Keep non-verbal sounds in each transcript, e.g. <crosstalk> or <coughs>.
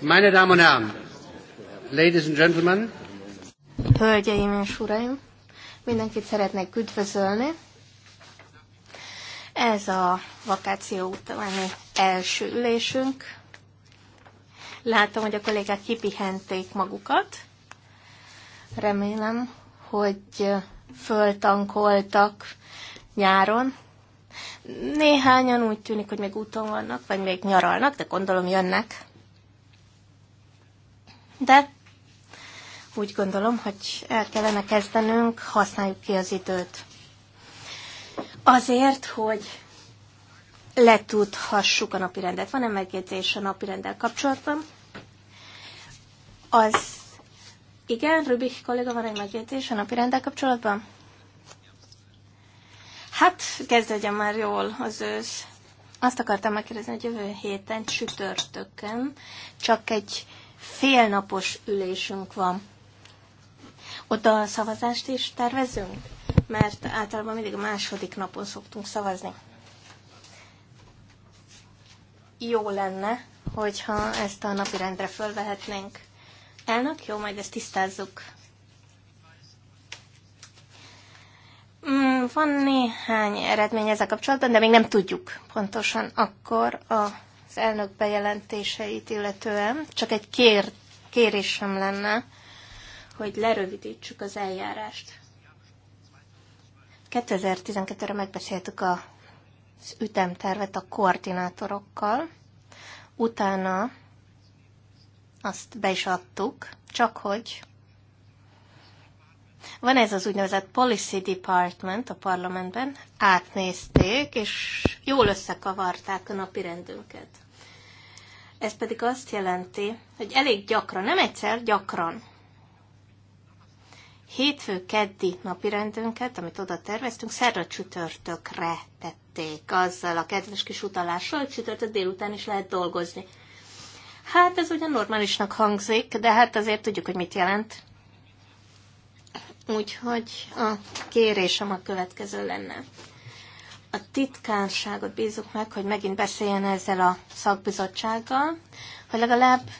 Meine Damen und Herren, Ladies and Gentlemen. Hölgyeim és uraim, mindenkit szeretnék üdvözölni. Ez a vakáció utáni első ülésünk. Látom, hogy a kollégák kipihenték magukat. Remélem, hogy föltankoltak nyáron. Néhányan úgy tűnik, hogy még úton vannak, vagy még nyaralnak, de gondolom jönnek de úgy gondolom, hogy el kellene kezdenünk, használjuk ki az időt. Azért, hogy letudhassuk a napirendet. Van-e megjegyzés a napirendel kapcsolatban? Az igen, Rubik kolléga, van egy megjegyzés a napirendel kapcsolatban? Hát, kezdődjön már jól az ősz. Azt akartam megkérdezni, hogy jövő héten csütörtökön csak egy félnapos ülésünk van. Oda a szavazást is tervezünk? Mert általában mindig a második napon szoktunk szavazni. Jó lenne, hogyha ezt a napi rendre fölvehetnénk. Elnök, jó, majd ezt tisztázzuk. Mm, van néhány eredmény ezzel kapcsolatban, de még nem tudjuk pontosan. Akkor a az elnök bejelentéseit illetően, csak egy kér, kérésem lenne, hogy lerövidítsük az eljárást. 2012-re megbeszéltük a, az ütemtervet a koordinátorokkal, utána azt be is adtuk, csak hogy van ez az úgynevezett Policy Department a parlamentben, átnézték, és jól összekavarták a napi rendünket. Ez pedig azt jelenti, hogy elég gyakran, nem egyszer, gyakran hétfő keddi napirendünket, amit oda terveztünk, szerra csütörtökre tették azzal a kedves kis utalással, hogy csütörtök délután is lehet dolgozni. Hát ez ugyan normálisnak hangzik, de hát azért tudjuk, hogy mit jelent. Úgyhogy a kérésem a következő lenne. A titkárságot bízok meg, hogy megint beszéljen ezzel a szakbizottsággal, hogy legalább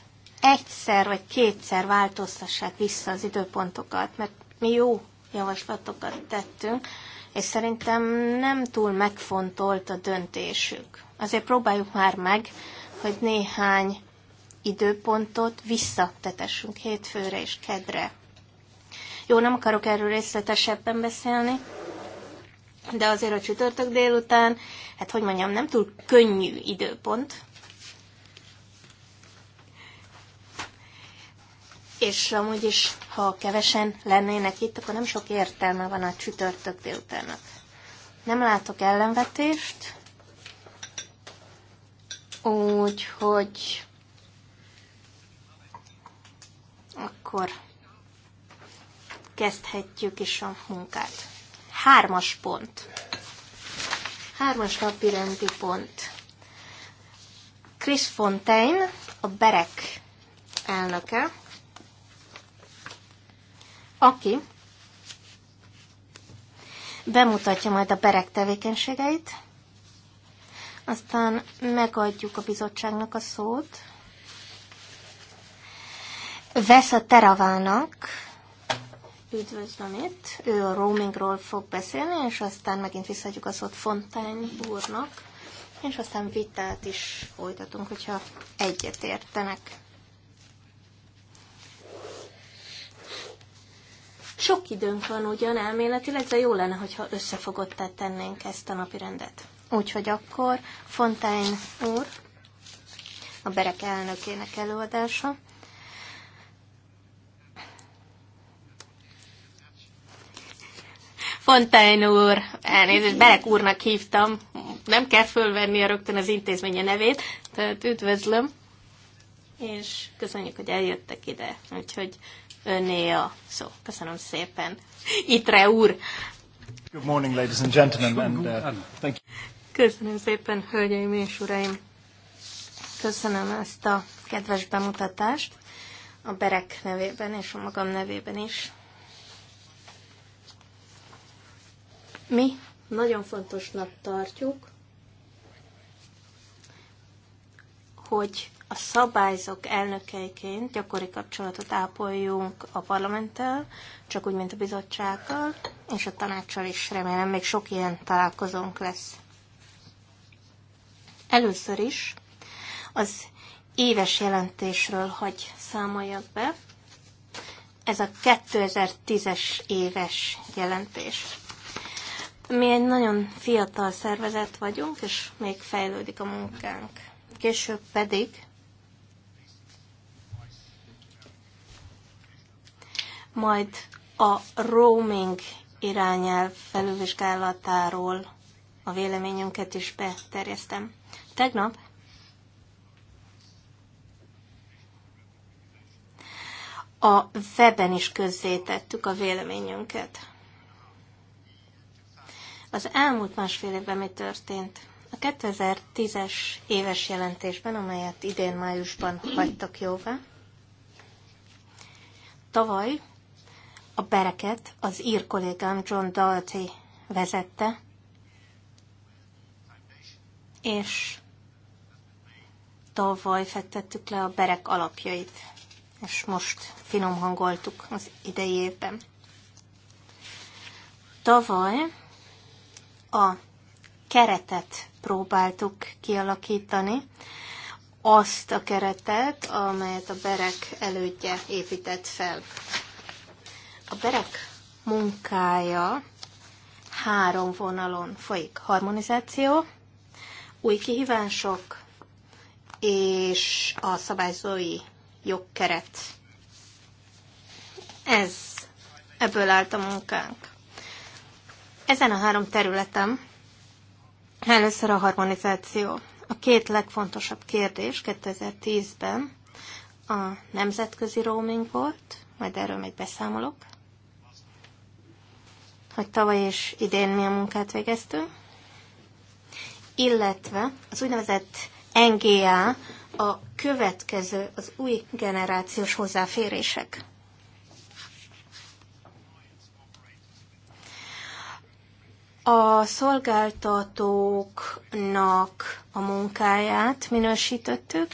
egyszer vagy kétszer változtassák vissza az időpontokat, mert mi jó javaslatokat tettünk, és szerintem nem túl megfontolt a döntésük. Azért próbáljuk már meg, hogy néhány időpontot visszatetessünk hétfőre és kedre. Jó, nem akarok erről részletesebben beszélni, de azért a csütörtök délután, hát hogy mondjam, nem túl könnyű időpont. És amúgy is, ha kevesen lennének itt, akkor nem sok értelme van a csütörtök délutának. Nem látok ellenvetést, úgyhogy akkor kezdhetjük is a munkát. Hármas pont. Hármas napi rendi pont. Chris Fontaine, a Berek elnöke, aki bemutatja majd a berek tevékenységeit, aztán megadjuk a bizottságnak a szót, vesz a teravának, Üdvözlöm itt. Ő a roamingról fog beszélni, és aztán megint visszadjuk az ott Fontaine úrnak, és aztán vitát is folytatunk, hogyha egyet értenek. Sok időnk van ugyan elméletileg, de jó lenne, hogyha összefogottá tennénk ezt a napi rendet. Úgyhogy akkor Fontaine úr, a Berek elnökének előadása, Fontaine úr, elnézést, Berek úrnak hívtam, nem kell a rögtön az intézménye nevét, tehát üdvözlöm, és köszönjük, hogy eljöttek ide, úgyhogy öné a szó. Köszönöm szépen. Itre úr! Good morning, ladies and gentlemen, and, uh, thank you. Köszönöm szépen, hölgyeim és uraim! Köszönöm ezt a kedves bemutatást a Berek nevében és a magam nevében is. Mi nagyon fontosnak tartjuk, hogy a szabályzók elnökeiként gyakori kapcsolatot ápoljunk a parlamenttel, csak úgy, mint a bizottsággal, és a tanácssal is remélem még sok ilyen találkozónk lesz. Először is az éves jelentésről hagy számoljak be. Ez a 2010-es éves jelentés. Mi egy nagyon fiatal szervezet vagyunk, és még fejlődik a munkánk. Később pedig majd a roaming irányelv felülvizsgálatáról a véleményünket is beterjesztem. Tegnap a weben is közzétettük a véleményünket. Az elmúlt másfél évben mi történt? A 2010-es éves jelentésben, amelyet idén májusban hagytak jóvá, tavaly a bereket az ír kollégám John Dalty vezette, és tavaly fektettük le a berek alapjait, és most finom hangoltuk az idei évben. Tavaly a keretet próbáltuk kialakítani, azt a keretet, amelyet a Berek elődje épített fel. A Berek munkája három vonalon folyik. Harmonizáció, új kihívások és a szabályzói jogkeret. Ez, ebből állt a munkánk. Ezen a három területen először a harmonizáció. A két legfontosabb kérdés 2010-ben a nemzetközi roaming volt, majd erről még beszámolok, hogy tavaly és idén milyen munkát végeztünk, illetve az úgynevezett NGA, a következő, az új generációs hozzáférések. a szolgáltatóknak a munkáját minősítettük,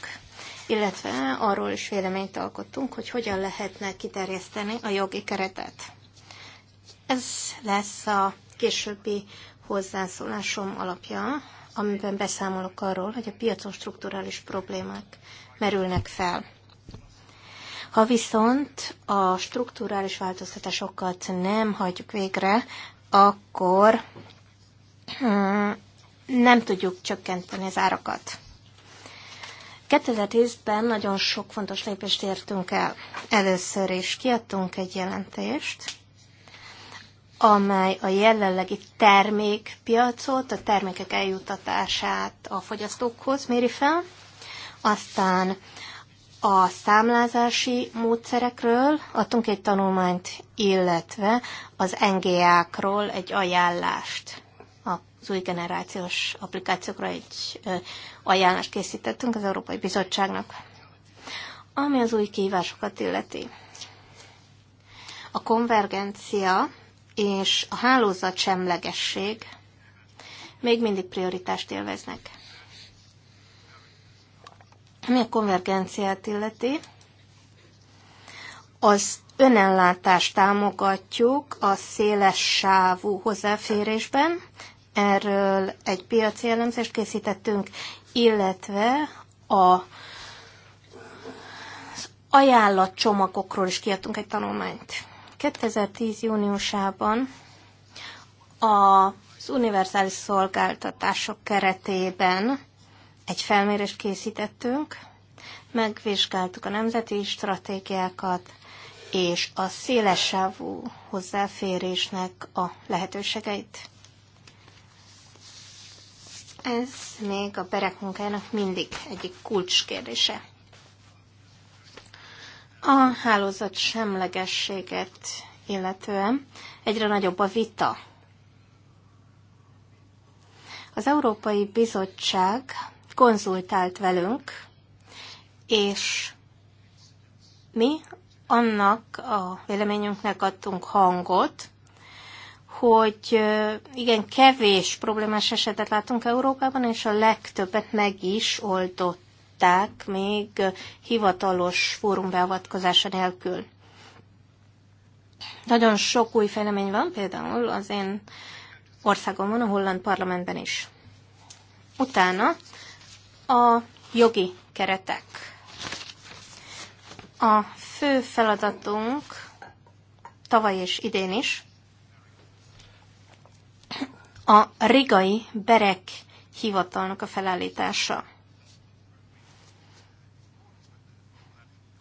illetve arról is véleményt alkottunk, hogy hogyan lehetne kiterjeszteni a jogi keretet. Ez lesz a későbbi hozzászólásom alapja, amiben beszámolok arról, hogy a piacon strukturális problémák merülnek fel. Ha viszont a strukturális változtatásokat nem hagyjuk végre, akkor hmm, nem tudjuk csökkenteni az árakat. 2010-ben nagyon sok fontos lépést értünk el. Először is kiadtunk egy jelentést, amely a jelenlegi termékpiacot, a termékek eljutatását a fogyasztókhoz méri fel. Aztán a számlázási módszerekről, adtunk egy tanulmányt, illetve az NGA-król egy ajánlást. Az új generációs applikációkra egy ajánlást készítettünk az Európai Bizottságnak. Ami az új kihívásokat illeti. A konvergencia és a hálózat semlegesség még mindig prioritást élveznek. Ami a konvergenciát illeti, az önellátást támogatjuk a széles sávú hozzáférésben, erről egy piaci elemzést készítettünk, illetve a ajánlatcsomagokról is kiadtunk egy tanulmányt. 2010. júniusában az univerzális szolgáltatások keretében egy felmérést készítettünk, megvizsgáltuk a nemzeti stratégiákat, és a szélessávú hozzáférésnek a lehetőségeit. Ez még a berek munkájának mindig egyik kulcskérdése. A hálózat semlegességet illetően egyre nagyobb a vita. Az Európai Bizottság konzultált velünk, és mi annak a véleményünknek adtunk hangot, hogy igen, kevés problémás esetet látunk Európában, és a legtöbbet meg is oldották még hivatalos fórumbeavatkozása nélkül. Nagyon sok új fejlemény van, például az én országomon, a holland parlamentben is. Utána a jogi keretek. A fő feladatunk tavaly és idén is a rigai berek hivatalnak a felállítása.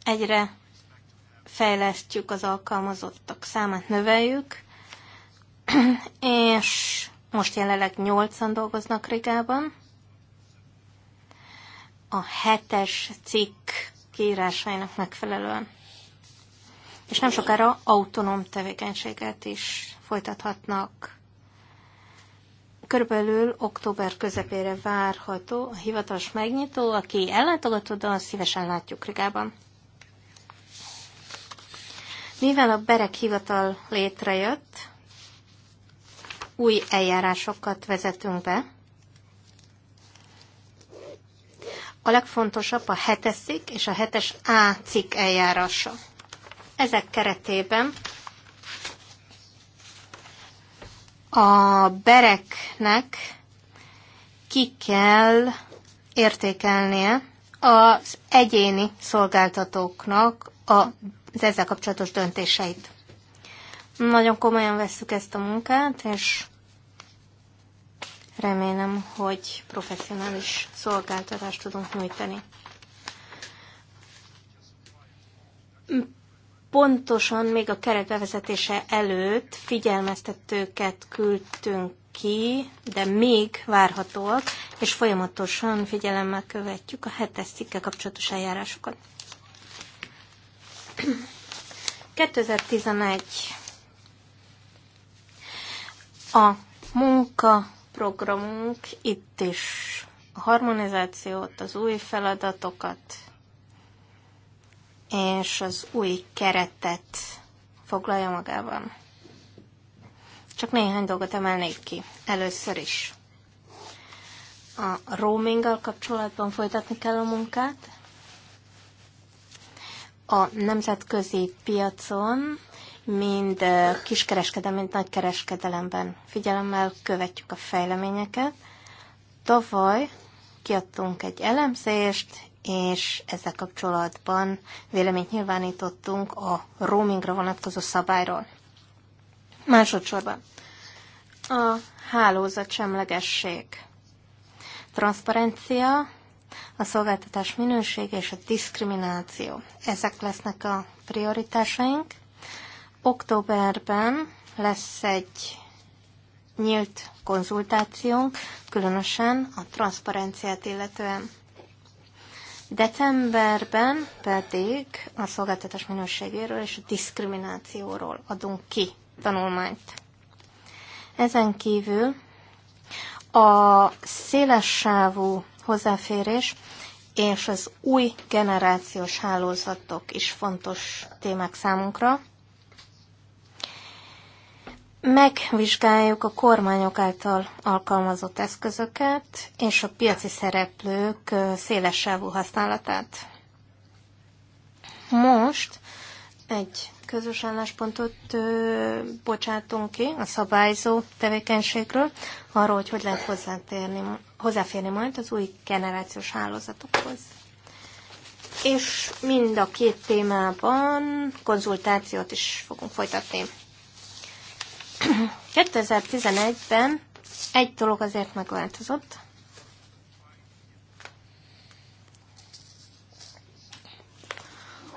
Egyre fejlesztjük az alkalmazottak számát, növeljük, <clears throat> és most jelenleg nyolcan dolgoznak Rigában a hetes cikk kiírásainak megfelelően. És nem sokára autonóm tevékenységet is folytathatnak. Körülbelül október közepére várható a hivatalos megnyitó, aki ellátogat oda, azt szívesen látjuk Rigában. Mivel a Berek hivatal létrejött, új eljárásokat vezetünk be, A legfontosabb a hetes cikk és a hetes A cikk eljárása. Ezek keretében a bereknek ki kell értékelnie az egyéni szolgáltatóknak az ezzel kapcsolatos döntéseit. Nagyon komolyan vesszük ezt a munkát, és Remélem, hogy professzionális szolgáltatást tudunk nyújtani. Pontosan még a keret bevezetése előtt figyelmeztetőket küldtünk ki, de még várhatóak, és folyamatosan figyelemmel követjük a hetes cikkel kapcsolatos eljárásokat. 2011 a munka programunk itt is a harmonizációt, az új feladatokat és az új keretet foglalja magában. Csak néhány dolgot emelnék ki. Először is a roaminggal kapcsolatban folytatni kell a munkát. A nemzetközi piacon mind kiskereskedelem, mind nagykereskedelemben figyelemmel követjük a fejleményeket. Tavaly kiadtunk egy elemzést, és ezzel kapcsolatban véleményt nyilvánítottunk a roamingra vonatkozó szabályról. Másodszorban a hálózat semlegesség, transzparencia, a szolgáltatás minősége és a diszkrimináció. Ezek lesznek a prioritásaink. Októberben lesz egy nyílt konzultációnk, különösen a transzparenciát illetően. Decemberben pedig a szolgáltatás minőségéről és a diszkriminációról adunk ki tanulmányt. Ezen kívül a sávú hozzáférés és az új generációs hálózatok is fontos témák számunkra megvizsgáljuk a kormányok által alkalmazott eszközöket és a piaci szereplők széles sávú használatát. Most egy közös álláspontot ö, bocsátunk ki a szabályzó tevékenységről, arról, hogy hogy lehet hozzátérni, hozzáférni majd az új generációs hálózatokhoz. És mind a két témában konzultációt is fogunk folytatni. 2011-ben egy dolog azért megváltozott.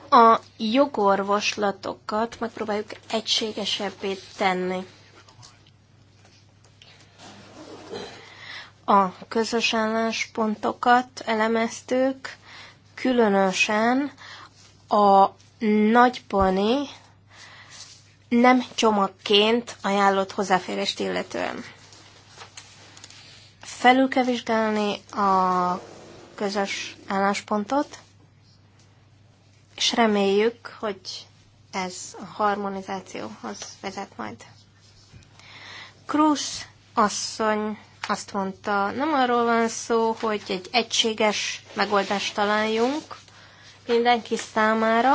A jogorvoslatokat megpróbáljuk egységesebbé tenni. A közös álláspontokat elemeztük, különösen a nagypani nem csomagként ajánlott hozzáférést illetően. Felül kell vizsgálni a közös álláspontot, és reméljük, hogy ez a harmonizációhoz vezet majd. Cruz asszony azt mondta, nem arról van szó, hogy egy egységes megoldást találjunk mindenki számára,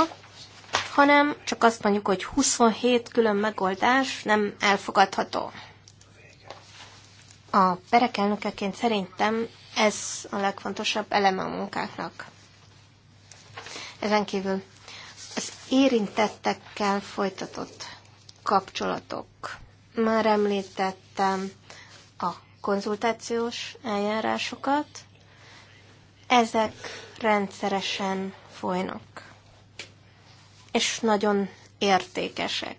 hanem csak azt mondjuk, hogy 27 külön megoldás nem elfogadható. A perek elnökeként szerintem ez a legfontosabb eleme a munkáknak. Ezen kívül az érintettekkel folytatott kapcsolatok. Már említettem a konzultációs eljárásokat. Ezek rendszeresen folynak és nagyon értékesek.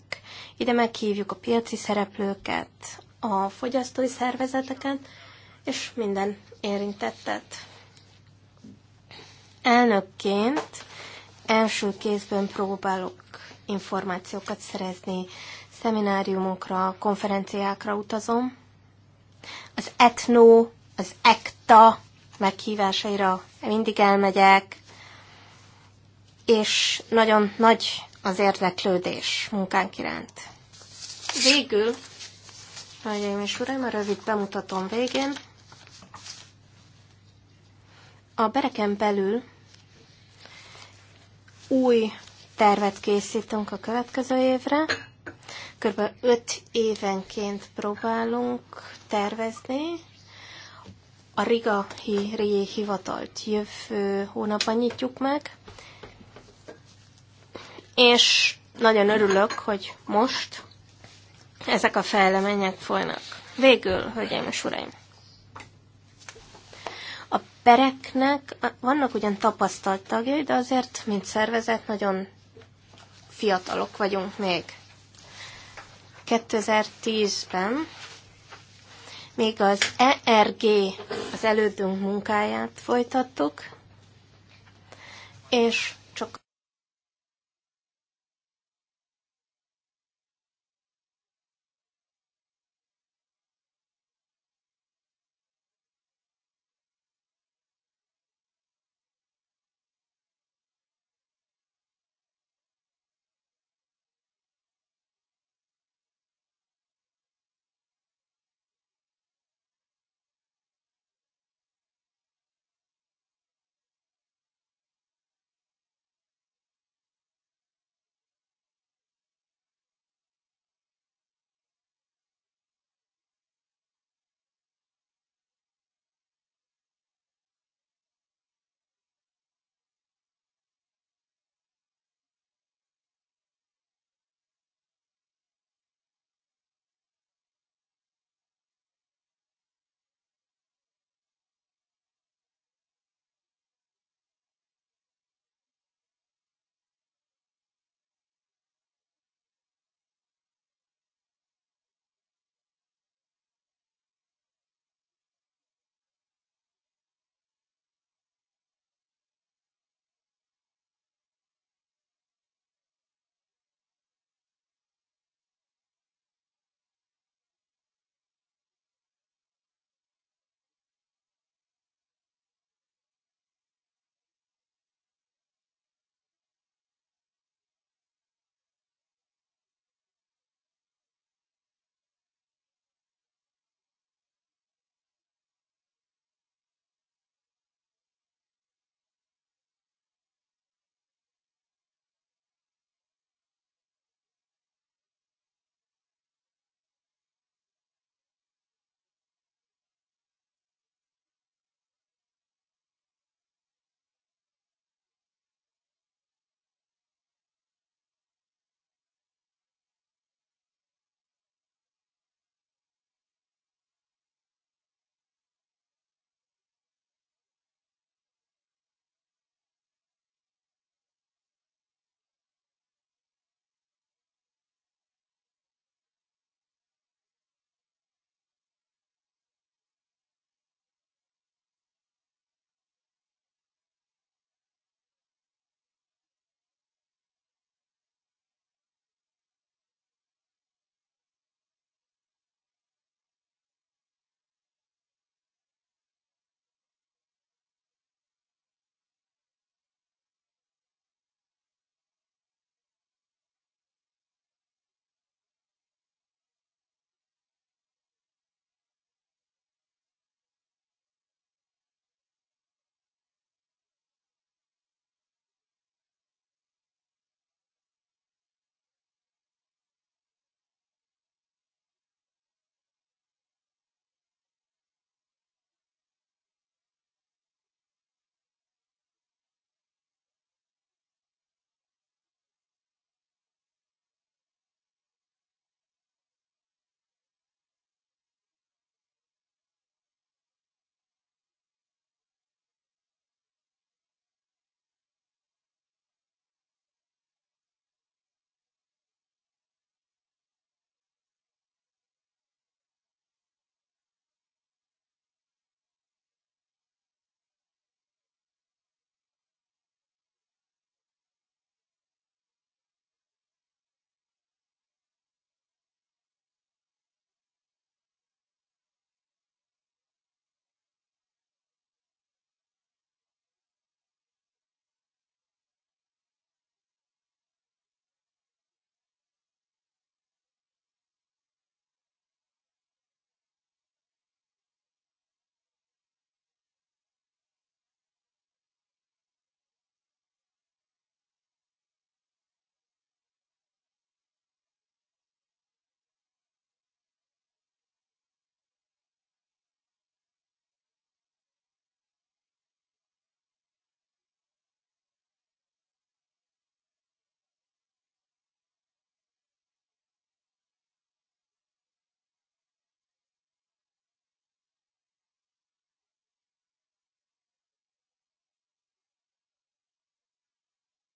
Ide meghívjuk a piaci szereplőket, a fogyasztói szervezeteket, és minden érintettet. Elnökként első kézben próbálok információkat szerezni, szemináriumokra, konferenciákra utazom. Az etno, az ekta meghívásaira mindig elmegyek, és nagyon nagy az érdeklődés munkánk iránt. Végül, hölgyeim és uraim, a rövid bemutatom végén, a bereken belül új tervet készítünk a következő évre. Kb. 5 évenként próbálunk tervezni. A Riga Régi Hivatalt jövő hónapban nyitjuk meg és nagyon örülök, hogy most ezek a fejlemények folynak. Végül, hölgyeim és uraim, a pereknek vannak ugyan tapasztalt tagjai, de azért, mint szervezet, nagyon fiatalok vagyunk még. 2010-ben még az ERG, az elődünk munkáját folytattuk, és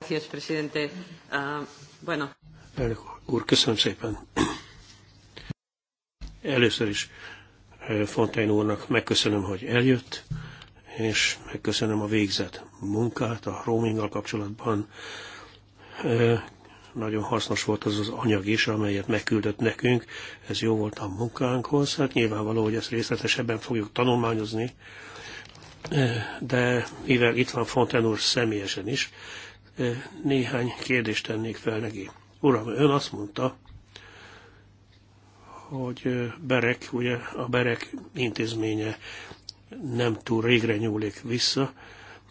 Gracias, presidente. Uh, bueno. Elnök úr, köszönöm szépen. Először is eh, Fontaine úrnak megköszönöm, hogy eljött, és megköszönöm a végzett munkát a roaminggal kapcsolatban. Eh, nagyon hasznos volt az az anyag is, amelyet megküldött nekünk. Ez jó volt a munkánkhoz. Hát nyilvánvaló, hogy ezt részletesebben fogjuk tanulmányozni, eh, de mivel itt van Fontaine úr személyesen is, néhány kérdést tennék fel neki. Uram, ön azt mondta, hogy Berek, ugye a Berek intézménye nem túl régre nyúlik vissza.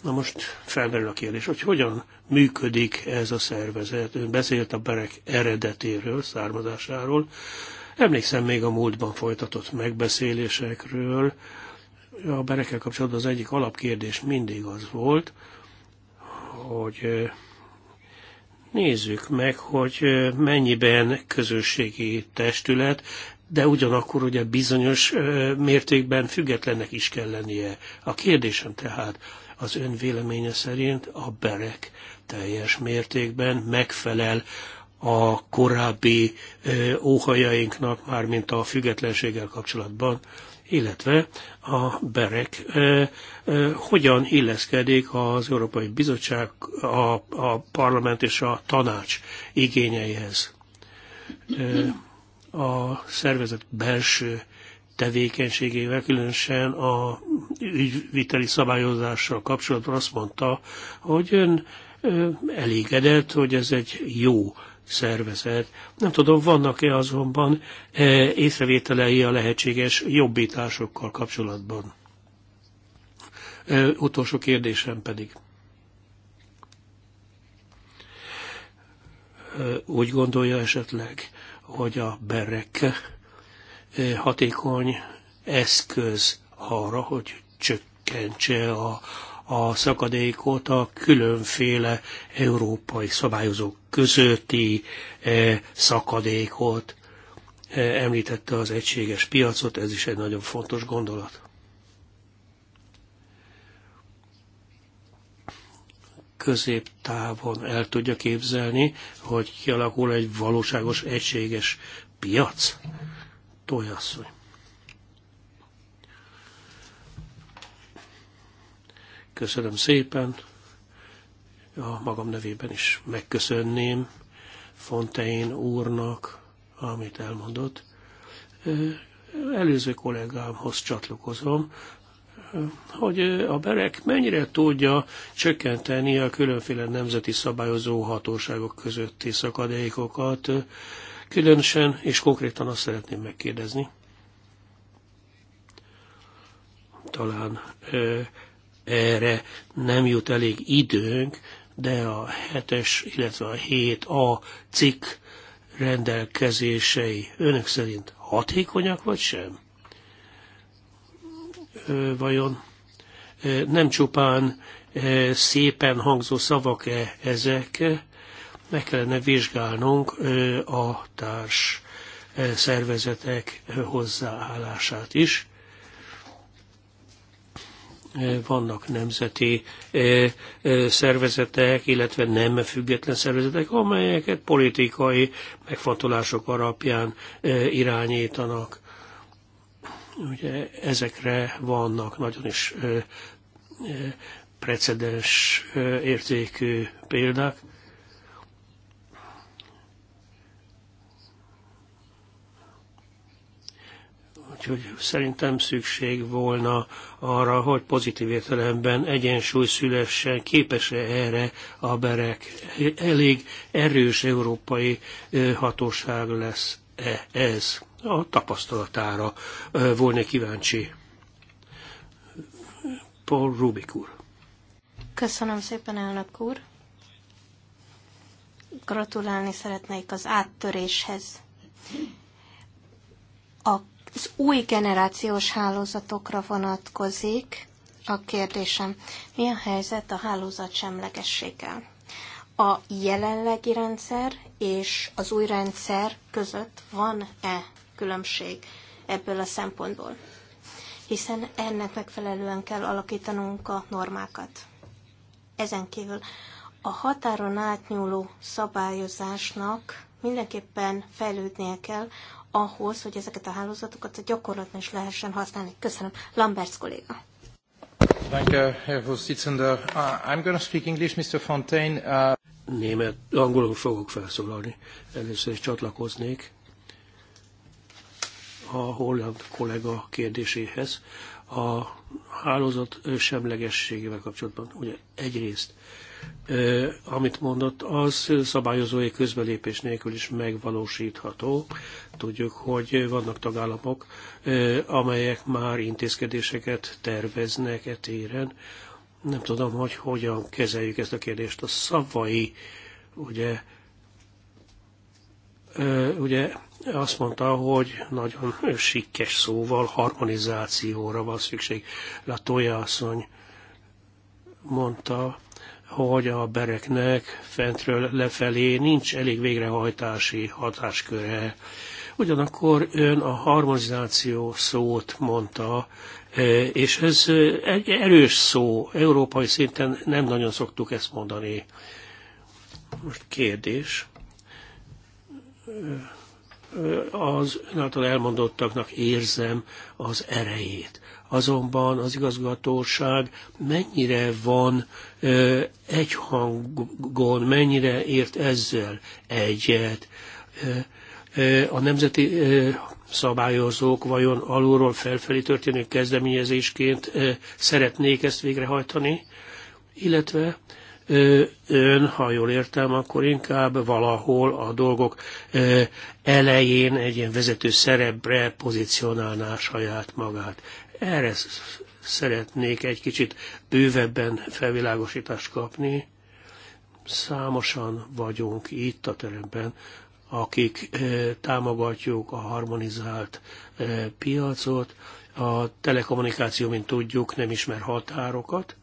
Na most felmerül a kérdés, hogy hogyan működik ez a szervezet. Ön beszélt a Berek eredetéről, származásáról. Emlékszem még a múltban folytatott megbeszélésekről. A Berekkel kapcsolatban az egyik alapkérdés mindig az volt, hogy nézzük meg, hogy mennyiben közösségi testület, de ugyanakkor ugye bizonyos mértékben függetlennek is kell lennie. A kérdésem tehát az ön véleménye szerint a berek teljes mértékben megfelel a korábbi óhajainknak, mármint a függetlenséggel kapcsolatban illetve a berek hogyan illeszkedik az Európai Bizottság, a, a parlament és a tanács igényeihez. A szervezet belső tevékenységével, különösen a ügyviteli szabályozással kapcsolatban azt mondta, hogy ön elégedett, hogy ez egy jó szervezet. Nem tudom, vannak-e azonban e, észrevételei a lehetséges jobbításokkal kapcsolatban. E, utolsó kérdésem pedig. E, úgy gondolja esetleg, hogy a berek hatékony eszköz arra, hogy csökkentse a, a szakadékot a különféle európai szabályozók közötti e, szakadékot. E, említette az egységes piacot, ez is egy nagyon fontos gondolat. Középtávon el tudja képzelni, hogy kialakul egy valóságos egységes piac? Tojasszony. Köszönöm szépen. A magam nevében is megköszönném Fontein úrnak, amit elmondott. Előző kollégámhoz csatlakozom, hogy a berek mennyire tudja csökkenteni a különféle nemzeti szabályozó hatóságok közötti szakadékokat, különösen és konkrétan azt szeretném megkérdezni. Talán erre nem jut elég időnk, de a 7-es, illetve a 7A cikk rendelkezései önök szerint hatékonyak vagy sem? Vajon nem csupán szépen hangzó szavak-e ezek, meg kellene vizsgálnunk a társ szervezetek hozzáállását is. Eh, vannak nemzeti eh, eh, szervezetek, illetve nem független szervezetek, amelyeket politikai megfontolások alapján irányítanak. Ugye ezekre vannak nagyon is precedens értékű példák. Úgyhogy szerintem szükség volna arra, hogy pozitív értelemben egyensúly szülessen, képes-e erre a berek. Elég erős európai hatóság lesz -e ez. A tapasztalatára volna kíváncsi. Paul Rubik úr. Köszönöm szépen, elnök úr. Gratulálni szeretnék az áttöréshez. A az új generációs hálózatokra vonatkozik a kérdésem. Mi a helyzet a hálózat semlegességgel? A jelenlegi rendszer és az új rendszer között van-e különbség ebből a szempontból? Hiszen ennek megfelelően kell alakítanunk a normákat. Ezen kívül a határon átnyúló szabályozásnak mindenképpen fejlődnie kell ahhoz, hogy ezeket a hálózatokat a gyakorlatban is lehessen használni. Köszönöm. Lamberts kolléga. Thank Herr Vorsitzender. Uh, I'm going to speak English, Mr. Fontaine. Uh... Német, angolul fogok felszólalni. Először is csatlakoznék a holland kollega kérdéséhez a hálózat semlegességével kapcsolatban. Ugye egyrészt amit mondott, az szabályozói közbelépés nélkül is megvalósítható. Tudjuk, hogy vannak tagállamok, amelyek már intézkedéseket terveznek e téren. Nem tudom, hogy hogyan kezeljük ezt a kérdést. A szavai, ugye, ugye azt mondta, hogy nagyon sikkes szóval harmonizációra van szükség. Latoya asszony mondta, hogy a bereknek fentről lefelé nincs elég végrehajtási hatásköre. Ugyanakkor ön a harmonizáció szót mondta, e, és ez egy erős szó, európai szinten nem nagyon szoktuk ezt mondani. Most kérdés. E, e, az által elmondottaknak érzem az erejét azonban az igazgatóság mennyire van egy hangon, mennyire ért ezzel egyet. A nemzeti szabályozók vajon alulról felfelé történő kezdeményezésként szeretnék ezt végrehajtani, illetve ön, ha jól értem, akkor inkább valahol a dolgok elején egy ilyen vezető szerepre pozícionálná saját magát. Erre szeretnék egy kicsit bővebben felvilágosítást kapni. Számosan vagyunk itt a teremben, akik támogatjuk a harmonizált piacot. A telekommunikáció, mint tudjuk, nem ismer határokat.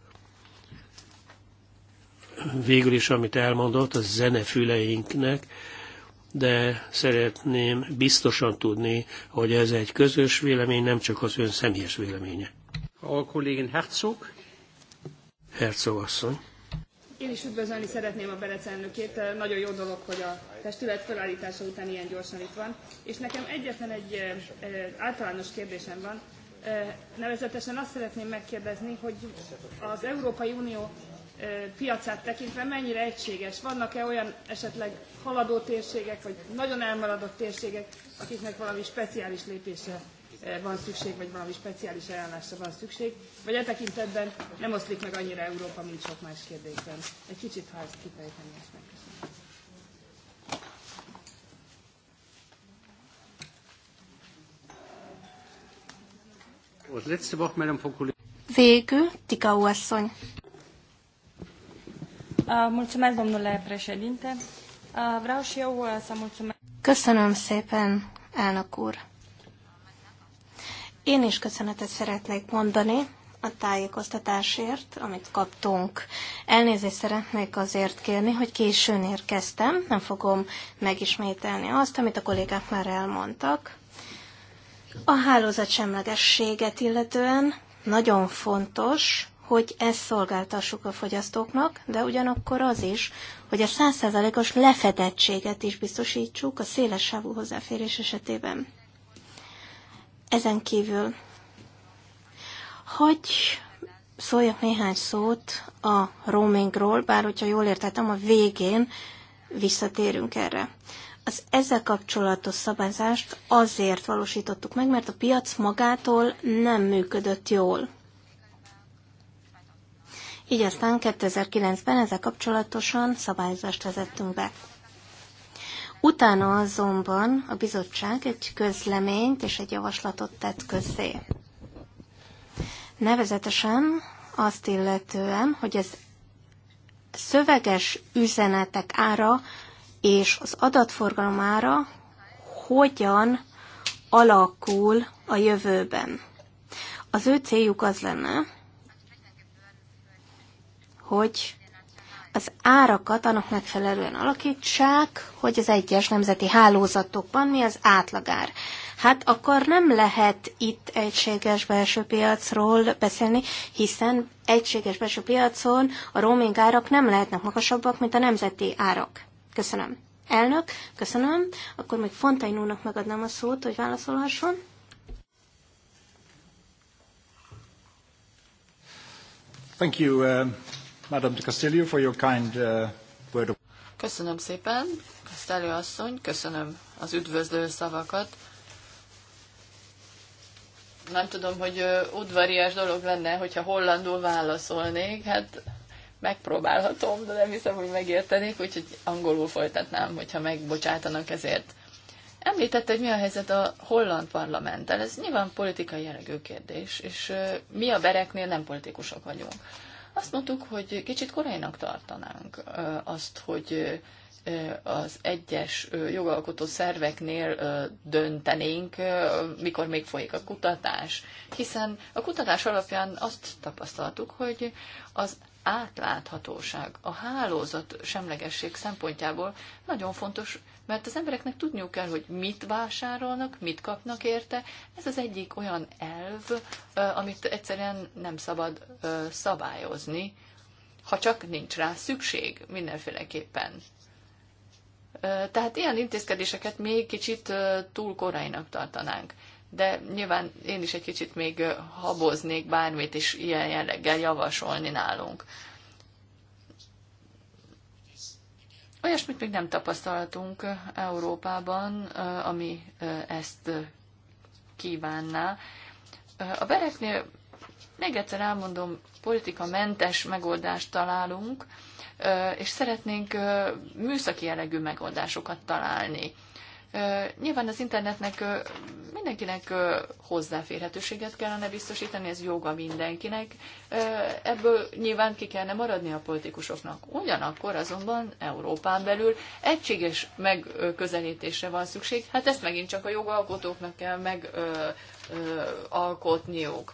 Végül is, amit elmondott, a zenefüleinknek de szeretném biztosan tudni, hogy ez egy közös vélemény, nem csak az ön személyes véleménye. A kollégin Herzog. Herzog asszony. Én is üdvözölni szeretném a Berec elnökét. Nagyon jó dolog, hogy a testület felállítása után ilyen gyorsan itt van. És nekem egyetlen egy eh, eh, általános kérdésem van. Eh, nevezetesen azt szeretném megkérdezni, hogy az Európai Unió piacát tekintve mennyire egységes? Vannak-e olyan esetleg haladó térségek, vagy nagyon elmaradott térségek, akiknek valami speciális lépése van szükség, vagy valami speciális ajánlásra van szükség, vagy e tekintetben nem oszlik meg annyira Európa, mint sok más kérdésben. Egy kicsit, ha ezt kifejteni, ezt megköszönöm. Végül, Tikau asszony. Mulțumesc, domnule președinte. Vreau și eu uh, să mulțumesc. Köszönöm szépen, elnök úr. Én is köszönetet szeretnék mondani a tájékoztatásért, amit kaptunk. Elnézést szeretnék azért kérni, hogy későn érkeztem, nem fogom megismételni azt, amit a kollégák már elmondtak. A hálózat semlegességet illetően nagyon fontos, hogy ezt szolgáltassuk a fogyasztóknak, de ugyanakkor az is, hogy a százszerzalékos lefedettséget is biztosítsuk a széles sávú hozzáférés esetében. Ezen kívül, hogy szóljak néhány szót a roamingról, bár hogyha jól értettem, a végén visszatérünk erre. Az ezzel kapcsolatos szabályzást azért valósítottuk meg, mert a piac magától nem működött jól így aztán 2009-ben ezzel kapcsolatosan szabályozást vezettünk be. Utána azonban a bizottság egy közleményt és egy javaslatot tett közzé. Nevezetesen azt illetően, hogy ez szöveges üzenetek ára és az adatforgalom ára hogyan alakul a jövőben. Az ő céljuk az lenne, hogy az árakat annak megfelelően alakítsák, hogy az egyes nemzeti hálózatokban mi az átlagár. Hát akkor nem lehet itt egységes belső piacról beszélni, hiszen egységes belső piacon a roaming árak nem lehetnek magasabbak, mint a nemzeti árak. Köszönöm. Elnök, köszönöm. Akkor még Fontainónak megadnám a szót, hogy válaszolhasson. Thank you. uh, Madame de Castillo, for your kind uh, word of... Köszönöm szépen, Castillo asszony, köszönöm az üdvözlő szavakat. Nem tudom, hogy uh, udvarias dolog lenne, hogyha hollandul válaszolnék, hát megpróbálhatom, de nem hiszem, hogy megértenék, úgyhogy angolul folytatnám, hogyha megbocsátanak ezért. Említette, hogy mi a helyzet a holland parlamenttel. Ez nyilván politikai jellegű kérdés, és mi a bereknél nem politikusok vagyunk. Azt mondtuk, hogy kicsit korainak tartanánk azt, hogy az egyes jogalkotó szerveknél döntenénk, mikor még folyik a kutatás, hiszen a kutatás alapján azt tapasztaltuk, hogy az átláthatóság, a hálózat semlegesség szempontjából nagyon fontos mert az embereknek tudniuk kell, hogy mit vásárolnak, mit kapnak érte. Ez az egyik olyan elv, amit egyszerűen nem szabad szabályozni, ha csak nincs rá szükség mindenféleképpen. Tehát ilyen intézkedéseket még kicsit túl korainak tartanánk. De nyilván én is egy kicsit még haboznék bármit is ilyen jelleggel javasolni nálunk. Olyasmit még nem tapasztaltunk Európában, ami ezt kívánná. A bereknél még egyszer elmondom, politikamentes megoldást találunk, és szeretnénk műszaki jellegű megoldásokat találni. Nyilván az internetnek mindenkinek hozzáférhetőséget kellene biztosítani, ez joga mindenkinek. Ebből nyilván ki kellene maradni a politikusoknak. Ugyanakkor azonban Európán belül egységes megközelítésre van szükség. Hát ezt megint csak a jogalkotóknak kell megalkotniuk.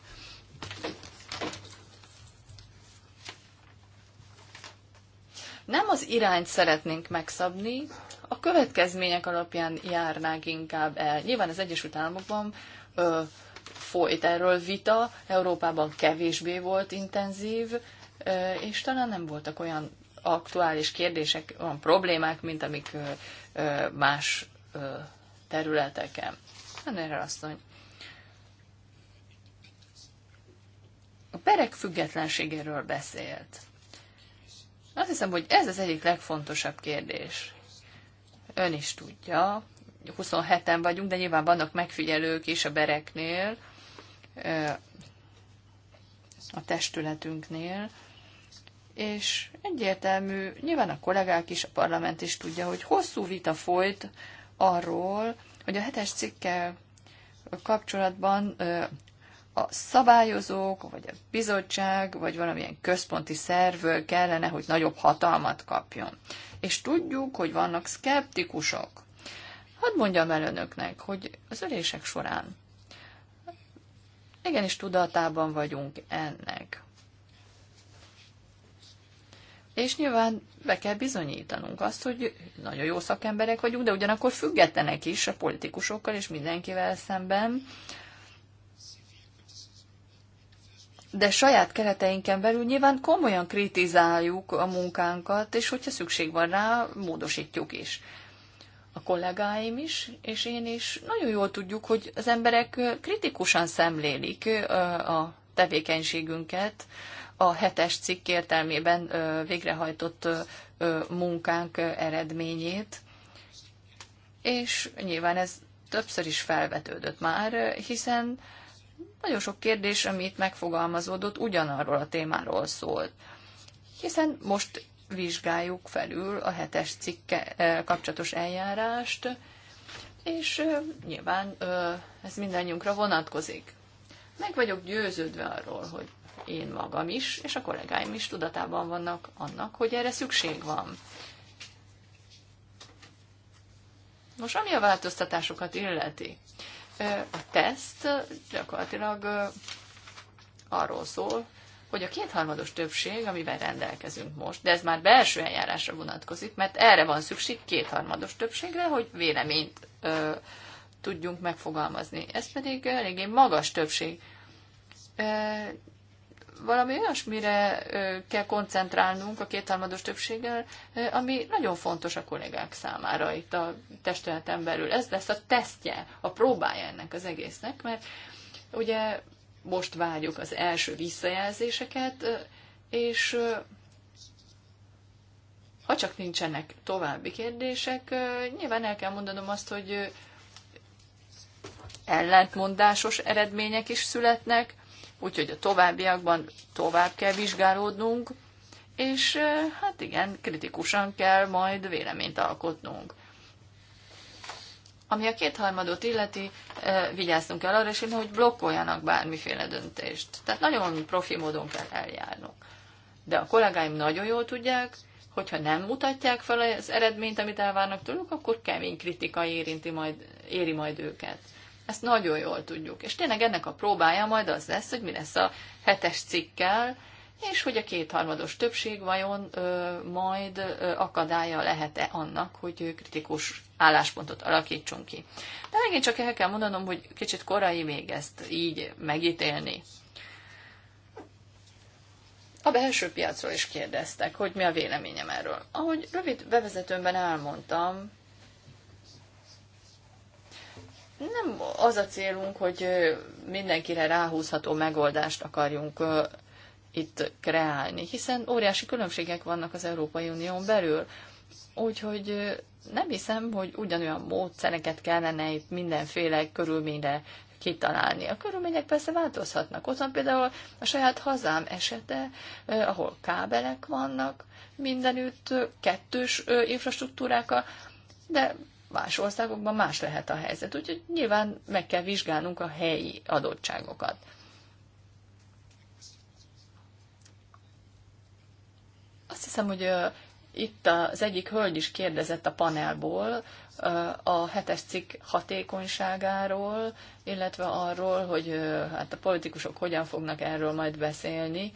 Nem az irányt szeretnénk megszabni, a következmények alapján járnánk inkább el. Nyilván az Egyesült Államokban ö, folyt erről vita, Európában kevésbé volt intenzív, ö, és talán nem voltak olyan aktuális kérdések, olyan problémák, mint amik ö, ö, más ö, területeken. Ennél azt mondja. A perek függetlenségéről beszélt. Azt hiszem, hogy ez az egyik legfontosabb kérdés. Ön is tudja, 27-en vagyunk, de nyilván vannak megfigyelők is a bereknél, a testületünknél, és egyértelmű, nyilván a kollégák is, a parlament is tudja, hogy hosszú vita folyt arról, hogy a hetes cikkel kapcsolatban a szabályozók, vagy a bizottság, vagy valamilyen központi szervől kellene, hogy nagyobb hatalmat kapjon. És tudjuk, hogy vannak szkeptikusok. Hadd mondjam el önöknek, hogy az ölések során igenis tudatában vagyunk ennek. És nyilván be kell bizonyítanunk azt, hogy nagyon jó szakemberek vagyunk, de ugyanakkor függetlenek is a politikusokkal és mindenkivel szemben, de saját kereteinken belül nyilván komolyan kritizáljuk a munkánkat, és hogyha szükség van rá, módosítjuk is. A kollégáim is, és én is nagyon jól tudjuk, hogy az emberek kritikusan szemlélik a tevékenységünket, a hetes cikk értelmében végrehajtott munkánk eredményét, és nyilván ez többször is felvetődött már, hiszen nagyon sok kérdés, ami itt megfogalmazódott, ugyanarról a témáról szólt. Hiszen most vizsgáljuk felül a hetes cikke eh, kapcsolatos eljárást, és eh, nyilván eh, ez mindannyiunkra vonatkozik. Meg vagyok győződve arról, hogy én magam is, és a kollégáim is tudatában vannak annak, hogy erre szükség van. Most ami a változtatásokat illeti, a teszt gyakorlatilag arról szól, hogy a kétharmados többség, amivel rendelkezünk most, de ez már belső eljárásra vonatkozik, mert erre van szükség kétharmados többségre, hogy véleményt ö, tudjunk megfogalmazni. Ez pedig eléggé magas többség. Ö, valami olyasmire kell koncentrálnunk a kétharmados többséggel, ami nagyon fontos a kollégák számára itt a testületen belül. Ez lesz a tesztje, a próbája ennek az egésznek, mert ugye most várjuk az első visszajelzéseket, és ha csak nincsenek további kérdések, nyilván el kell mondanom azt, hogy ellentmondásos eredmények is születnek, úgyhogy a továbbiakban tovább kell vizsgálódnunk, és hát igen, kritikusan kell majd véleményt alkotnunk. Ami a kétharmadot illeti, vigyázzunk el arra én, hogy blokkoljanak bármiféle döntést. Tehát nagyon profi módon kell eljárnunk. De a kollégáim nagyon jól tudják, hogyha nem mutatják fel az eredményt, amit elvárnak tőlük, akkor kemény kritika érinti majd, éri majd őket. Ezt nagyon jól tudjuk. És tényleg ennek a próbája majd az lesz, hogy mi lesz a hetes cikkel, és hogy a kétharmados többség vajon ö, majd ö, akadálya lehet-e annak, hogy kritikus álláspontot alakítsunk ki. De megint csak el kell mondanom, hogy kicsit korai még ezt így megítélni. A belső piacról is kérdeztek, hogy mi a véleményem erről. Ahogy rövid bevezetőmben elmondtam, nem az a célunk, hogy mindenkire ráhúzható megoldást akarjunk itt kreálni, hiszen óriási különbségek vannak az Európai Unión belül. Úgyhogy nem hiszem, hogy ugyanolyan módszereket kellene itt mindenféle körülményre kitalálni. A körülmények persze változhatnak. Ott van például a saját hazám esete, ahol kábelek vannak mindenütt, kettős infrastruktúrákkal, de más országokban más lehet a helyzet. Úgyhogy nyilván meg kell vizsgálnunk a helyi adottságokat. Azt hiszem, hogy uh, itt az egyik hölgy is kérdezett a panelból uh, a hetes cikk hatékonyságáról, illetve arról, hogy uh, hát a politikusok hogyan fognak erről majd beszélni.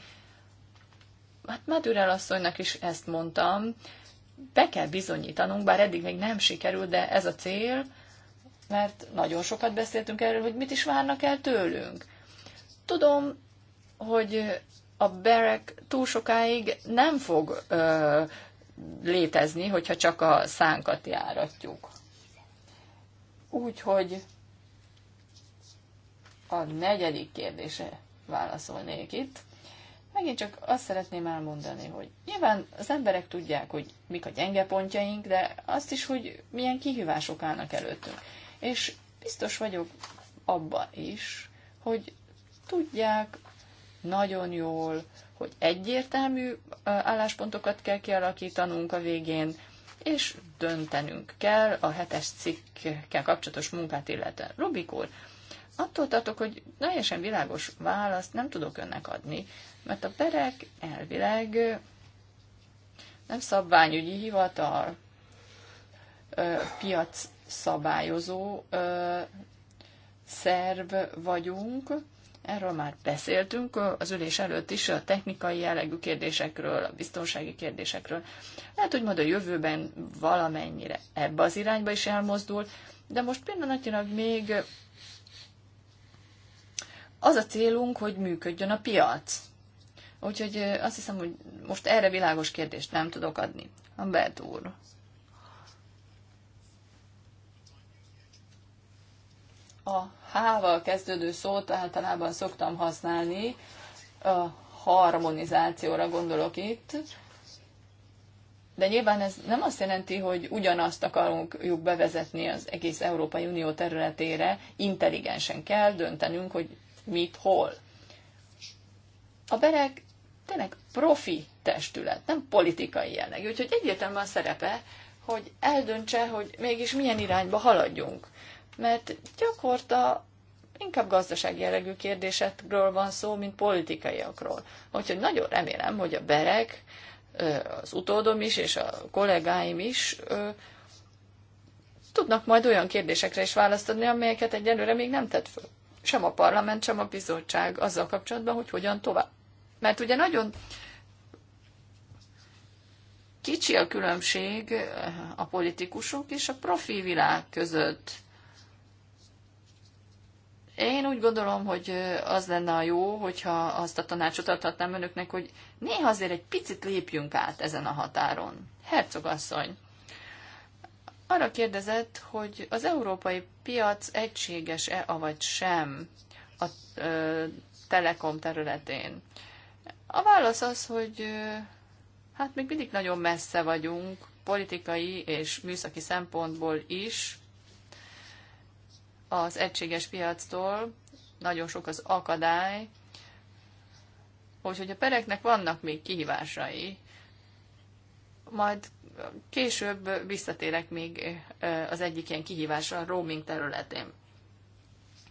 Hát Madurel asszonynak is ezt mondtam, be kell bizonyítanunk, bár eddig még nem sikerült, de ez a cél, mert nagyon sokat beszéltünk erről, hogy mit is várnak el tőlünk. Tudom, hogy a berek túl sokáig nem fog ö, létezni, hogyha csak a szánkat járatjuk. Úgyhogy a negyedik kérdése válaszolnék itt. Megint csak azt szeretném elmondani, hogy nyilván az emberek tudják, hogy mik a gyenge pontjaink, de azt is, hogy milyen kihívások állnak előttünk. És biztos vagyok abba is, hogy tudják nagyon jól, hogy egyértelmű álláspontokat kell kialakítanunk a végén, és döntenünk kell a hetes cikkkel kapcsolatos munkát illetve. Rubikor, attól tartok, hogy teljesen világos választ nem tudok önnek adni, mert a perek elvileg nem szabványügyi hivatal, piac szabályozó szerv vagyunk. Erről már beszéltünk az ülés előtt is, a technikai jellegű kérdésekről, a biztonsági kérdésekről. Lehet, hogy majd a jövőben valamennyire ebbe az irányba is elmozdul, de most pillanatnyilag még az a célunk, hogy működjön a piac. Úgyhogy azt hiszem, hogy most erre világos kérdést nem tudok adni. Ambert úr. A H-val kezdődő szót általában szoktam használni, a harmonizációra gondolok itt, de nyilván ez nem azt jelenti, hogy ugyanazt akarunk bevezetni az egész Európai Unió területére, intelligensen kell döntenünk, hogy mit, hol. A bereg tényleg profi testület, nem politikai jellegű, úgyhogy egyértelműen a szerepe, hogy eldöntse, hogy mégis milyen irányba haladjunk. Mert gyakorta inkább gazdasági jellegű kérdésekről van szó, mint politikaiakról. Úgyhogy nagyon remélem, hogy a bereg, az utódom is, és a kollégáim is tudnak majd olyan kérdésekre is választ amelyeket egyelőre még nem tett föl sem a parlament, sem a bizottság azzal kapcsolatban, hogy hogyan tovább. Mert ugye nagyon kicsi a különbség a politikusok és a profi világ között. Én úgy gondolom, hogy az lenne a jó, hogyha azt a tanácsot adhatnám önöknek, hogy néha azért egy picit lépjünk át ezen a határon. Hercogasszony, arra kérdezett, hogy az európai piac egységes-e, avagy sem a ö, telekom területén. A válasz az, hogy ö, hát még mindig nagyon messze vagyunk politikai és műszaki szempontból is az egységes piactól. Nagyon sok az akadály, úgyhogy a pereknek vannak még kihívásai. Majd később visszatérek még az egyik ilyen kihívásra a roaming területén.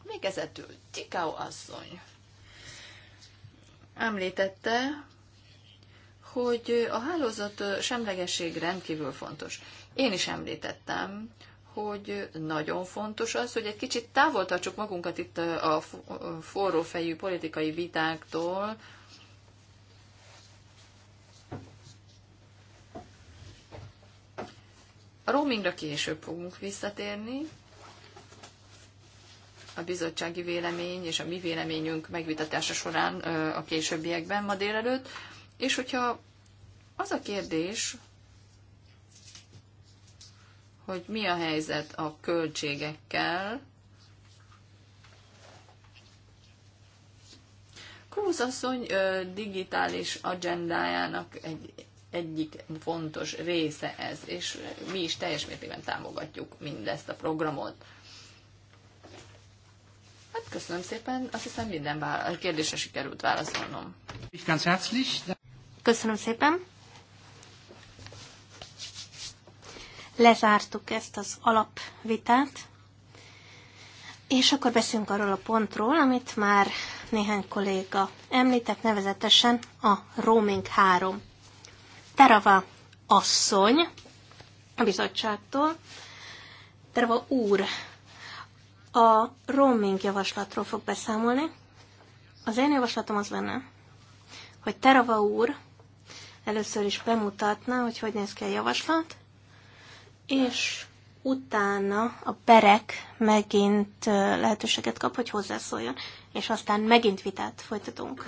Végezetül Tikau asszony említette, hogy a hálózat semlegesség rendkívül fontos. Én is említettem, hogy nagyon fontos az, hogy egy kicsit távol tartsuk magunkat itt a forró fejű politikai vitáktól, A roamingra később fogunk visszatérni. A bizottsági vélemény és a mi véleményünk megvitatása során a későbbiekben ma délelőtt. És hogyha az a kérdés, hogy mi a helyzet a költségekkel, Krúz asszony digitális agendájának egy egyik fontos része ez, és mi is teljes mértékben támogatjuk mindezt a programot. Hát köszönöm szépen, azt hiszem minden vála- kérdésre sikerült válaszolnom. Köszönöm szépen. Lezártuk ezt az alapvitát, és akkor beszélünk arról a pontról, amit már néhány kolléga említett, nevezetesen a Roaming 3 Terava asszony a bizottságtól. Terava úr a roaming javaslatról fog beszámolni. Az én javaslatom az lenne, hogy Terava úr először is bemutatná, hogy hogy néz ki a javaslat, és utána a berek megint lehetőséget kap, hogy hozzászóljon, és aztán megint vitát folytatunk.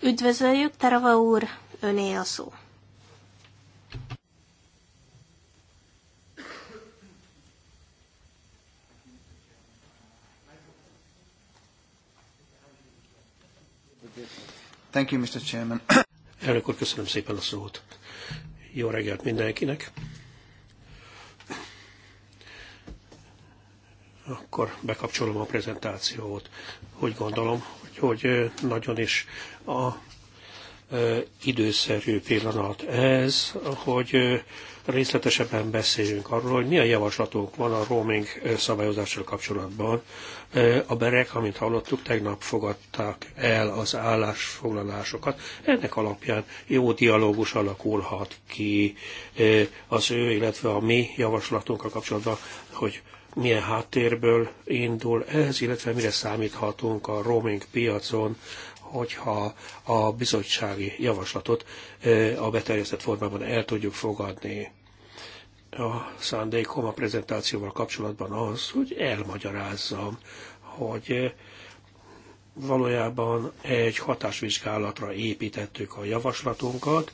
Üdvözöljük, Terava úr, öné a szó. Thank you, Mr. Chairman. Elnök úr, köszönöm szépen a szót. Jó reggelt mindenkinek. Akkor bekapcsolom a prezentációt. Úgy gondolom, hogy, hogy nagyon is a időszerű pillanat ez, hogy részletesebben beszéljünk arról, hogy milyen javaslatunk van a roaming szabályozással kapcsolatban. A berek, amint hallottuk, tegnap fogadták el az állásfoglalásokat. Ennek alapján jó dialógus alakulhat ki az ő, illetve a mi javaslatunkkal kapcsolatban, hogy milyen háttérből indul ez, illetve mire számíthatunk a roaming piacon hogyha a bizottsági javaslatot a beterjesztett formában el tudjuk fogadni. A szándékom a prezentációval kapcsolatban az, hogy elmagyarázzam, hogy valójában egy hatásvizsgálatra építettük a javaslatunkat,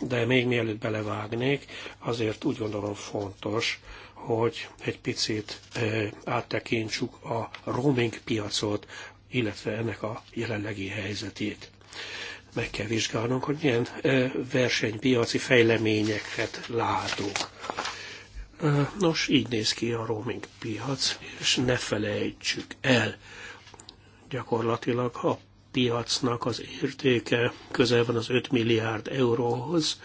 de még mielőtt belevágnék, azért úgy gondolom fontos, hogy egy picit áttekintsük a roaming piacot, illetve ennek a jelenlegi helyzetét. Meg kell vizsgálnunk, hogy milyen versenypiaci fejleményeket látunk. Nos, így néz ki a roaming piac, és ne felejtsük el, gyakorlatilag a piacnak az értéke közel van az 5 milliárd euróhoz,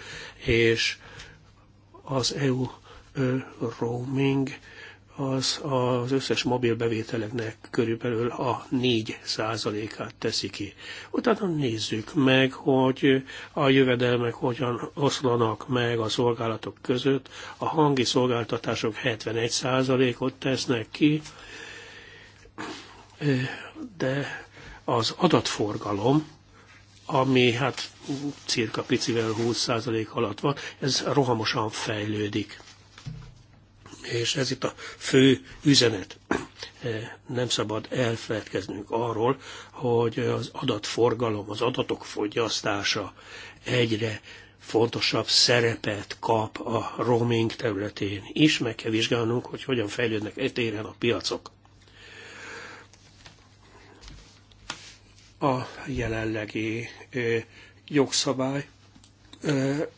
és az EU roaming az az összes mobil bevételeknek körülbelül a 4 százalékát teszi ki. Utána nézzük meg, hogy a jövedelmek hogyan oszlanak meg a szolgálatok között. A hangi szolgáltatások 71 százalékot tesznek ki, de az adatforgalom, ami hát cirka picivel 20% alatt van, ez rohamosan fejlődik és ez itt a fő üzenet. <clears throat> Eh, nem szabad elfeledkeznünk arról, hogy az adatforgalom, az adatok fogyasztása egyre fontosabb szerepet kap a roaming területén is. Meg kell vizsgálnunk, hogy hogyan fejlődnek etéren a piacok. A jelenlegi eh, jogszabály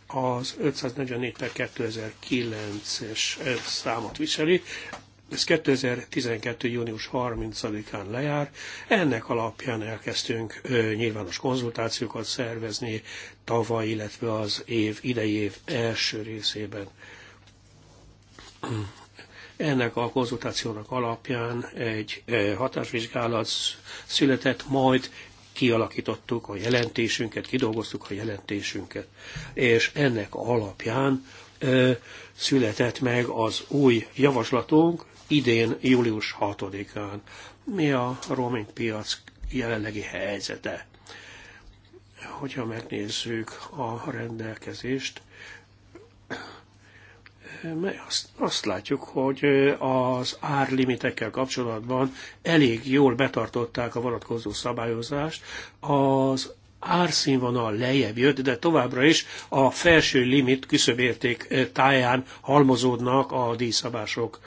az 544 per 2009-es számot viseli, ez 2012. június 30-án lejár. Ennek alapján elkezdtünk nyilvános konzultációkat szervezni tavaly, illetve az év, idei év első részében. Ennek a konzultációnak alapján egy hatásvizsgálat született, majd kialakítottuk a jelentésünket, kidolgoztuk a jelentésünket, és ennek alapján ö, született meg az új javaslatunk idén, július 6-án. Mi a roaming piac jelenlegi helyzete? Hogyha megnézzük a rendelkezést, mert azt, azt látjuk, hogy az árlimitekkel kapcsolatban elég jól betartották a vonatkozó szabályozást. Az árszínvonal lejjebb jött, de továbbra is a felső limit küszöbérték táján halmozódnak a díjszabások.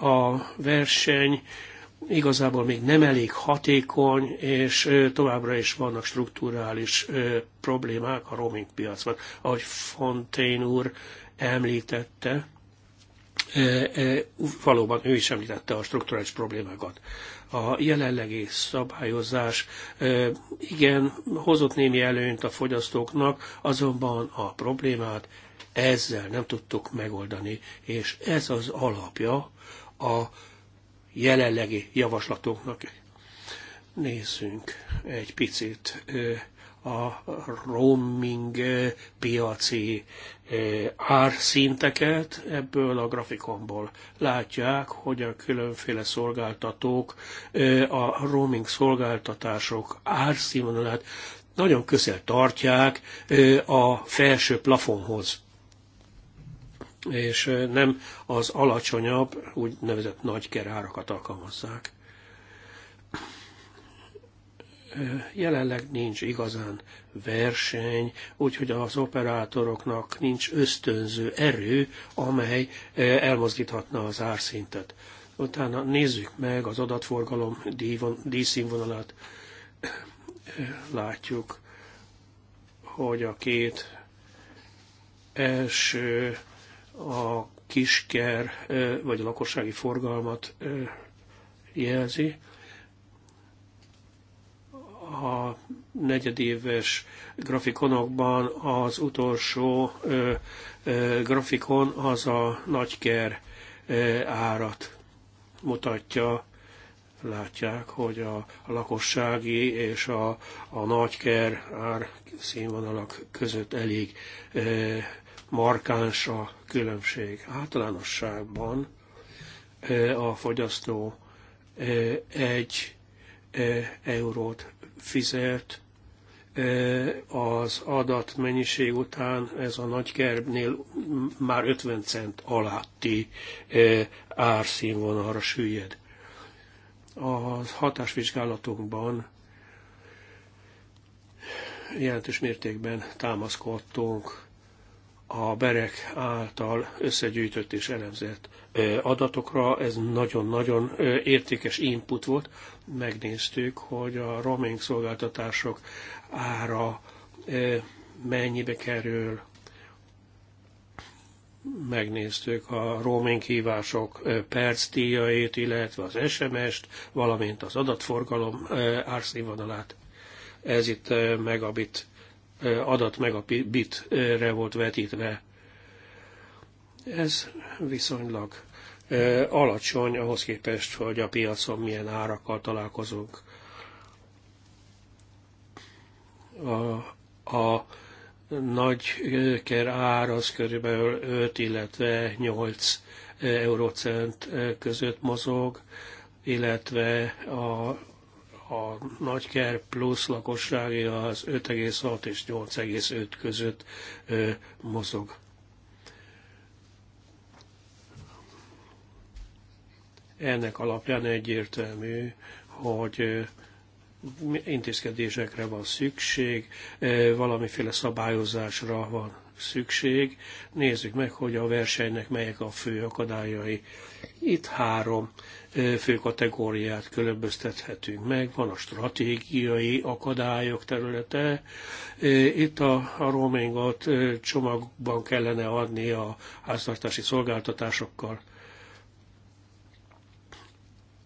A verseny igazából még nem elég hatékony, és továbbra is vannak strukturális problémák a roaming piacban. Ahogy Fontaine úr említette, e, e, valóban ő is említette a strukturális problémákat. A jelenlegi szabályozás e, igen, hozott némi előnyt a fogyasztóknak, azonban a problémát ezzel nem tudtuk megoldani, és ez az alapja a jelenlegi javaslatoknak Nézzünk egy picit a roaming eh, piaci eh, árszinteket. Ebből a grafikonból látják, hogy a különféle szolgáltatók eh, a roaming szolgáltatások árszínvonalát nagyon közel tartják a felső plafonhoz és nem az alacsonyabb, úgynevezett nagy kerárakat alkalmazzák jelenleg nincs igazán verseny, úgyhogy az operátoroknak nincs ösztönző erő, amely elmozdíthatna az árszintet. Utána nézzük meg az adatforgalom díjszínvonalát. Látjuk, hogy a két első a kisker vagy a lakossági forgalmat jelzi, a negyedéves grafikonokban az utolsó ö, ö, grafikon az a nagyker ö, árat mutatja. Látják, hogy a, a lakossági és a, a nagyker ár színvonalak között elég ö, markáns a különbség. Általánosságban ö, a fogyasztó ö, egy eurót fizet az adat mennyiség után ez a kerbnél már 50 cent alatti árszínvonalra süllyed. A hatásvizsgálatunkban jelentős mértékben támaszkodtunk a berek által összegyűjtött és elemzett adatokra. Ez nagyon-nagyon értékes input volt. Megnéztük, hogy a roaming szolgáltatások ára mennyibe kerül. Megnéztük a roaming hívások perc díjait, illetve az SMS-t, valamint az adatforgalom árszínvonalát. Ez itt megabit adat meg a bitre volt vetítve. Ez viszonylag alacsony ahhoz képest, hogy a piacon milyen árakkal találkozunk. A, a nagy ker ár az körülbelül 5, illetve 8 eurocent között mozog, illetve a, a nagyker plusz lakossági az 5,6 és 8,5 között mozog. Ennek alapján egyértelmű, hogy intézkedésekre van szükség, valamiféle szabályozásra van szükség. Nézzük meg, hogy a versenynek melyek a fő akadályai. Itt három fő kategóriát különböztethetünk meg. Van a stratégiai akadályok területe. Itt a, a roamingot csomagban kellene adni a háztartási szolgáltatásokkal.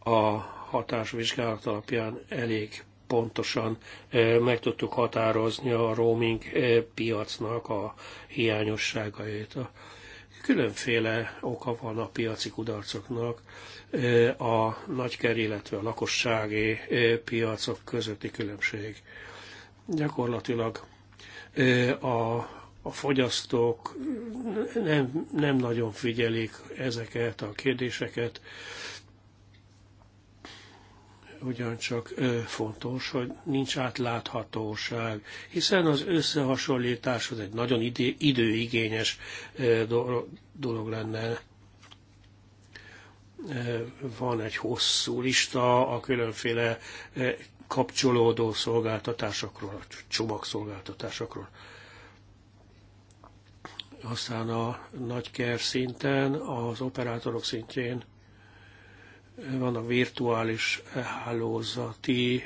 A hatásvizsgálat alapján elég pontosan eh, meg tudtuk határozni a roaming eh, piacnak a hiányosságait. Különféle oka van a piaci kudarcoknak eh, a nagyker, illetve a lakossági piacok közötti különbség. Gyakorlatilag a a fogyasztók nem, nem nagyon figyelik ezeket a kérdéseket, ugyancsak fontos, hogy nincs átláthatóság, hiszen az összehasonlítás az egy nagyon időigényes dolog lenne. Van egy hosszú lista a különféle kapcsolódó szolgáltatásokról, a csomagszolgáltatásokról. Aztán a nagyker szinten, az operátorok szintjén vannak virtuális hálózati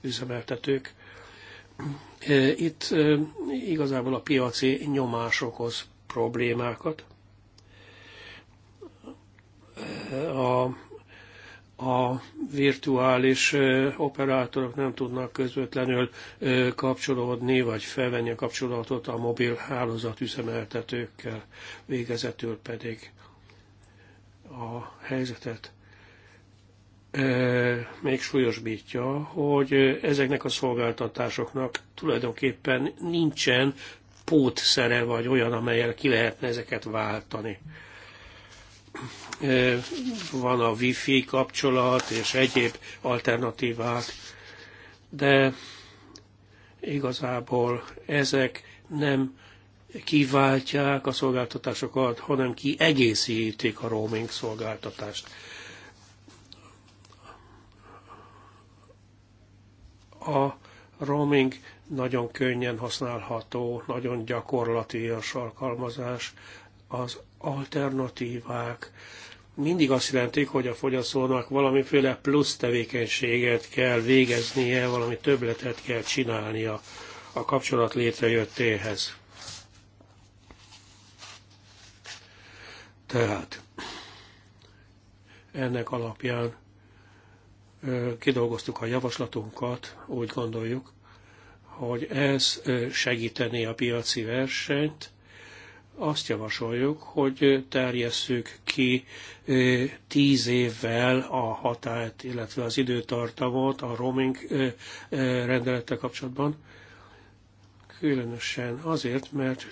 üzemeltetők. Itt igazából a piaci nyomás okoz problémákat. A, a virtuális operátorok nem tudnak közvetlenül kapcsolódni, vagy felvenni a kapcsolatot a mobil hálózat üzemeltetőkkel, végezetül pedig a helyzetet még súlyosbítja, hogy ezeknek a szolgáltatásoknak tulajdonképpen nincsen pótszere vagy olyan, amelyel ki lehetne ezeket váltani. Van a wifi kapcsolat és egyéb alternatívák, de igazából ezek nem kiváltják a szolgáltatásokat, hanem kiegészítik a roaming szolgáltatást a roaming nagyon könnyen használható, nagyon gyakorlatias alkalmazás, az alternatívák mindig azt jelentik, hogy a fogyasztónak valamiféle plusz tevékenységet kell végeznie, valami többletet kell csinálnia a kapcsolat létrejöttéhez. Tehát ennek alapján kidolgoztuk a javaslatunkat, úgy gondoljuk, hogy ez segíteni a piaci versenyt. Azt javasoljuk, hogy terjesszük ki tíz évvel a hatályt, illetve az időtartamot a roaming rendelettel kapcsolatban különösen azért, mert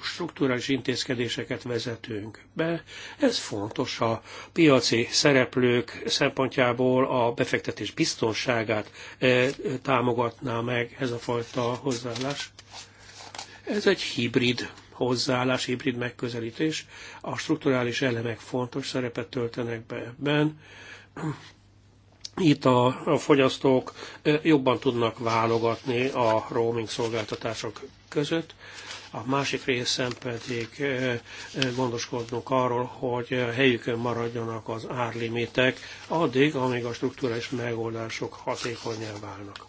strukturális intézkedéseket vezetünk be. Ez fontos a piaci szereplők szempontjából a befektetés biztonságát e, támogatná meg ez a fajta hozzáállás. Ez egy hibrid hozzáállás, hibrid megközelítés. A strukturális elemek fontos szerepet töltenek be ebben itt a, a fogyasztók jobban tudnak válogatni a roaming szolgáltatások között a másik részen pedig gondoskodnunk arról, hogy helyükön maradjanak az árlimitek addig, amíg a struktúrális megoldások hatékonyá válnak.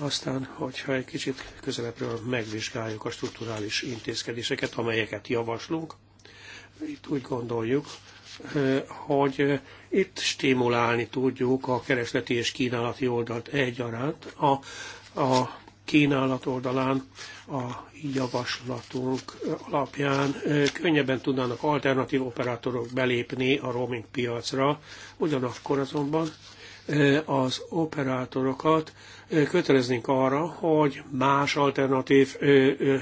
Aztán, hogyha egy kicsit közelebbről megvizsgáljuk a strukturális intézkedéseket, amelyeket javaslunk, itt úgy gondoljuk, hogy itt stimulálni tudjuk a keresleti és kínálati oldalt egyaránt. A, a kínálat oldalán a javaslatunk alapján könnyebben tudnának alternatív operátorok belépni a roaming piacra, ugyanakkor azonban az operátorokat köteleznénk arra, hogy más alternatív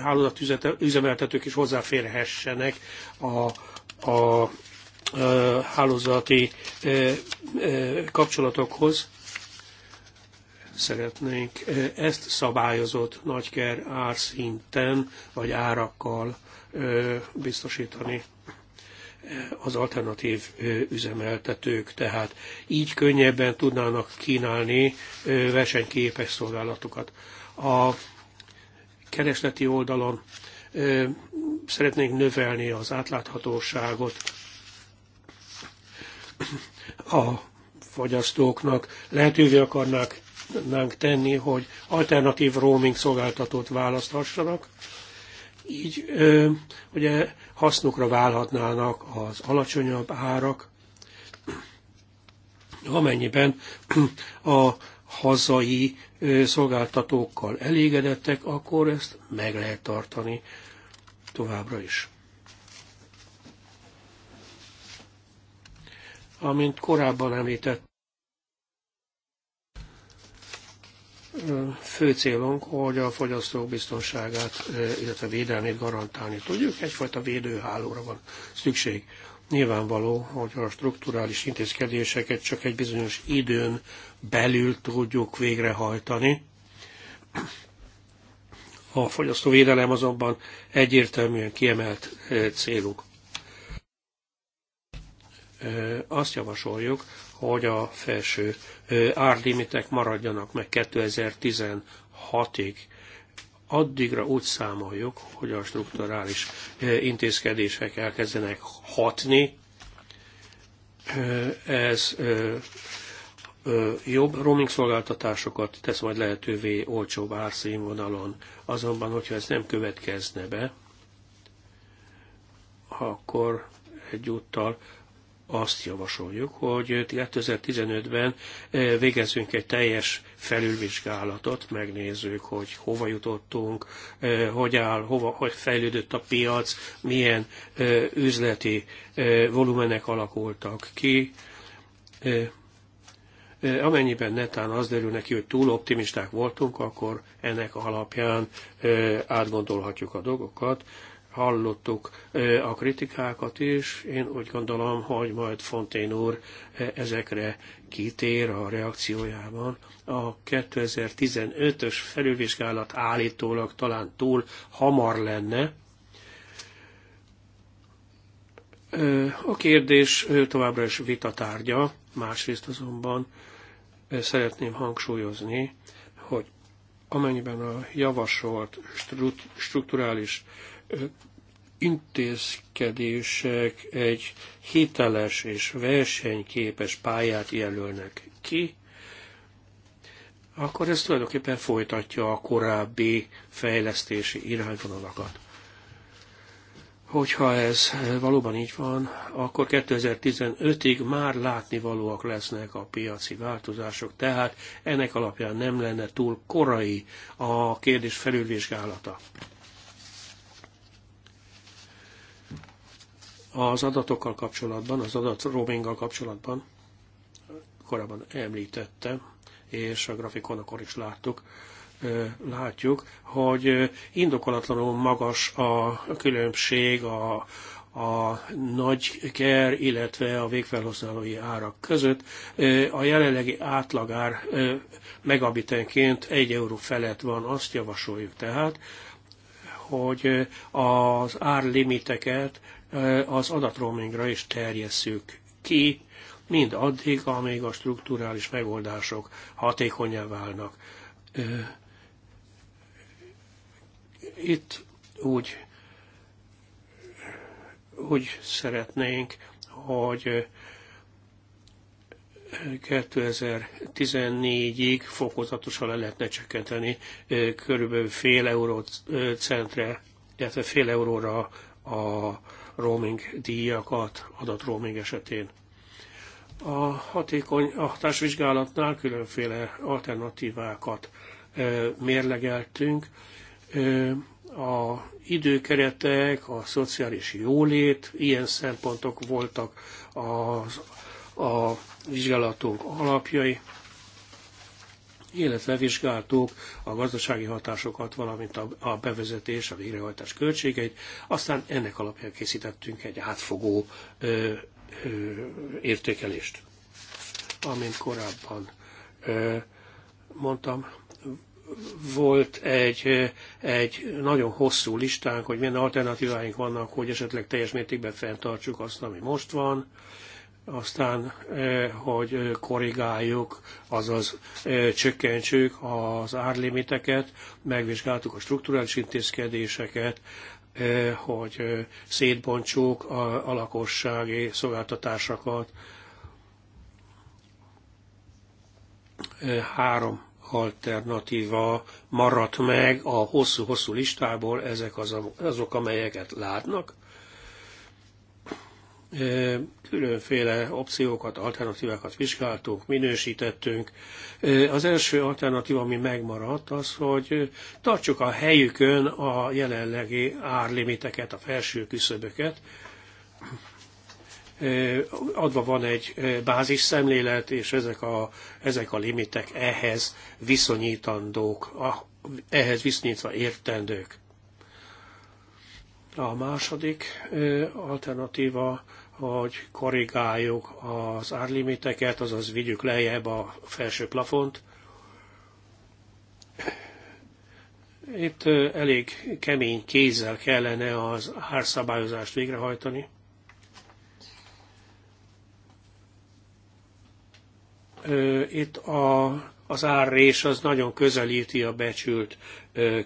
hálózatüzemeltetők is hozzáférhessenek a, a hálózati kapcsolatokhoz. Szeretnénk ezt szabályozott nagyker árszinten vagy árakkal biztosítani az alternatív üzemeltetők, tehát így könnyebben tudnának kínálni versenyképes szolgálatokat. A keresleti oldalon szeretnénk növelni az átláthatóságot, a fogyasztóknak lehetővé akarnák nánk tenni, hogy alternatív roaming szolgáltatót választhassanak, így ö, ugye hasznukra válhatnának az alacsonyabb árak, amennyiben a hazai szolgáltatókkal elégedettek, akkor ezt meg lehet tartani továbbra is. amint korábban említett. Fő célunk, hogy a fogyasztók biztonságát, illetve védelmét garantálni tudjuk, egyfajta védőhálóra van szükség. Nyilvánvaló, hogy a strukturális intézkedéseket csak egy bizonyos időn belül tudjuk végrehajtani. A fogyasztóvédelem azonban egyértelműen kiemelt célunk azt javasoljuk, hogy a felső árlimitek maradjanak meg 2016-ig. Addigra úgy számoljuk, hogy a strukturális intézkedések elkezdenek hatni. Ez jobb roaming szolgáltatásokat tesz majd lehetővé olcsóbb árszínvonalon. Azonban, hogyha ez nem következne be, akkor egyúttal azt javasoljuk, hogy 2015-ben eh, végezzünk egy teljes felülvizsgálatot, megnézzük, hogy hova jutottunk, eh, hogy áll, hova, hogy fejlődött a piac, milyen eh, üzleti volumenek alakultak ki. Amennyiben netán az derül neki, hogy túl optimisták voltunk, akkor ennek alapján átgondolhatjuk a dolgokat hallottuk a kritikákat is. Én úgy gondolom, hogy majd Fontén úr ezekre kitér a reakciójában. A 2015-ös felülvizsgálat állítólag talán túl hamar lenne. A kérdés továbbra is vitatárgya, másrészt azonban szeretném hangsúlyozni, hogy amennyiben a javasolt strukturális intézkedések egy hiteles és versenyképes pályát jelölnek ki, akkor ez tulajdonképpen folytatja a korábbi fejlesztési irányvonalakat. Hogyha ez valóban így van, akkor 2015-ig már látnivalóak lesznek a piaci változások, tehát ennek alapján nem lenne túl korai a kérdés felülvizsgálata. az adatokkal kapcsolatban, az adat roaminggal kapcsolatban korábban említette, és a grafikonokon is láttuk, látjuk, hogy indokolatlanul magas a különbség a, a nagy ker, illetve a végfelhasználói árak között. A jelenlegi átlagár megabitenként egy euró felett van, azt javasoljuk tehát, hogy az árlimiteket Eh, az adatroamingra is terjesszük ki, mind addig, amíg a strukturális megoldások hatékonyá válnak. Eh, itt úgy, úgy szeretnénk, hogy 2014-ig eh, fokozatosan le lehetne csökkenteni körülbelül fél euró centre, illetve fél euróra a roaming díjakat adat roaming esetén. A hatékony a társvizsgálatnál különféle alternatívákat mérlegeltünk. A időkeretek, a szociális jólét, ilyen szempontok voltak az, a vizsgálatunk alapjai illetve vizsgáltuk a gazdasági hatásokat, valamint a bevezetés, a végrehajtás költségeit, aztán ennek alapján készítettünk egy átfogó ö, ö, értékelést. Amint korábban ö, mondtam, volt egy, egy nagyon hosszú listánk, hogy milyen alternatíváink vannak, hogy esetleg teljes mértékben fenntartsuk azt, ami most van, aztán eh, hogy eh, korrigáljuk, azaz eh, csökkentsük az árlimiteket, megvizsgáltuk a strukturális intézkedéseket, hogy szétbontsuk a, lakossági szolgáltatásokat. Három alternatíva maradt meg a hosszú-hosszú listából, ezek azok, amelyeket látnak különféle opciókat, alternatívákat vizsgáltunk, minősítettünk. Az első alternatíva, ami megmaradt, az, hogy tartsuk a helyükön a jelenlegi árlimiteket, a felső küszöböket, adva van egy bázis szemlélet, és ezek a, ezek a limitek ehhez viszonyítandók, ehhez viszonyítva értendők. A második alternatíva hogy korrigáljuk az árlimiteket, azaz vigyük lejjebb a felső plafont. Itt elég kemény kézzel kellene az árszabályozást végrehajtani. Itt a, az árrés az nagyon közelíti a becsült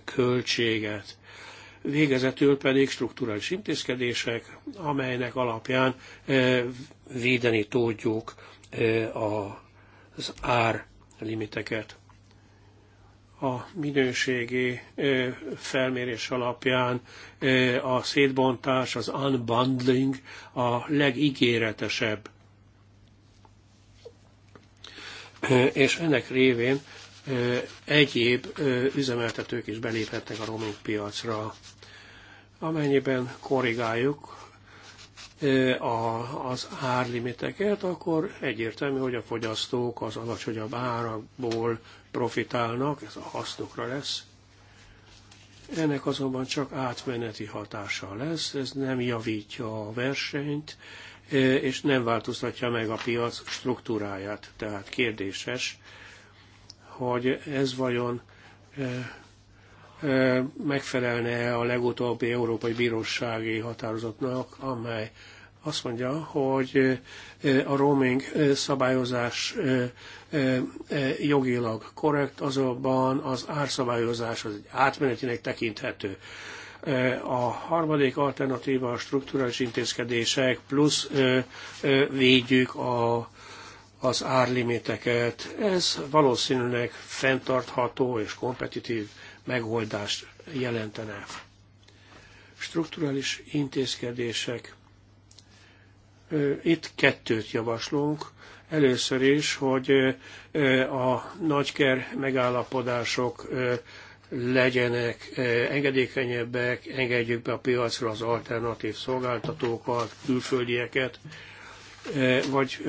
költséget végezetül pedig strukturális intézkedések, amelynek alapján eh, védeni tudjuk eh, az ár limiteket. A minőségi eh, felmérés alapján a szétbontás, az unbundling a legígéretesebb és ennek révén egyéb üzemeltetők is beléphetnek a roaming piacra. Amennyiben korrigáljuk az árlimiteket, akkor egyértelmű, hogy a fogyasztók az alacsonyabb árakból profitálnak, ez a hasznukra lesz. Ennek azonban csak átmeneti hatása lesz, ez nem javítja a versenyt, és nem változtatja meg a piac struktúráját, tehát kérdéses, hogy ez vajon eh, eh, megfelelne a legutóbbi Európai Bírósági Határozatnak, amely azt mondja, hogy eh, a roaming szabályozás jogilag korrekt, azonban az árszabályozás az egy átmenetinek tekinthető. A harmadik alternatíva a strukturális intézkedések, plusz védjük a az árlimiteket. Ez valószínűleg fenntartható és kompetitív megoldást jelentene. Strukturális intézkedések. Itt kettőt javaslunk. Először is, hogy a nagyker megállapodások legyenek engedékenyebbek, engedjük be a piacra az alternatív szolgáltatókat, külföldieket, vagy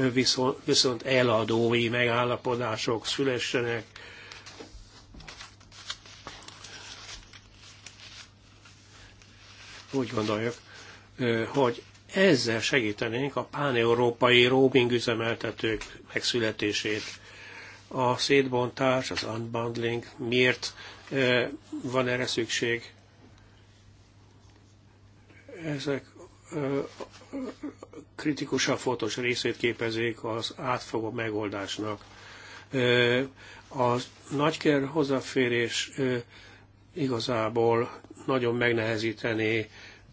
viszont eladói megállapodások szülessenek. Úgy gondoljuk, hogy ezzel segítenénk a páneurópai roaming üzemeltetők megszületését. A szétbontás, az unbundling, miért van erre szükség? Ezek kritikusan fontos részét képezik az átfogó megoldásnak. A nagyker hozzáférés igazából nagyon megnehezíteni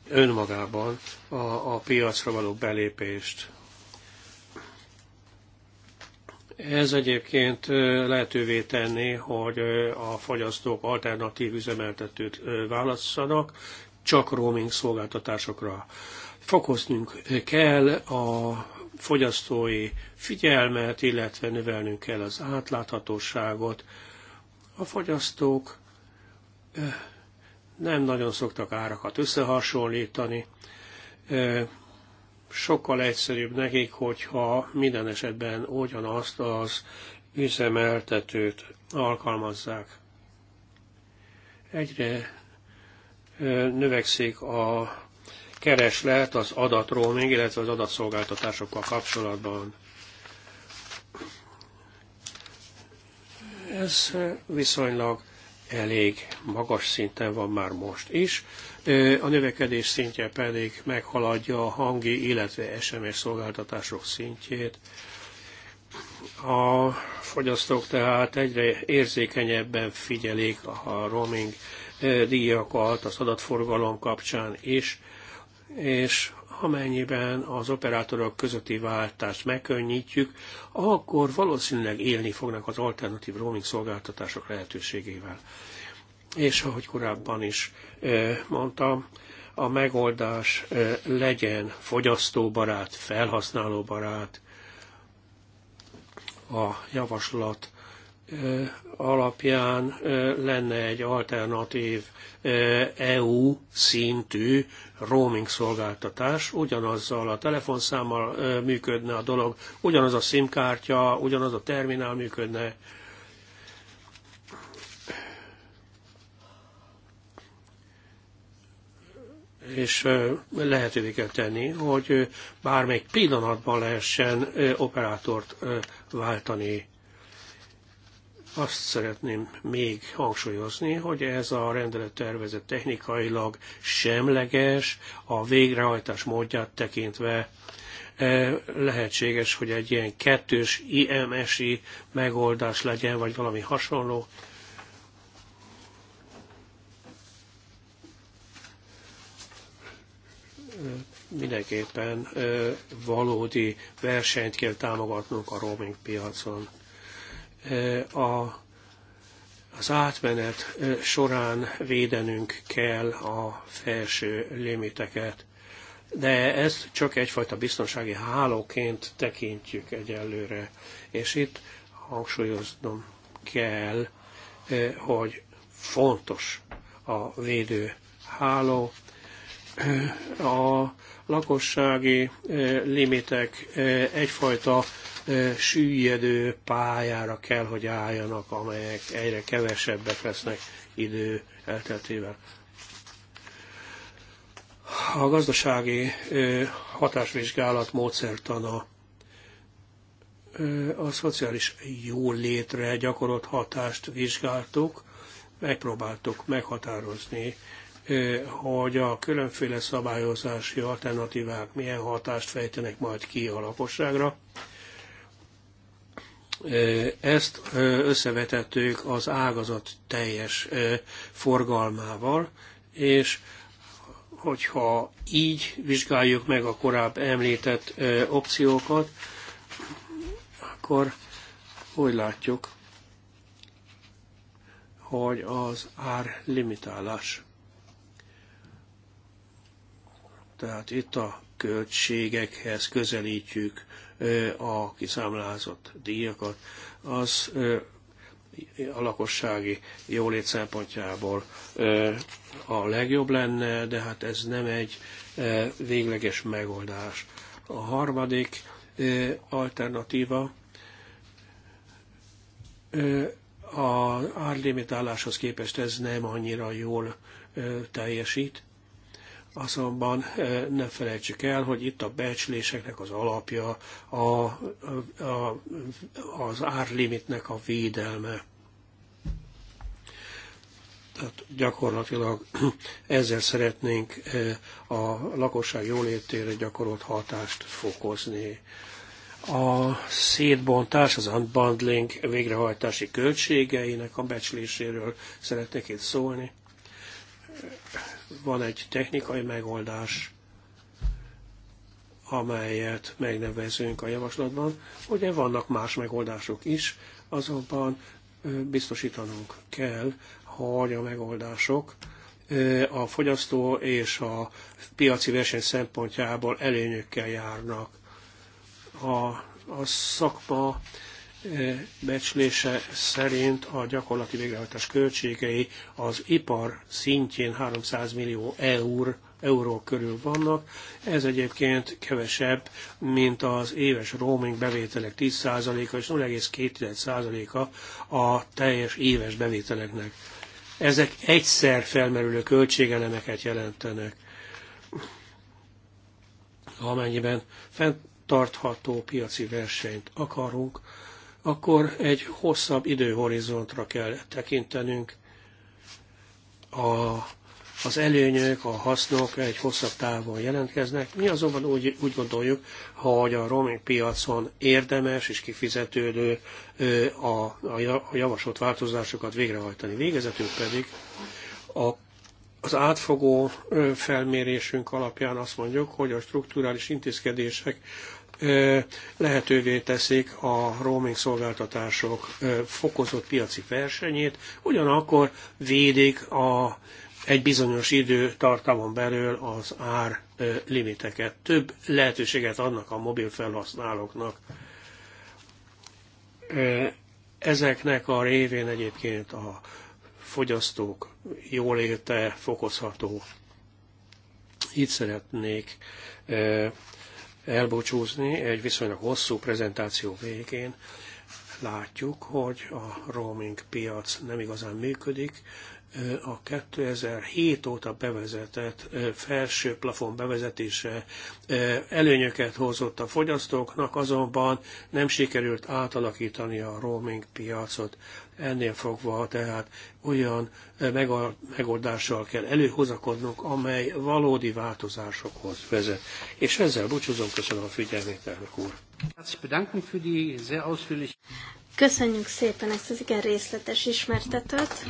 önmagában a, a piacra való belépést. Ez egyébként lehetővé tenni, hogy a fogyasztók alternatív üzemeltetőt válasszanak, csak roaming szolgáltatásokra. Fokoznunk kell a fogyasztói figyelmet, illetve növelnünk kell az átláthatóságot. A fogyasztók nem nagyon szoktak árakat összehasonlítani. Sokkal egyszerűbb nekik, hogyha minden esetben ugyanazt az üzemeltetőt alkalmazzák. Egyre növekszik a kereslet az adatról, még illetve az adatszolgáltatásokkal kapcsolatban. Ez viszonylag elég magas szinten van már most is. A növekedés szintje pedig meghaladja a hangi, illetve SMS szolgáltatások szintjét. A fogyasztók tehát egyre érzékenyebben figyelik a roaming díjakat az adatforgalom kapcsán is, és amennyiben az operátorok közötti váltást megkönnyítjük, akkor valószínűleg élni fognak az alternatív roaming szolgáltatások lehetőségével. És ahogy korábban is mondtam, a megoldás legyen fogyasztóbarát, felhasználóbarát. A javaslat alapján lenne egy alternatív EU szintű roaming szolgáltatás, ugyanazzal a telefonszámmal működne a dolog, ugyanaz a SIM-kártya, ugyanaz a terminál működne. és lehetővé kell tenni, hogy bármelyik pillanatban lehessen operátort váltani azt szeretném még hangsúlyozni, hogy ez a tervezett technikailag semleges, a végrehajtás módját tekintve e, lehetséges, hogy egy ilyen kettős IMS-i megoldás legyen, vagy valami hasonló. Mindenképpen e, valódi versenyt kell támogatnunk a roaming piacon a, az átmenet során védenünk kell a felső limiteket. De ezt csak egyfajta biztonsági hálóként tekintjük egyelőre. És itt hangsúlyoznom kell, hogy fontos a védő háló. A lakossági limitek egyfajta süllyedő pályára kell, hogy álljanak, amelyek egyre kevesebbek lesznek idő elteltével. A gazdasági hatásvizsgálat módszertana a szociális jólétre gyakorolt hatást vizsgáltuk, megpróbáltuk meghatározni, hogy a különféle szabályozási alternatívák milyen hatást fejtenek majd ki a lakosságra. Ezt összevetettük az ágazat teljes forgalmával, és hogyha így vizsgáljuk meg a korább említett opciókat, akkor úgy látjuk, hogy az ár limitálás. Tehát itt a költségekhez közelítjük a kiszámlázott díjakat, az a lakossági jólét szempontjából a legjobb lenne, de hát ez nem egy végleges megoldás. A harmadik alternatíva az árlimitáláshoz képest ez nem annyira jól teljesít. Azonban eh, ne felejtsük el, hogy itt a becsléseknek az alapja a, a, az árlimitnek a védelme. Tehát gyakorlatilag <clears throat> ezzel szeretnénk eh, a lakosság jólétére gyakorolt hatást fokozni. A szétbontás, az unbundling végrehajtási költségeinek a becsléséről szeretnék itt szólni van egy technikai megoldás, amelyet megnevezünk a javaslatban. Ugye vannak más megoldások is, azonban biztosítanunk kell, hogy a megoldások a fogyasztó és a piaci verseny szempontjából előnyökkel járnak. A, a szakma becslése szerint a gyakorlati végrehajtás költségei az ipar szintjén 300 millió eur, euró körül vannak. Ez egyébként kevesebb, mint az éves roaming bevételek 10%-a és 0,2%-a a teljes éves bevételeknek. Ezek egyszer felmerülő költségelemeket jelentenek. Amennyiben fenntartható piaci versenyt akarunk, akkor egy hosszabb időhorizontra kell tekintenünk. A, az előnyök, a hasznok egy hosszabb távon jelentkeznek. Mi azonban úgy, úgy gondoljuk, hogy a roaming piacon érdemes és kifizetődő a, a javasolt változásokat végrehajtani. Végezetül pedig a az átfogó felmérésünk alapján azt mondjuk, hogy a strukturális intézkedések lehetővé teszik a roaming szolgáltatások fokozott piaci versenyét, ugyanakkor védik a, egy bizonyos időtartamon belül az ár limiteket. Több lehetőséget adnak a mobil felhasználóknak. Ezeknek a révén egyébként a fogyasztók jóléte fokozható. Itt szeretnék elbúcsúzni egy viszonylag hosszú prezentáció végén. Látjuk, hogy a roaming piac nem igazán működik. A 2007 óta bevezetett felső plafon bevezetése előnyöket hozott a fogyasztóknak, azonban nem sikerült átalakítani a roaming piacot. Ennél fogva tehát olyan eh, megoldással kell előhozakodnunk, amely valódi változásokhoz vezet. És ezzel búcsúzom, köszönöm a figyelmét, elnök úr. Köszönjük szépen ezt az igen részletes ismertetőt,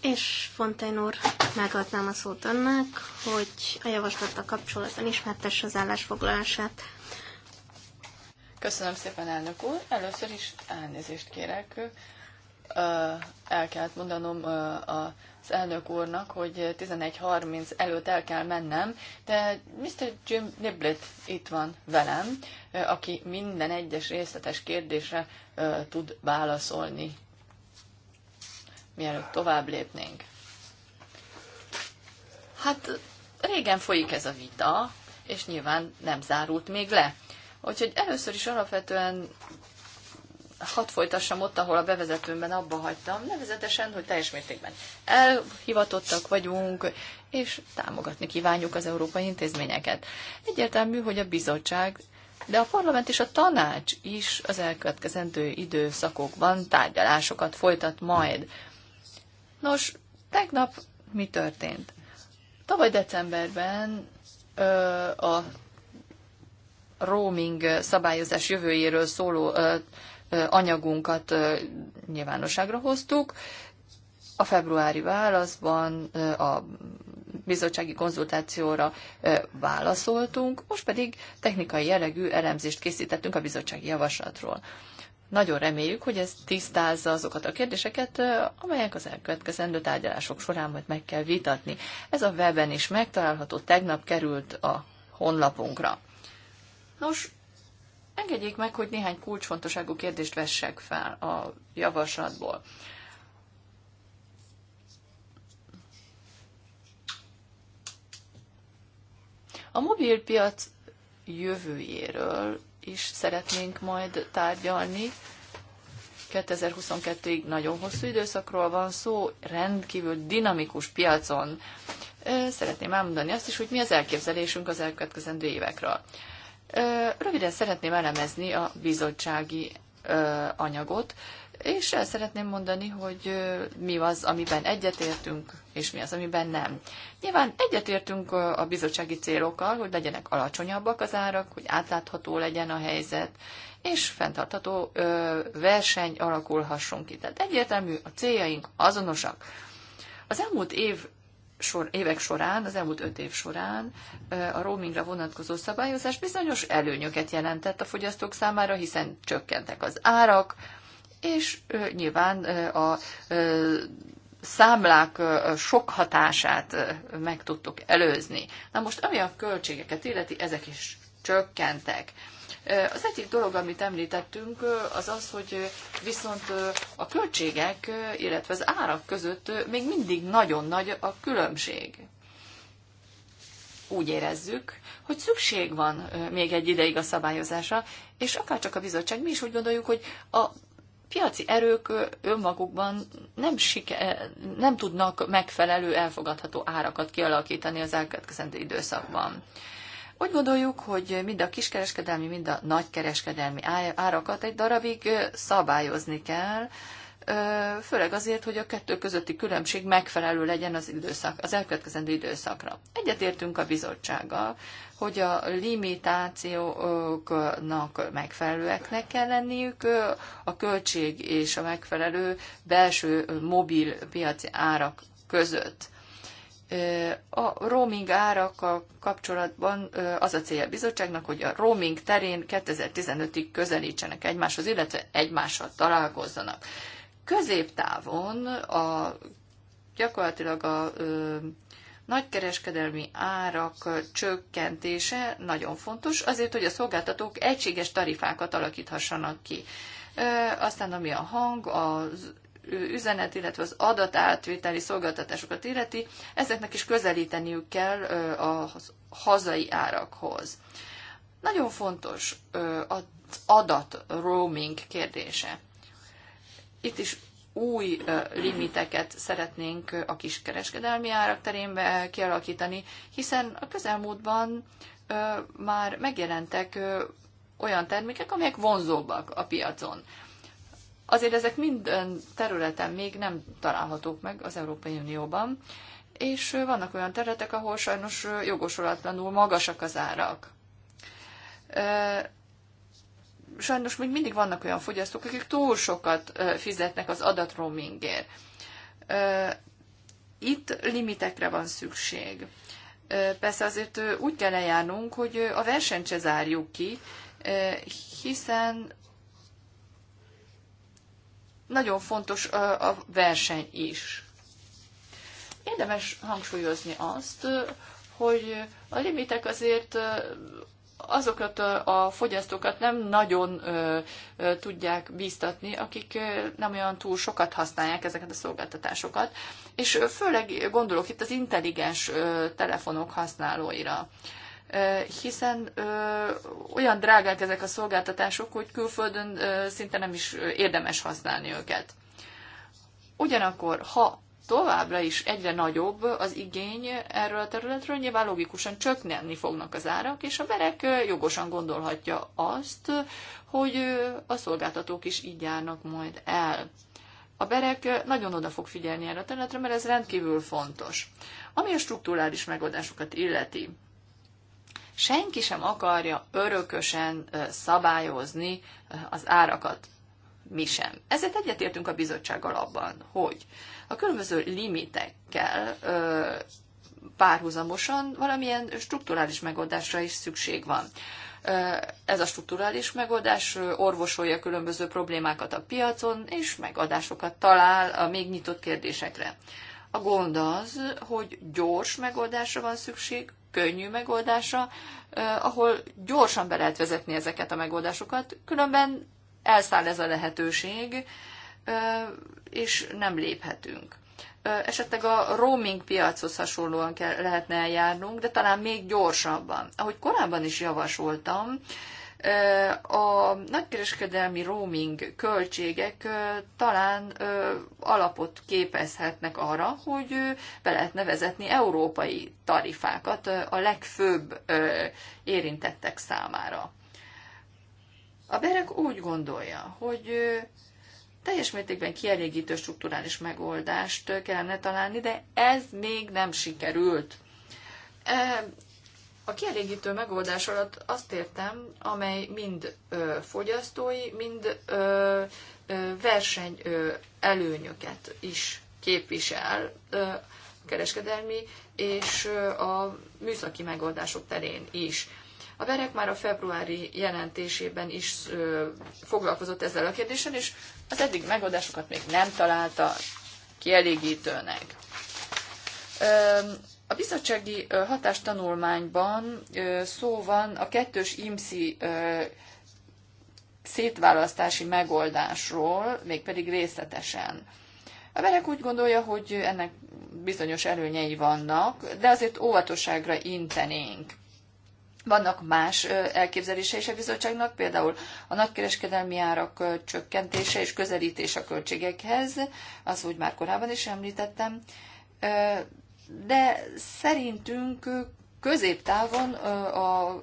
és Fontaine úr, megadnám a szót annak, hogy a javaslattal kapcsolatban ismertesse az állásfoglalását. Köszönöm szépen, elnök úr. Először is elnézést kérek el kellett mondanom az elnök úrnak, hogy 11.30 előtt el kell mennem, de Mr. Jim Niblet itt van velem, aki minden egyes részletes kérdésre tud válaszolni, mielőtt tovább lépnénk. Hát régen folyik ez a vita, és nyilván nem zárult még le. Úgyhogy először is alapvetően hadd folytassam ott, ahol a bevezetőmben abba hagytam, nevezetesen, hogy teljes mértékben elhivatottak vagyunk, és támogatni kívánjuk az európai intézményeket. Egyértelmű, hogy a bizottság, de a parlament és a tanács is az elkövetkezendő időszakokban tárgyalásokat folytat majd. Nos, tegnap mi történt? Tavaly decemberben ö, a roaming szabályozás jövőjéről szóló ö, anyagunkat nyilvánosságra hoztuk. A februári válaszban a bizottsági konzultációra válaszoltunk, most pedig technikai jellegű elemzést készítettünk a bizottsági javaslatról. Nagyon reméljük, hogy ez tisztázza azokat a kérdéseket, amelyek az elkövetkezendő tárgyalások során majd meg kell vitatni. Ez a weben is megtalálható, tegnap került a honlapunkra. Nos, Engedjék meg, hogy néhány kulcsfontosságú kérdést vessek fel a javaslatból. A mobilpiac jövőjéről is szeretnénk majd tárgyalni. 2022-ig nagyon hosszú időszakról van szó, rendkívül dinamikus piacon. Szeretném elmondani azt is, hogy mi az elképzelésünk az elkövetkezendő évekről. Röviden szeretném elemezni a bizottsági anyagot, és el szeretném mondani, hogy mi az, amiben egyetértünk, és mi az, amiben nem. Nyilván egyetértünk a bizottsági célokkal, hogy legyenek alacsonyabbak az árak, hogy átlátható legyen a helyzet, és fenntartható verseny alakulhasson ki. Tehát egyértelmű, a céljaink azonosak. Az elmúlt év sor, évek során, az elmúlt öt év során a roamingra vonatkozó szabályozás bizonyos előnyöket jelentett a fogyasztók számára, hiszen csökkentek az árak, és nyilván a számlák sok hatását meg tudtuk előzni. Na most, ami a költségeket illeti, ezek is csökkentek. Az egyik dolog, amit említettünk, az az, hogy viszont a költségek, illetve az árak között még mindig nagyon nagy a különbség. Úgy érezzük, hogy szükség van még egy ideig a szabályozásra, és akárcsak a bizottság, mi is úgy gondoljuk, hogy a piaci erők önmagukban nem, siker, nem tudnak megfelelő, elfogadható árakat kialakítani az elkövetkezendő időszakban. Úgy gondoljuk, hogy mind a kiskereskedelmi, mind a nagykereskedelmi árakat egy darabig szabályozni kell, főleg azért, hogy a kettő közötti különbség megfelelő legyen az, időszak, az elkövetkezendő időszakra. Egyetértünk a bizottsággal, hogy a limitációknak megfelelőeknek kell lenniük, a költség és a megfelelő belső mobil piaci árak között. A roaming árakkal kapcsolatban az a célja a bizottságnak, hogy a roaming terén 2015-ig közelítsenek egymáshoz, illetve egymással találkozzanak. Középtávon a, gyakorlatilag a nagykereskedelmi árak csökkentése nagyon fontos, azért, hogy a szolgáltatók egységes tarifákat alakíthassanak ki. Aztán ami a hang, az üzenet, illetve az adatátviteli szolgáltatásokat illeti, ezeknek is közelíteniük kell a hazai árakhoz. Nagyon fontos az adat roaming kérdése. Itt is új limiteket szeretnénk a kiskereskedelmi árak terén kialakítani, hiszen a közelmúltban már megjelentek olyan termékek, amelyek vonzóbbak a piacon. Azért ezek minden területen még nem találhatók meg az Európai Unióban, és vannak olyan területek, ahol sajnos jogosulatlanul magasak az árak. Sajnos még mindig vannak olyan fogyasztók, akik túl sokat fizetnek az adatroamingért. Itt limitekre van szükség. Persze azért úgy kell eljárnunk, hogy a versenyt se zárjuk ki, hiszen nagyon fontos a verseny is. Érdemes hangsúlyozni azt, hogy a limitek azért azokat a fogyasztókat nem nagyon tudják bíztatni, akik nem olyan túl sokat használják ezeket a szolgáltatásokat. És főleg gondolok itt az intelligens telefonok használóira hiszen olyan drágák ezek a szolgáltatások, hogy külföldön szinte nem is érdemes használni őket. Ugyanakkor, ha továbbra is egyre nagyobb az igény erről a területről, nyilván logikusan csökkenni fognak az árak, és a berek jogosan gondolhatja azt, hogy a szolgáltatók is így járnak majd el. A berek nagyon oda fog figyelni erre a területre, mert ez rendkívül fontos. Ami a struktúrális megoldásokat illeti, senki sem akarja örökösen szabályozni az árakat. Mi sem. Ezért egyetértünk a bizottsággal abban, hogy a különböző limitekkel párhuzamosan valamilyen strukturális megoldásra is szükség van. Ez a strukturális megoldás orvosolja különböző problémákat a piacon, és megadásokat talál a még nyitott kérdésekre. A gond az, hogy gyors megoldásra van szükség, könnyű megoldása, ahol gyorsan be lehet vezetni ezeket a megoldásokat, különben elszáll ez a lehetőség, és nem léphetünk. Esetleg a roaming piachoz hasonlóan kell, lehetne eljárnunk, de talán még gyorsabban. Ahogy korábban is javasoltam, a nagykereskedelmi roaming költségek talán alapot képezhetnek arra, hogy be lehetne vezetni európai tarifákat a legfőbb érintettek számára. A Berek úgy gondolja, hogy teljes mértékben kielégítő strukturális megoldást kellene találni, de ez még nem sikerült a kielégítő megoldás alatt azt értem, amely mind ö, fogyasztói, mind ö, ö, verseny ö, előnyöket is képvisel ö, kereskedelmi és ö, a műszaki megoldások terén is. A Berek már a februári jelentésében is ö, foglalkozott ezzel a kérdéssel, és az eddig megoldásokat még nem találta kielégítőnek. Ö, a bizottsági hatástanulmányban szó van a kettős IMSZI szétválasztási megoldásról, mégpedig részletesen. A Berek úgy gondolja, hogy ennek bizonyos előnyei vannak, de azért óvatosságra intenénk. Vannak más elképzelése is a bizottságnak, például a nagykereskedelmi árak csökkentése és közelítés a költségekhez, az úgy már korábban is említettem, de szerintünk középtávon a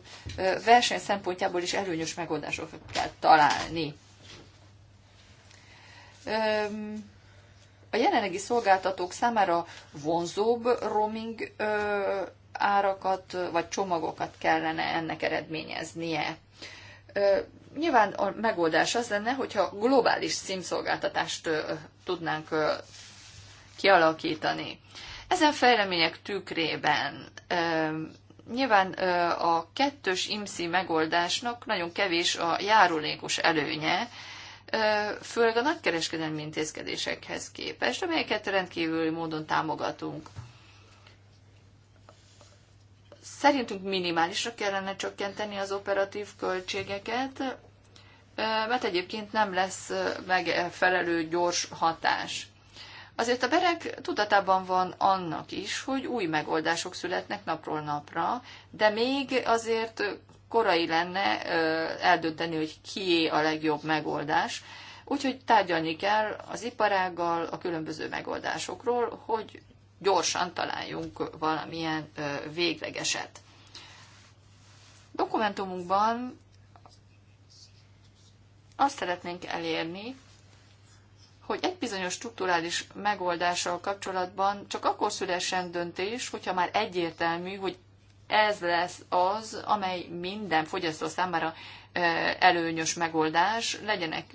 verseny szempontjából is előnyös megoldásokat kell találni. A jelenlegi szolgáltatók számára vonzóbb roaming árakat vagy csomagokat kellene ennek eredményeznie. Nyilván a megoldás az lenne, hogyha globális szímszolgáltatást tudnánk kialakítani. Ezen fejlemények tükrében nyilván a kettős IMSZI megoldásnak nagyon kevés a járulékos előnye, főleg a nagykereskedelmi intézkedésekhez képest, amelyeket rendkívüli módon támogatunk. Szerintünk minimálisra kellene csökkenteni az operatív költségeket, mert egyébként nem lesz megfelelő gyors hatás. Azért a berek tudatában van annak is, hogy új megoldások születnek napról napra, de még azért korai lenne eldönteni, hogy kié a legjobb megoldás. Úgyhogy tárgyalni kell az iparággal a különböző megoldásokról, hogy gyorsan találjunk valamilyen véglegeset. Dokumentumunkban azt szeretnénk elérni, hogy egy bizonyos strukturális megoldással kapcsolatban csak akkor szülessen döntés, hogyha már egyértelmű, hogy ez lesz az, amely minden fogyasztó számára e, előnyös megoldás, legyenek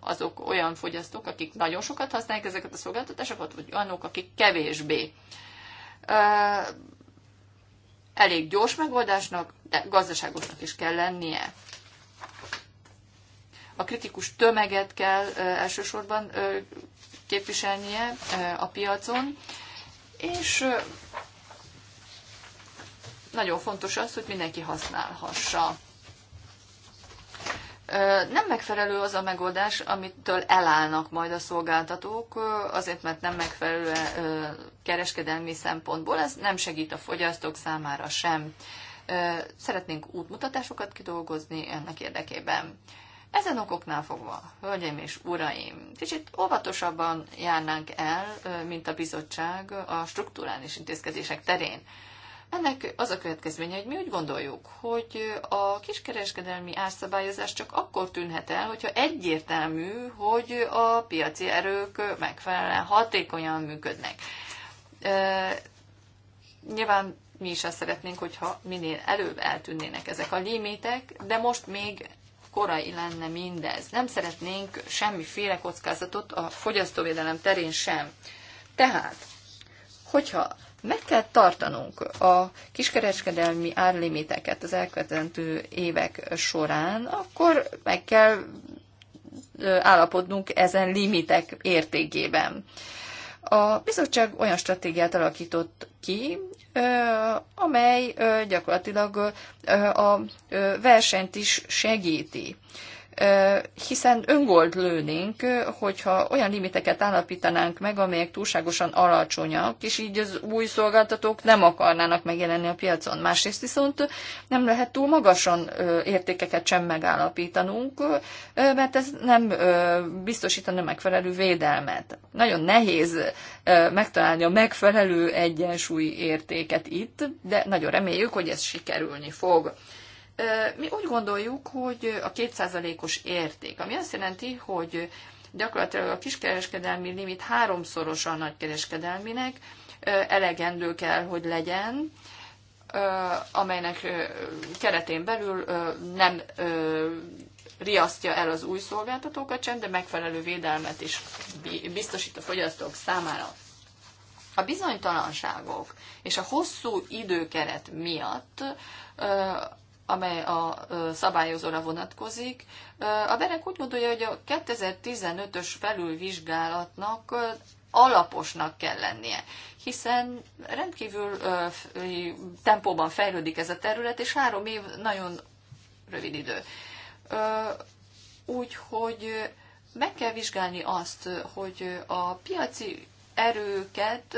azok olyan fogyasztók, akik nagyon sokat használják ezeket a szolgáltatásokat, vagy olyanok, akik kevésbé. E, elég gyors megoldásnak, de gazdaságosnak is kell lennie a kritikus tömeget kell elsősorban képviselnie a piacon, és nagyon fontos az, hogy mindenki használhassa. Nem megfelelő az a megoldás, amitől elállnak majd a szolgáltatók, azért, mert nem megfelelő kereskedelmi szempontból, ez nem segít a fogyasztók számára sem. Szeretnénk útmutatásokat kidolgozni ennek érdekében. Ezen okoknál fogva, hölgyeim és uraim, kicsit óvatosabban járnánk el, mint a bizottság a strukturális intézkedések terén. Ennek az a következménye, hogy mi úgy gondoljuk, hogy a kiskereskedelmi árszabályozás csak akkor tűnhet el, hogyha egyértelmű, hogy a piaci erők megfelelően hatékonyan működnek. Nyilván mi is azt szeretnénk, hogyha minél előbb eltűnnének ezek a limitek, de most még korai lenne mindez. Nem szeretnénk semmiféle kockázatot a fogyasztóvédelem terén sem. Tehát, hogyha meg kell tartanunk a kiskereskedelmi árlimiteket az elkövetendő évek során, akkor meg kell állapodnunk ezen limitek értékében. A bizottság olyan stratégiát alakított ki, amely gyakorlatilag a versenyt is segíti hiszen öngolt lőnénk, hogyha olyan limiteket állapítanánk meg, amelyek túlságosan alacsonyak, és így az új szolgáltatók nem akarnának megjelenni a piacon. Másrészt viszont nem lehet túl magasan értékeket sem megállapítanunk, mert ez nem biztosítana megfelelő védelmet. Nagyon nehéz megtalálni a megfelelő egyensúly értéket itt, de nagyon reméljük, hogy ez sikerülni fog mi úgy gondoljuk, hogy a kétszázalékos érték, ami azt jelenti, hogy gyakorlatilag a kiskereskedelmi limit háromszoros a nagykereskedelminek, elegendő kell, hogy legyen, amelynek keretén belül nem riasztja el az új szolgáltatókat sem, de megfelelő védelmet is biztosít a fogyasztók számára. A bizonytalanságok és a hosszú időkeret miatt amely a szabályozóra vonatkozik. A Berek úgy gondolja, hogy a 2015-ös felülvizsgálatnak alaposnak kell lennie, hiszen rendkívül tempóban fejlődik ez a terület, és három év nagyon rövid idő. Úgyhogy meg kell vizsgálni azt, hogy a piaci erőket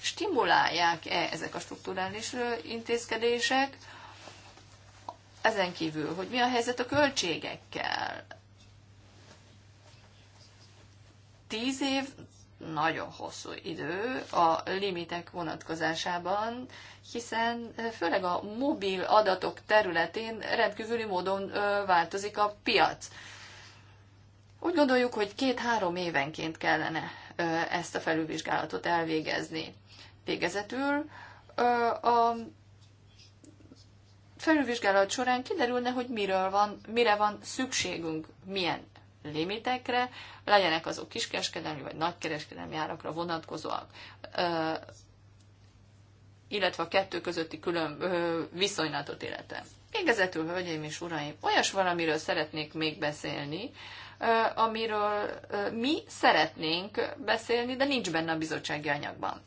stimulálják-e ezek a strukturális intézkedések, ezen kívül, hogy mi a helyzet a költségekkel? Tíz év nagyon hosszú idő a limitek vonatkozásában, hiszen főleg a mobil adatok területén rendkívüli módon változik a piac. Úgy gondoljuk, hogy két-három évenként kellene ezt a felülvizsgálatot elvégezni. Végezetül a felülvizsgálat során kiderülne, hogy miről van, mire van szükségünk, milyen limitekre, legyenek azok kiskereskedelmi vagy nagykereskedelmi árakra vonatkozóak, ö, illetve a kettő közötti külön ö, viszonylatot illetve. Végezetül, hölgyeim és uraim, olyas valamiről szeretnék még beszélni, ö, amiről ö, mi szeretnénk beszélni, de nincs benne a bizottsági anyagban.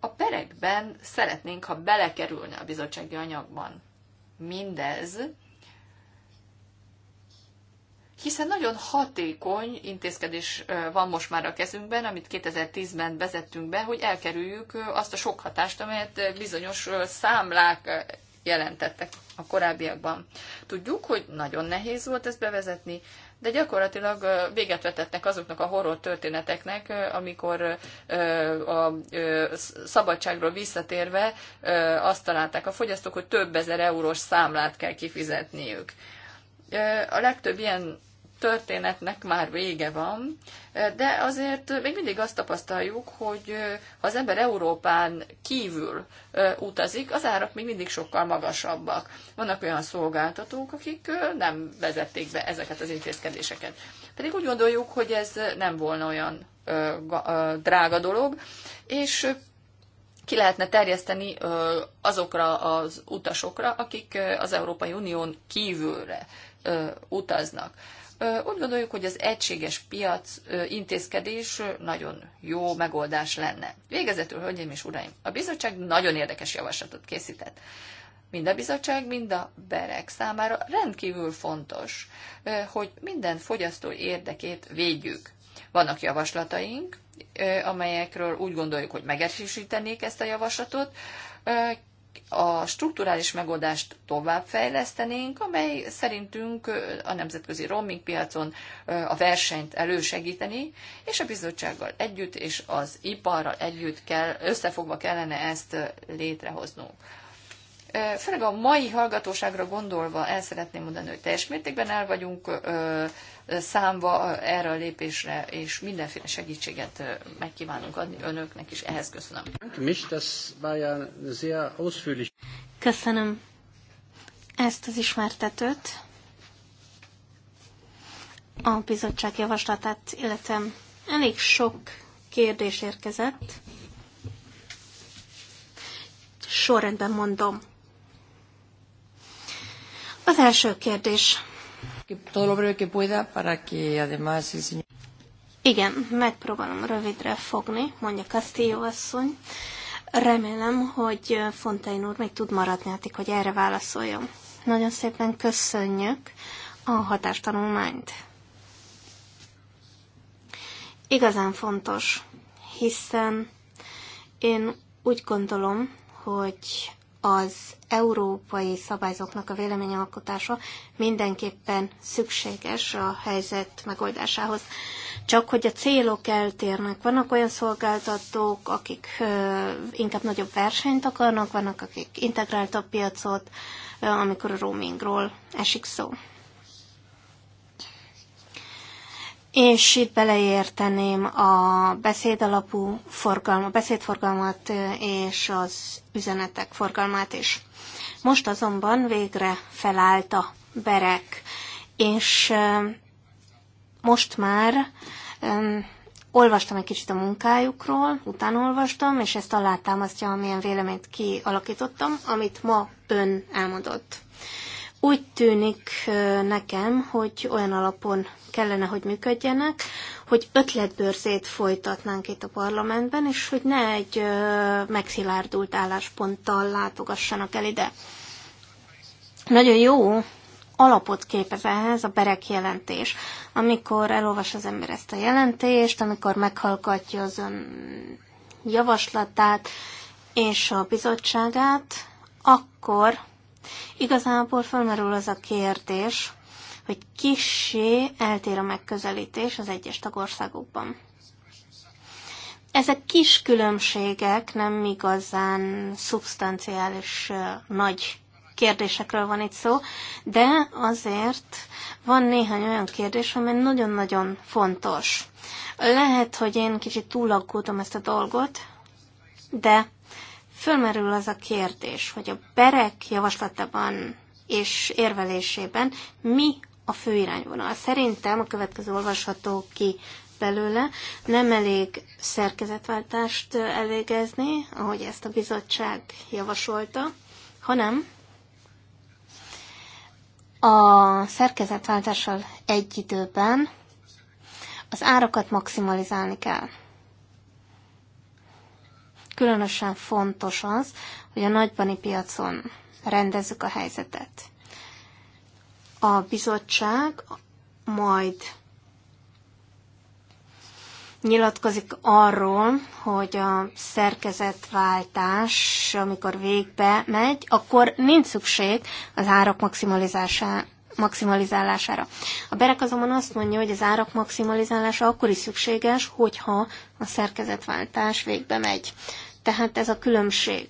A perekben szeretnénk, ha belekerülne a bizottsági anyagban mindez, hiszen nagyon hatékony intézkedés van most már a kezünkben, amit 2010-ben vezettünk be, hogy elkerüljük azt a sok hatást, amelyet bizonyos számlák jelentettek a korábbiakban. Tudjuk, hogy nagyon nehéz volt ezt bevezetni, de gyakorlatilag véget vetettek azoknak a horror történeteknek, amikor a szabadságról visszatérve azt találták a fogyasztók, hogy több ezer eurós számlát kell kifizetniük. A legtöbb ilyen történetnek már vége van, de azért még mindig azt tapasztaljuk, hogy ha az ember Európán kívül utazik, az árak még mindig sokkal magasabbak. Vannak olyan szolgáltatók, akik nem vezették be ezeket az intézkedéseket. Pedig úgy gondoljuk, hogy ez nem volna olyan drága dolog, és ki lehetne terjeszteni azokra az utasokra, akik az Európai Unión kívülre utaznak. Úgy gondoljuk, hogy az egységes piac intézkedés nagyon jó megoldás lenne. Végezetül, hölgyeim és uraim, a bizottság nagyon érdekes javaslatot készített. Mind a bizottság, mind a berek számára rendkívül fontos, hogy minden fogyasztó érdekét védjük. Vannak javaslataink, amelyekről úgy gondoljuk, hogy megerősítenék ezt a javaslatot, a strukturális megoldást továbbfejlesztenénk, amely szerintünk a nemzetközi roaming piacon a versenyt elősegíteni, és a bizottsággal együtt és az iparral együtt kell, összefogva kellene ezt létrehoznunk. Főleg a mai hallgatóságra gondolva el szeretném mondani, hogy teljes mértékben el vagyunk számba erre a lépésre, és mindenféle segítséget megkívánunk adni önöknek is. Ehhez köszönöm. Köszönöm ezt az ismertetőt. A bizottság javaslatát illetve elég sok kérdés érkezett. Sorrendben mondom. Az első kérdés. Igen, megpróbálom rövidre fogni, mondja Castillo asszony. Remélem, hogy Fontaine úr még tud maradni, addig, hogy erre válaszoljon. Nagyon szépen köszönjük a hatástanulmányt. Igazán fontos, hiszen én úgy gondolom, hogy az európai szabályzóknak a véleményalkotása mindenképpen szükséges a helyzet megoldásához. Csak hogy a célok eltérnek. Vannak olyan szolgáltatók, akik inkább nagyobb versenyt akarnak, vannak akik integráltabb piacot, amikor a roamingról esik szó. És itt beleérteném a beszédalapú forgalma, beszédforgalmat és az üzenetek forgalmát is. Most azonban végre felállt a berek, és most már olvastam egy kicsit a munkájukról, utánolvastam, és ezt alátámasztja, amilyen véleményt kialakítottam, amit ma ön elmondott. Úgy tűnik nekem, hogy olyan alapon kellene, hogy működjenek, hogy ötletbőrzét folytatnánk itt a parlamentben, és hogy ne egy megszilárdult állásponttal látogassanak el ide. Nagyon jó alapot képez ehhez a berek jelentés. Amikor elolvas az ember ezt a jelentést, amikor meghallgatja az ön javaslatát és a bizottságát, akkor Igazából felmerül az a kérdés, hogy kissé eltér a megközelítés az egyes tagországokban. Ezek kis különbségek, nem igazán szubstanciális nagy kérdésekről van itt szó, de azért van néhány olyan kérdés, amely nagyon-nagyon fontos. Lehet, hogy én kicsit túlaggódom ezt a dolgot, de Fölmerül az a kérdés, hogy a berek javaslatában és érvelésében mi a fő irányvonal. Szerintem a következő olvasható ki belőle. Nem elég szerkezetváltást elvégezni, ahogy ezt a bizottság javasolta, hanem a szerkezetváltással egy időben az árakat maximalizálni kell különösen fontos az, hogy a nagybani piacon rendezzük a helyzetet. A bizottság majd nyilatkozik arról, hogy a szerkezetváltás, amikor végbe megy, akkor nincs szükség az árak maximalizálására maximalizálására. A Berek azonban azt mondja, hogy az árak maximalizálása akkor is szükséges, hogyha a szerkezetváltás végbe megy. Tehát ez a különbség.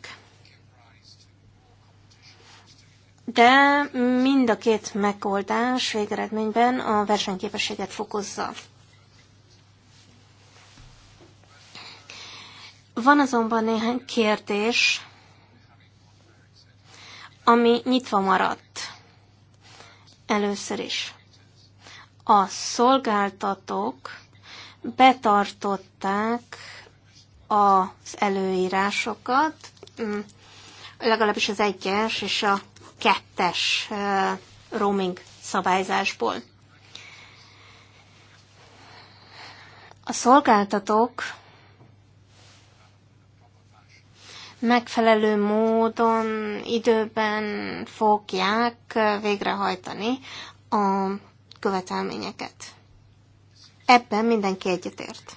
De mind a két megoldás végeredményben a versenyképességet fokozza. Van azonban néhány kérdés, ami nyitva maradt. Először is. A szolgáltatók betartották az előírásokat, mm, legalábbis az egyes és a kettes roaming szabályzásból. A szolgáltatók megfelelő módon, időben fogják végrehajtani a követelményeket. Ebben mindenki egyetért.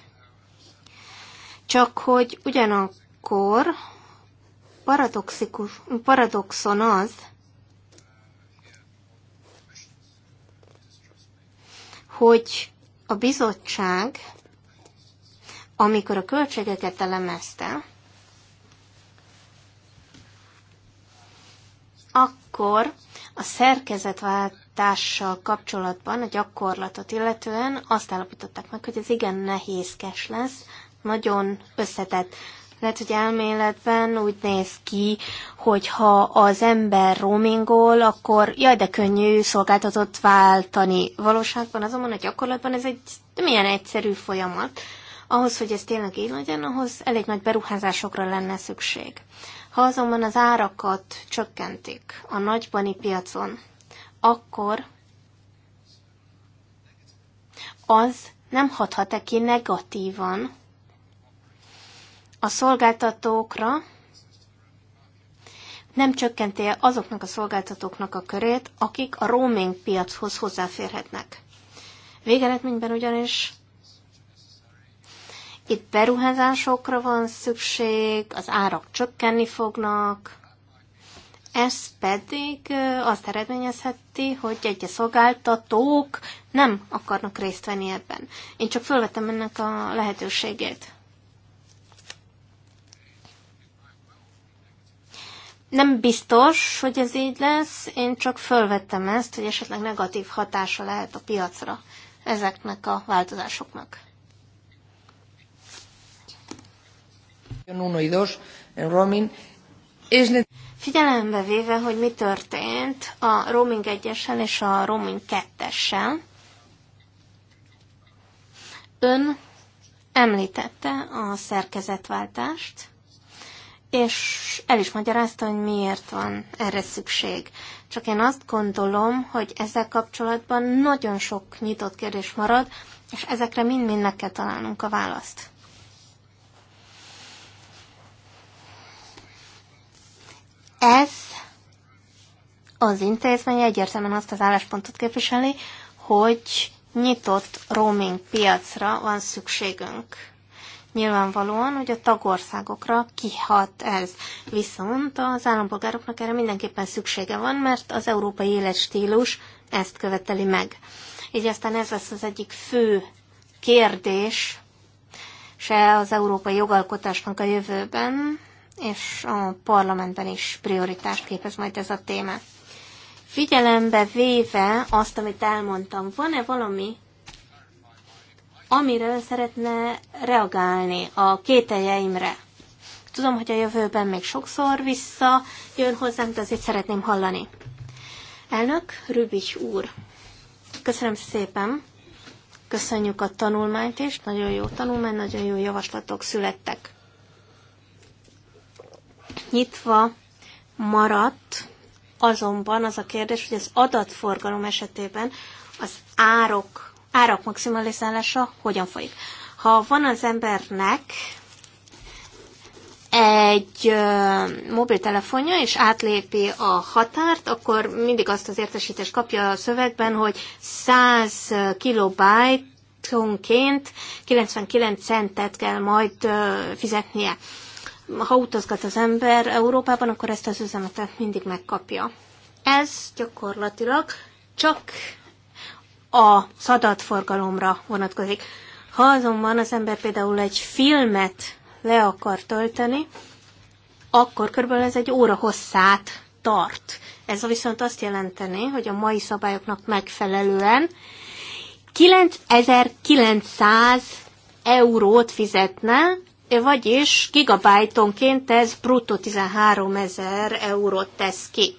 Csak hogy ugyanakkor paradoxikus, paradoxon az, hogy a bizottság, amikor a költségeket elemezte, akkor a szerkezetváltással kapcsolatban a gyakorlatot illetően azt állapították meg, hogy ez igen nehézkes lesz, nagyon összetett. Lehet, hogy elméletben úgy néz ki, hogy ha az ember roamingol, akkor jaj, de könnyű szolgáltatott váltani. Valóságban azonban a gyakorlatban ez egy milyen egyszerű folyamat. Ahhoz, hogy ez tényleg így legyen, ahhoz elég nagy beruházásokra lenne szükség. Ha azonban az árakat csökkentik a nagybani piacon, akkor az nem hathat-e ki negatívan a szolgáltatókra, nem csökkenti azoknak a szolgáltatóknak a körét, akik a roaming piachoz hozzáférhetnek. Végeredményben ugyanis itt beruházásokra van szükség, az árak csökkenni fognak, ez pedig azt eredményezheti, hogy egyes szolgáltatók nem akarnak részt venni ebben. Én csak fölvetem ennek a lehetőségét. Nem biztos, hogy ez így lesz, én csak fölvettem ezt, hogy esetleg negatív hatása lehet a piacra ezeknek a változásoknak. Figyelembe véve, hogy mi történt a roaming 1 és a roaming 2-essel, ön említette a szerkezetváltást, és el is magyarázta, hogy miért van erre szükség. Csak én azt gondolom, hogy ezzel kapcsolatban nagyon sok nyitott kérdés marad, és ezekre mind-mind meg kell találnunk a választ. Ez az intézmény egyértelműen azt az álláspontot képviseli, hogy nyitott roaming piacra van szükségünk Nyilvánvalóan, hogy a tagországokra kihat ez. Viszont az állampolgároknak erre mindenképpen szüksége van, mert az európai életstílus ezt követeli meg. Így aztán ez lesz az egyik fő kérdés se az európai jogalkotásnak a jövőben, és a parlamentben is prioritást képez majd ez a téma. Figyelembe véve azt, amit elmondtam, van-e valami amiről szeretne reagálni a kételjeimre. Tudom, hogy a jövőben még sokszor vissza jön hozzánk, de azért szeretném hallani. Elnök Rübich úr, köszönöm szépen, köszönjük a tanulmányt is, nagyon jó tanulmány, nagyon jó javaslatok születtek. Nyitva maradt azonban az a kérdés, hogy az adatforgalom esetében az árok árak maximalizálása hogyan folyik. Ha van az embernek egy ö, mobiltelefonja, és átlépi a határt, akkor mindig azt az értesítést kapja a szövegben, hogy 100 kilobájtonként 99 centet kell majd ö, fizetnie. Ha utazgat az ember Európában, akkor ezt az üzenetet mindig megkapja. Ez gyakorlatilag csak a szadatforgalomra vonatkozik. Ha azonban az ember például egy filmet le akar tölteni, akkor körülbelül ez egy óra hosszát tart. Ez viszont azt jelenteni, hogy a mai szabályoknak megfelelően 9900 eurót fizetne, vagyis gigabajtonként ez bruttó 13 ezer eurót tesz ki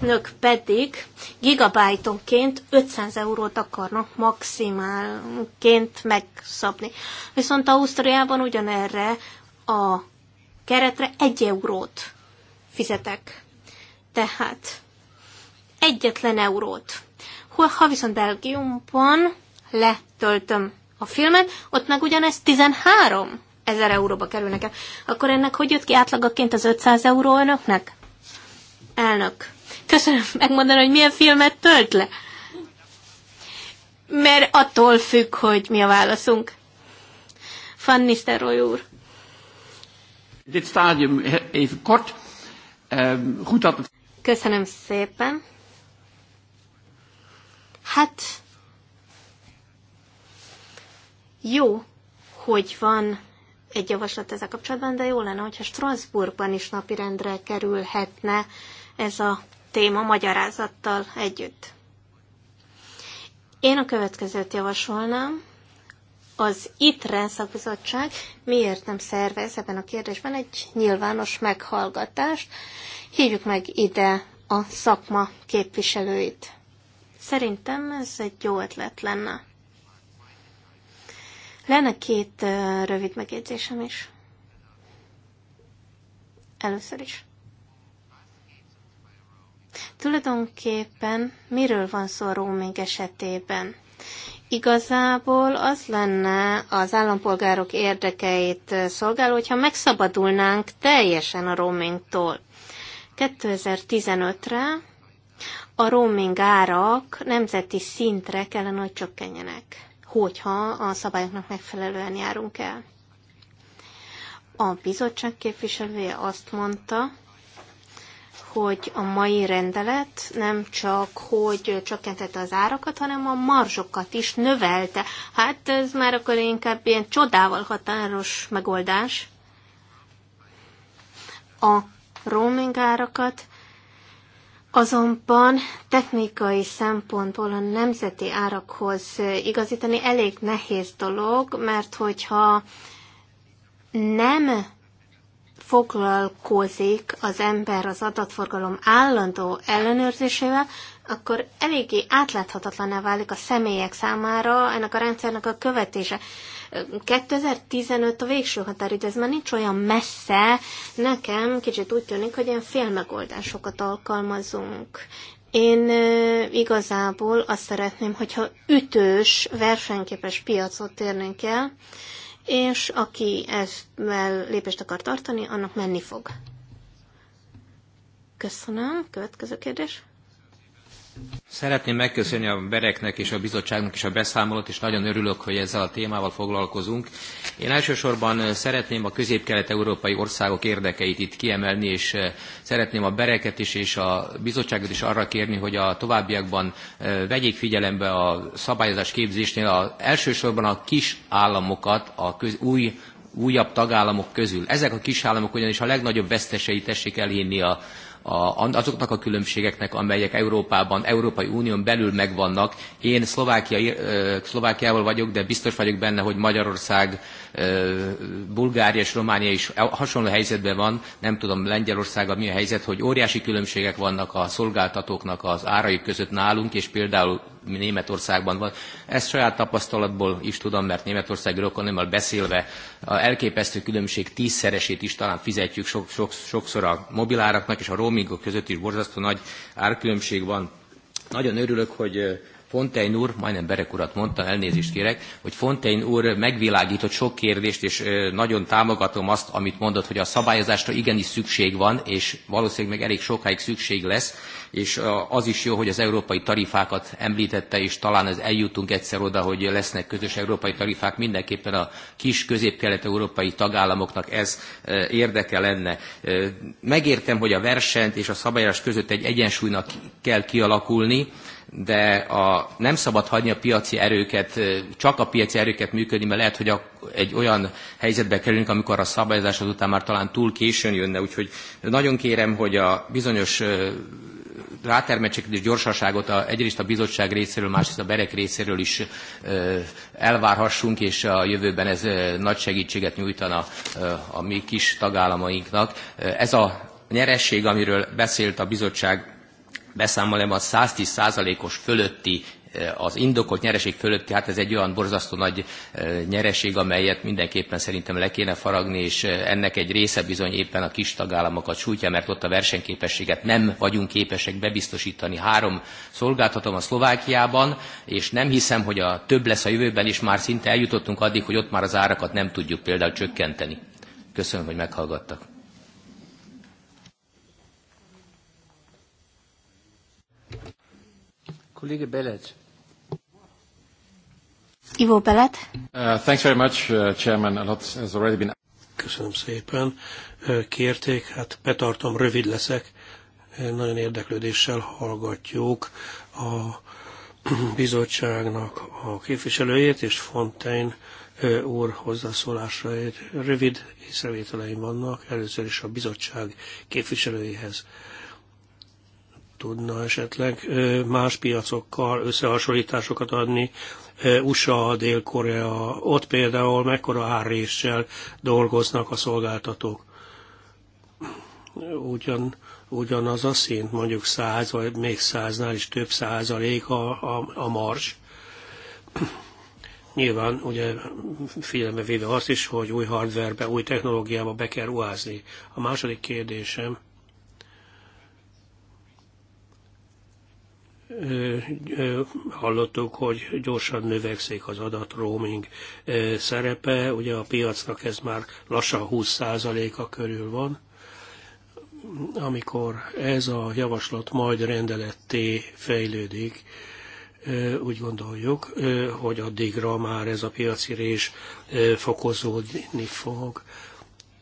önök pedig gigabájtonként 500 eurót akarnak maximálként megszabni. Viszont Ausztriában ugyanerre a keretre 1 eurót fizetek. Tehát egyetlen eurót. Ha viszont Belgiumban letöltöm a filmet, ott meg ugyanez 13 ezer euróba kerül nekem. Akkor ennek hogy jött ki átlagaként az 500 euró önöknek? Elnök, köszönöm megmondani, hogy milyen filmet tölt le. Mert attól függ, hogy mi a válaszunk. Van Nistelrooy úr. Dit stádium even kort. Ehm, goed dat... Köszönöm szépen. Hát, jó, hogy van egy javaslat ezzel kapcsolatban, de jó lenne, hogyha Strasbourgban is napirendre kerülhetne ez a téma magyarázattal együtt. Én a következőt javasolnám. Az itt rendszakbizottság miért nem szervez ebben a kérdésben egy nyilvános meghallgatást? Hívjuk meg ide a szakma képviselőit. Szerintem ez egy jó ötlet lenne. Lenne két rövid megjegyzésem is. Először is. Tulajdonképpen miről van szó a roaming esetében? Igazából az lenne az állampolgárok érdekeit eh, szolgáló, hogyha megszabadulnánk teljesen a roamingtól. 2015-re a roaming árak nemzeti szintre kellene, hogy csökkenjenek, hogyha a szabályoknak megfelelően járunk el. A bizottság képviselője azt mondta, hogy a mai rendelet nem csak, hogy csökkentette az árakat, hanem a marzsokat is növelte. Hát ez már akkor inkább ilyen csodával határos megoldás. A roaming árakat azonban technikai szempontból a nemzeti árakhoz igazítani elég nehéz dolog, mert hogyha nem foglalkozik az ember az adatforgalom állandó ellenőrzésével, akkor eléggé átláthatatlaná válik a személyek számára ennek a rendszernek a követése. 2015 a végső határidő, ez már nincs olyan messze. Nekem kicsit úgy tűnik, hogy ilyen félmegoldásokat alkalmazunk. Én igazából azt szeretném, hogyha ütős, versenyképes piacot érnénk el, és aki ezzel lépést akar tartani, annak menni fog. Köszönöm. Következő kérdés. Szeretném megköszönni a Bereknek és a bizottságnak is a beszámolót, és nagyon örülök, hogy ezzel a témával foglalkozunk. Én elsősorban szeretném a közép-kelet-európai országok érdekeit itt kiemelni, és eh, szeretném a Bereket is és a bizottságot is arra kérni, hogy a továbbiakban eh, vegyék figyelembe a szabályozás képzésnél a, elsősorban a kis államokat, a köz, új újabb tagállamok közül. Ezek a kis államok ugyanis a legnagyobb veszteseit tessék elhinni a a, azoknak a különbségeknek, amelyek Európában, Európai Unión belül megvannak. Én Szlovákia, eh, Szlovákiával vagyok, de biztos vagyok benne, hogy Magyarország, eh, Bulgária és Románia is e, hasonló helyzetben van. Nem tudom, Lengyelországa mi a helyzet, hogy óriási különbségek vannak a szolgáltatóknak az árai között nálunk, és például Németországban van. Ezt saját tapasztalatból is tudom, mert Németországi rokonimmal beszélve a elképesztő különbség tízszeresét is talán fizetjük sok, sok, sokszor a mobiláraknak, és a roamingok között is borzasztó nagy árkülönbség van. Nagyon örülök, hogy Fontein úr, majdnem Berek urat mondtam, elnézést kérek, hogy Fontein úr megvilágított sok kérdést, és nagyon támogatom azt, amit mondott, hogy a szabályozásra igenis szükség van, és valószínűleg meg elég sokáig szükség lesz, és az is jó, hogy az európai tarifákat említette, és talán ez eljutunk egyszer oda, hogy lesznek közös európai tarifák, mindenképpen a kis közép-kelet-európai tagállamoknak ez érdeke lenne. Megértem, hogy a versenyt és a szabályozás között egy egyensúlynak kell kialakulni, de a, nem szabad hagyni a piaci erőket, csak a piaci erőket működni, mert lehet, hogy a, egy olyan helyzetbe kerülünk, amikor a szabályozás azután már talán túl későn jönne. Úgyhogy nagyon kérem, hogy a bizonyos rátermettségedés gyorsaságot a, egyrészt a bizottság részéről, másrészt a berek részéről is elvárhassunk, és a jövőben ez nagy segítséget nyújtana a mi kis tagállamainknak. Ez a nyeresség, amiről beszélt a bizottság a 110%-os fölötti eh, az indokolt nyereség fölötti, hát ez egy olyan borzasztó nagy eh, nyereség, amelyet mindenképpen szerintem le kéne faragni, és eh, ennek egy része bizony éppen a kis tagállamokat sújtja, mert ott a versenyképességet nem vagyunk képesek bebiztosítani. Három szolgáltatom a Szlovákiában, és nem hiszem, hogy a több lesz a jövőben, és már szinte eljutottunk addig, hogy ott már az árakat nem tudjuk például csökkenteni. Köszönöm, hogy meghallgattak. Kollége Bellet. Ivo Bellet. Uh, thanks very much, uh, Chairman. A lot has already been... Köszönöm szépen. Kérték, hát betartom, rövid leszek. Nagyon érdeklődéssel hallgatjuk a <clears throat> bizottságnak a képviselőjét és Fontaine úr hozzászólásait. Rövid észrevételeim vannak, először is a bizottság képviselőjéhez tudna esetleg más piacokkal összehasonlításokat adni. USA, Dél-Korea, ott például mekkora árréssel dolgoznak a szolgáltatók. Ugyan, ugyanaz a szint, mondjuk száz, vagy még száznál is több százalék a, a, a mars. Nyilván ugye figyelembe véve azt is, hogy új hardverbe, új technológiába be kell ruházni. A második kérdésem, hallottuk, hogy gyorsan növekszik az adat roaming szerepe, ugye a piacnak ez már lassan 20%-a körül van. Amikor ez a javaslat majd rendeletté fejlődik, úgy gondoljuk, hogy addigra már ez a piaci rés fokozódni fog.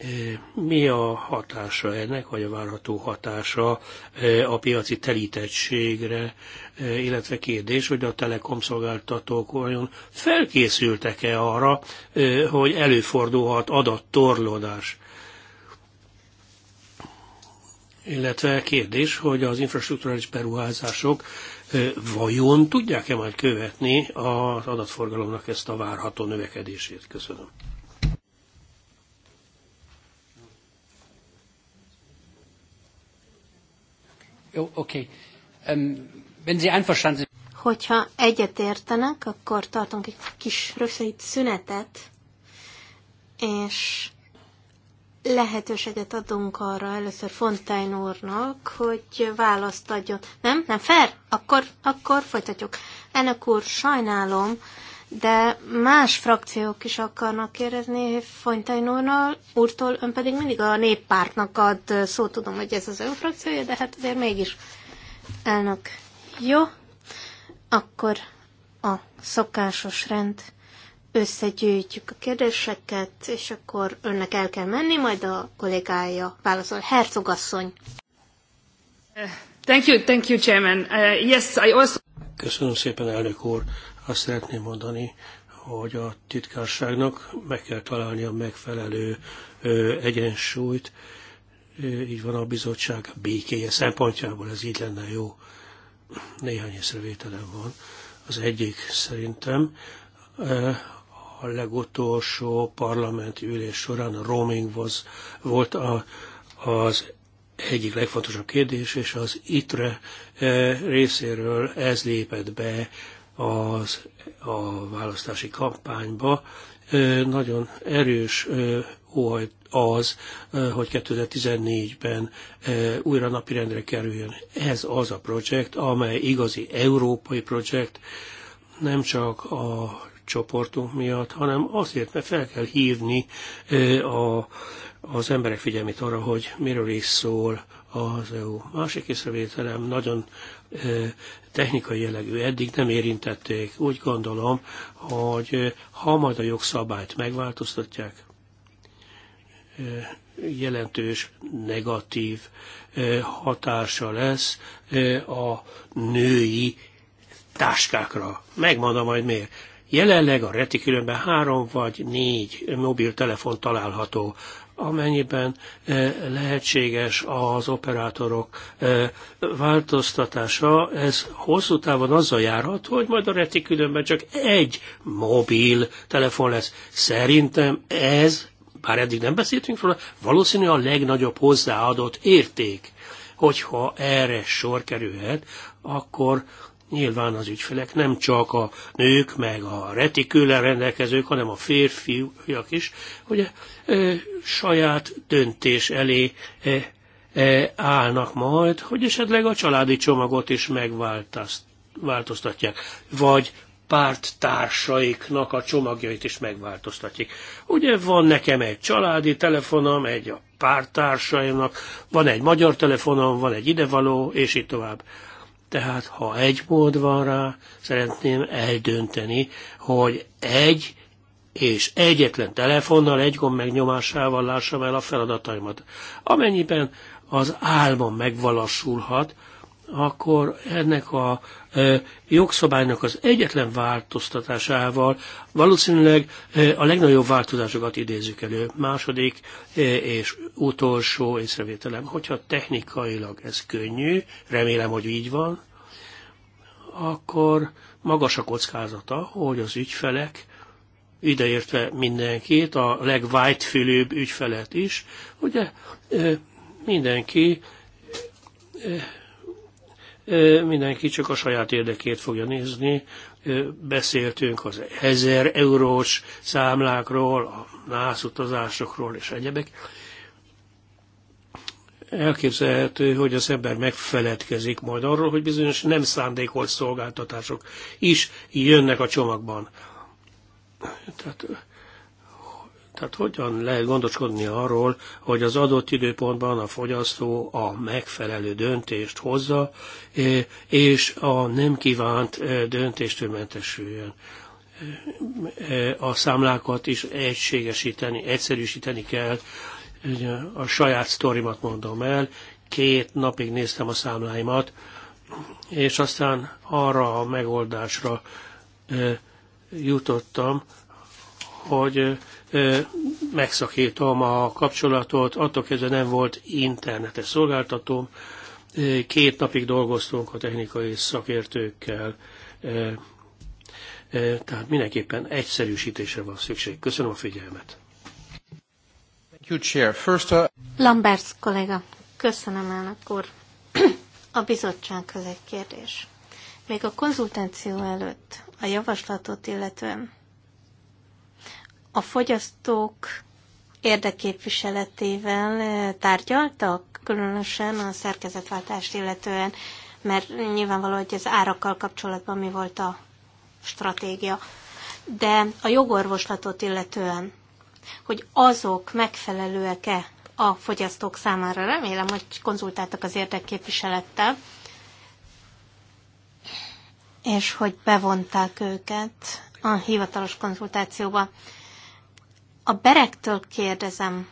E, mi a hatása ennek, vagy a várható hatása e, a piaci telítettségre, e, illetve kérdés, hogy a telekom szolgáltatók vajon felkészültek-e arra, hogy előfordulhat adattorlódás? Illetve kérdés, hogy az infrastruktúrális beruházások vajon tudják-e majd követni az adatforgalomnak ezt a várható növekedését? Köszönöm. Jó, oké. Okay. Um, wenn Sie einverstanden sind. Hogyha egyetértenek, akkor tartunk egy kis rövid szünetet, és lehetőséget adunk arra először Fontaine úrnak, hogy választ adjon. Nem? Nem fair? Akkor, akkor folytatjuk. Ennek úr, sajnálom, de más frakciók is akarnak kérdezni Fontain úrnal, úrtól, ön pedig mindig a néppártnak ad szót, tudom, hogy ez az ön frakciója, de hát azért mégis elnök. Jó, akkor a szokásos rend összegyűjtjük a kérdéseket, és akkor önnek el kell menni, majd a kollégája válaszol. Hercogasszony. Thank you, thank you, Chairman. Uh, yes, I also... Köszönöm szépen, elnök úr. Azt szeretném mondani, hogy a titkárságnak meg kell találni a megfelelő egyensúlyt, így van a bizottság békéje szempontjából, ez így lenne jó. Néhány észrevételem van. Az egyik szerintem a legutolsó parlamenti ülés során a roaming was, volt a, az egyik legfontosabb kérdés, és az ITRE részéről ez lépett be az, a választási kampányba. Nagyon erős volt az, hogy 2014-ben újra napirendre kerüljön. Ez az a projekt, amely igazi európai projekt, nem csak a csoportunk miatt, hanem azért, mert fel kell hívni a, az emberek figyelmét arra, hogy miről is szól az EU. Másik észrevételem nagyon technikai jellegű, eddig nem érintették. Úgy gondolom, hogy ha majd a jogszabályt megváltoztatják, jelentős negatív hatása lesz a női táskákra. Megmondom majd miért. Jelenleg a retikülönben három vagy négy mobiltelefon található amennyiben e, lehetséges az operátorok e, változtatása, ez hosszú távon azzal járhat, hogy majd a retikülönben csak egy mobil telefon lesz. Szerintem ez, bár eddig nem beszéltünk róla, valószínű a legnagyobb hozzáadott érték. Hogyha erre sor kerülhet, akkor Nyilván az ügyfelek nem csak a nők, meg a retiküllel rendelkezők, hanem a férfiak is, ugye saját döntés elé állnak majd, hogy esetleg a családi csomagot is megváltoztatják, vagy párttársaiknak a csomagjait is megváltoztatják. Ugye van nekem egy családi telefonom, egy a párttársaimnak, van egy magyar telefonom, van egy idevaló, és így tovább. Tehát ha egy mód van rá, szeretném eldönteni, hogy egy és egyetlen telefonnal, egy gomb megnyomásával lássam el a feladataimat. Amennyiben az álmom megvalósulhat, akkor ennek a e, jogszabálynak az egyetlen változtatásával valószínűleg e, a legnagyobb változásokat idézzük elő. Második e, és utolsó észrevételem, hogyha technikailag ez könnyű, remélem, hogy így van, akkor magas a kockázata, hogy az ügyfelek, ideértve mindenkit, a legvájtfülőbb ügyfelet is, ugye mindenki mindenki csak a saját érdekét fogja nézni. Beszéltünk az 1000 eurós számlákról, a NÁSZ utazásokról és egyebek. Elképzelhető, hogy az ember megfeledkezik majd arról, hogy bizonyos nem szándékolt szolgáltatások is jönnek a csomagban. Tehát tehát hogyan lehet gondoskodni arról, hogy az adott időpontban a fogyasztó a megfelelő döntést hozza, eh, és a nem kívánt eh, döntéstől mentesüljön. Eh, a számlákat is egységesíteni, egyszerűsíteni kell. A saját sztorimat mondom el, két napig néztem a számláimat, és aztán arra a megoldásra jutottam, hogy megszakítom a kapcsolatot, attól kezdve nem volt internetes szolgáltatóm, két napig dolgoztunk a technikai szakértőkkel, tehát mindenképpen egyszerűsítésre van szükség. Köszönöm a figyelmet. Uh, Lamberts kollega, köszönöm elnök úr. <clears throat> A bizottsághoz egy kérdés. Még a konzultáció előtt a javaslatot illetően a fogyasztók érdekképviseletével eh, tárgyaltak, különösen a szerkezetváltást illetően, mert nyilvánvaló, hogy az árakkal kapcsolatban mi volt a stratégia. De a jogorvoslatot illetően, hogy azok megfelelőek-e a fogyasztók számára, remélem, hogy konzultáltak az érdekképviselettel, és hogy bevonták őket a hivatalos konzultációba. A berektől kérdezem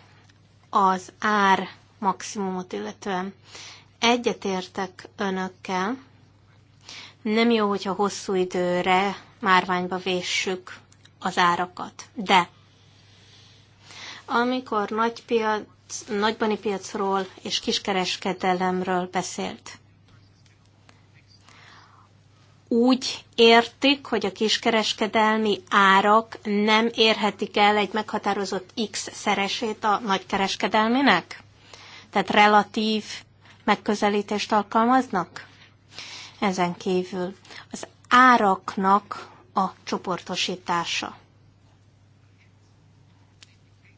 az ár maximumot illetően. Egyetértek önökkel, nem jó, hogyha hosszú időre márványba véssük az árakat. De amikor nagy piac, nagybani piacról és kiskereskedelemről beszélt, úgy értik, hogy a kiskereskedelmi árak nem érhetik el egy meghatározott x-szeresét a nagykereskedelminek? Tehát relatív megközelítést alkalmaznak? Ezen kívül az áraknak a csoportosítása.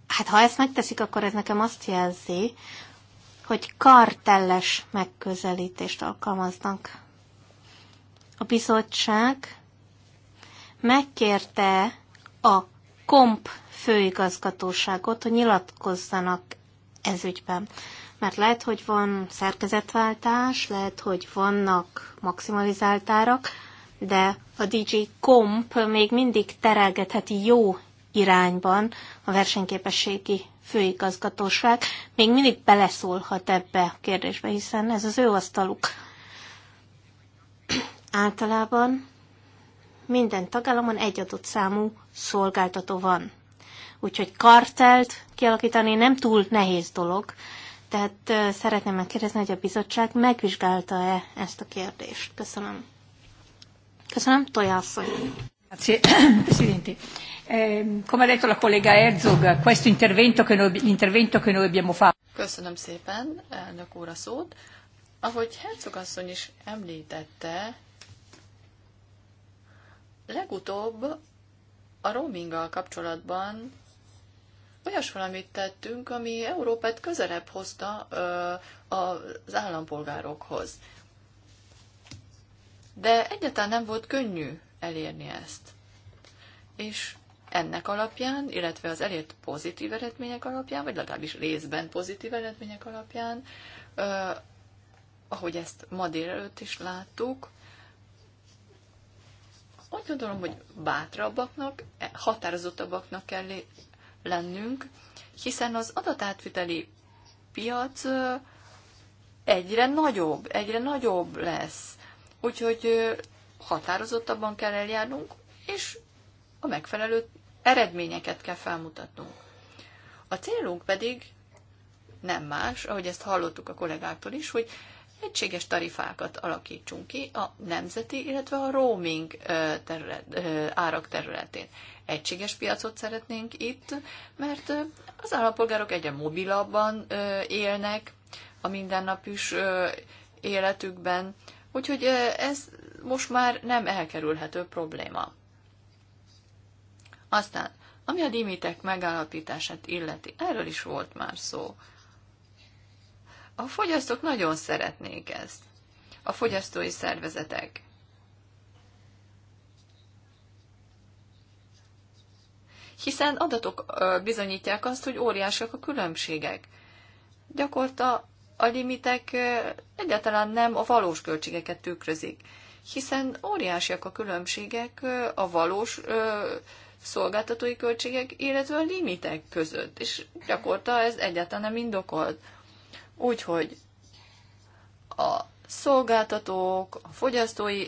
Hát ha ezt megteszik, akkor ez nekem azt jelzi, hogy kartelles megközelítést alkalmaznak a bizottság megkérte a komp főigazgatóságot, hogy nyilatkozzanak ez ügyben. Mert lehet, hogy van szerkezetváltás, lehet, hogy vannak maximalizált árak, de a DJ Comp még mindig terelgetheti jó irányban a versenyképességi főigazgatóság, még mindig beleszólhat ebbe a kérdésbe, hiszen ez az ő asztaluk. Általában minden tagállamon egy adott számú szolgáltató van. Úgyhogy kartelt kialakítani nem túl nehéz dolog, tehát szeretném megkérdezni, hogy a bizottság megvizsgálta-e ezt a kérdést. Köszönöm. Köszönöm, Tojászony. Grazie, <coughs> Presidente. Eh, come ha detto la collega Herzog, questo intervento che noi, l'intervento che noi abbiamo fatto. Köszönöm szépen, elnök úr a szót. Ahogy Herzog asszony is említette, legutóbb a roaminggal kapcsolatban olyas valamit tettünk, ami Európát közelebb hozta az állampolgárokhoz. De egyáltalán nem volt könnyű elérni ezt. És ennek alapján, illetve az elért pozitív eredmények alapján, vagy legalábbis részben pozitív eredmények alapján, ahogy ezt ma délelőtt is láttuk, úgy gondolom, hogy bátrabbaknak, e, határozottabbaknak kell lennünk, hiszen az adatátviteli piac egyre nagyobb, egyre nagyobb lesz. Úgyhogy határozottabban kell eljárnunk, és a megfelelő eredményeket kell felmutatnunk. A célunk pedig nem más, ahogy ezt hallottuk a kollégáktól is, hogy egységes tarifákat alakítsunk ki a nemzeti, illetve a roaming terület, árak területén. Egységes piacot szeretnénk itt, mert az állampolgárok egyre mobilabban élnek a mindennapjus életükben, úgyhogy ez most már nem elkerülhető probléma. Aztán, ami a limitek megállapítását illeti, erről is volt már szó. A fogyasztók nagyon szeretnék ezt. A fogyasztói szervezetek. Hiszen adatok bizonyítják azt, hogy óriásak a különbségek. Gyakorta a limitek egyáltalán nem a valós költségeket tükrözik, hiszen óriásiak a különbségek a valós szolgáltatói költségek, illetve a limitek között, és gyakorta ez egyáltalán nem indokolt. Úgyhogy a szolgáltatók, a fogyasztói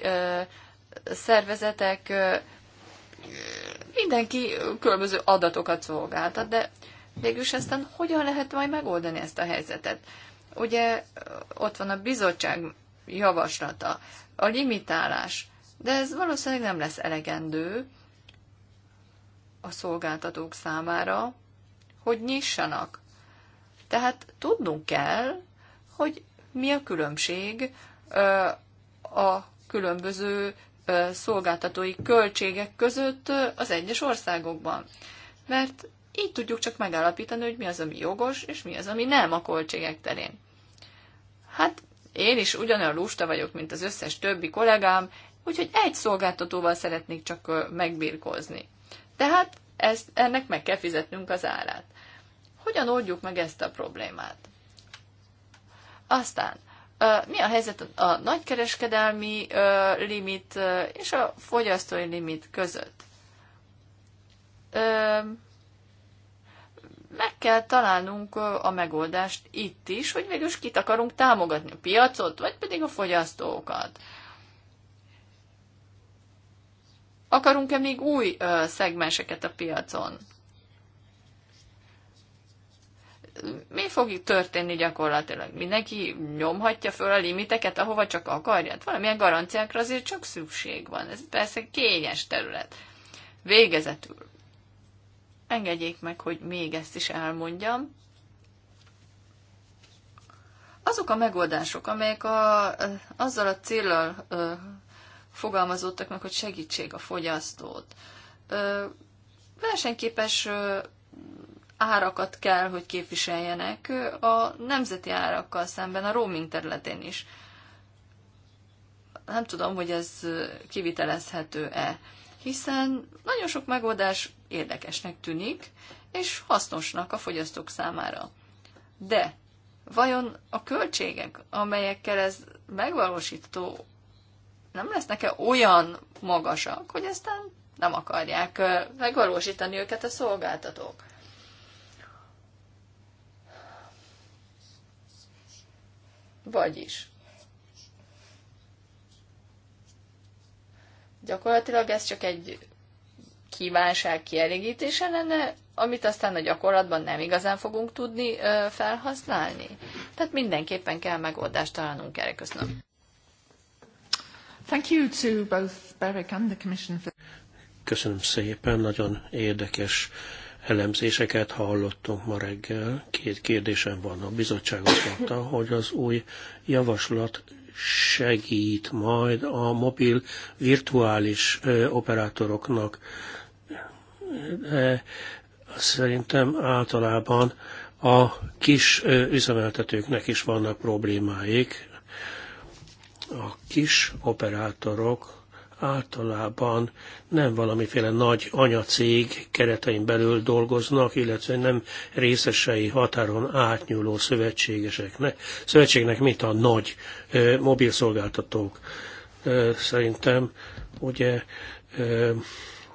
szervezetek, mindenki különböző adatokat szolgáltat, de végülis aztán hogyan lehet majd megoldani ezt a helyzetet? Ugye ott van a bizottság javaslata, a limitálás, de ez valószínűleg nem lesz elegendő a szolgáltatók számára, hogy nyissanak tehát tudnunk kell, hogy mi a különbség a különböző szolgáltatói költségek között az egyes országokban. Mert így tudjuk csak megállapítani, hogy mi az, ami jogos, és mi az, ami nem a költségek terén. Hát én is ugyanolyan lusta vagyok, mint az összes többi kollégám, úgyhogy egy szolgáltatóval szeretnék csak megbírkozni. Tehát ezt, ennek meg kell fizetnünk az árát. Hogyan oldjuk meg ezt a problémát? Aztán, mi a helyzet a nagykereskedelmi limit és a fogyasztói limit között? Meg kell találnunk a megoldást itt is, hogy végül is kit akarunk támogatni, a piacot, vagy pedig a fogyasztókat. Akarunk-e még új szegmenseket a piacon? mi fog itt történni gyakorlatilag? Mindenki nyomhatja föl a limiteket, ahova csak akarja? Hát valamilyen garanciákra azért csak szükség van. Ez persze kényes terület. Végezetül. Engedjék meg, hogy még ezt is elmondjam. Azok a megoldások, amelyek a, azzal a célral fogalmazódtak meg, hogy segítség a fogyasztót, ö, versenyképes árakat kell, hogy képviseljenek a nemzeti árakkal szemben a roaming területén is. Nem tudom, hogy ez kivitelezhető-e, hiszen nagyon sok megoldás érdekesnek tűnik, és hasznosnak a fogyasztók számára. De vajon a költségek, amelyekkel ez megvalósító, nem lesznek-e olyan magasak, hogy aztán nem akarják megvalósítani őket a szolgáltatók? Vagyis gyakorlatilag ez csak egy kívánság kielégítése lenne, amit aztán a gyakorlatban nem igazán fogunk tudni felhasználni. Tehát mindenképpen kell megoldást találnunk erre. Köszönöm. Thank you to both Berwick and the Commission for... Köszönöm szépen, nagyon érdekes elemzéseket hallottunk ma reggel. Két kérdésem van. A bizottság azt mondta, hogy az új javaslat segít majd a mobil virtuális operátoroknak. De szerintem általában a kis üzemeltetőknek is vannak problémáik. A kis operátorok általában nem valamiféle nagy anyacég keretein belül dolgoznak, illetve nem részesei határon átnyúló szövetségeseknek. Szövetségnek, mint a nagy ö, mobilszolgáltatók. Ö, szerintem ugye ö,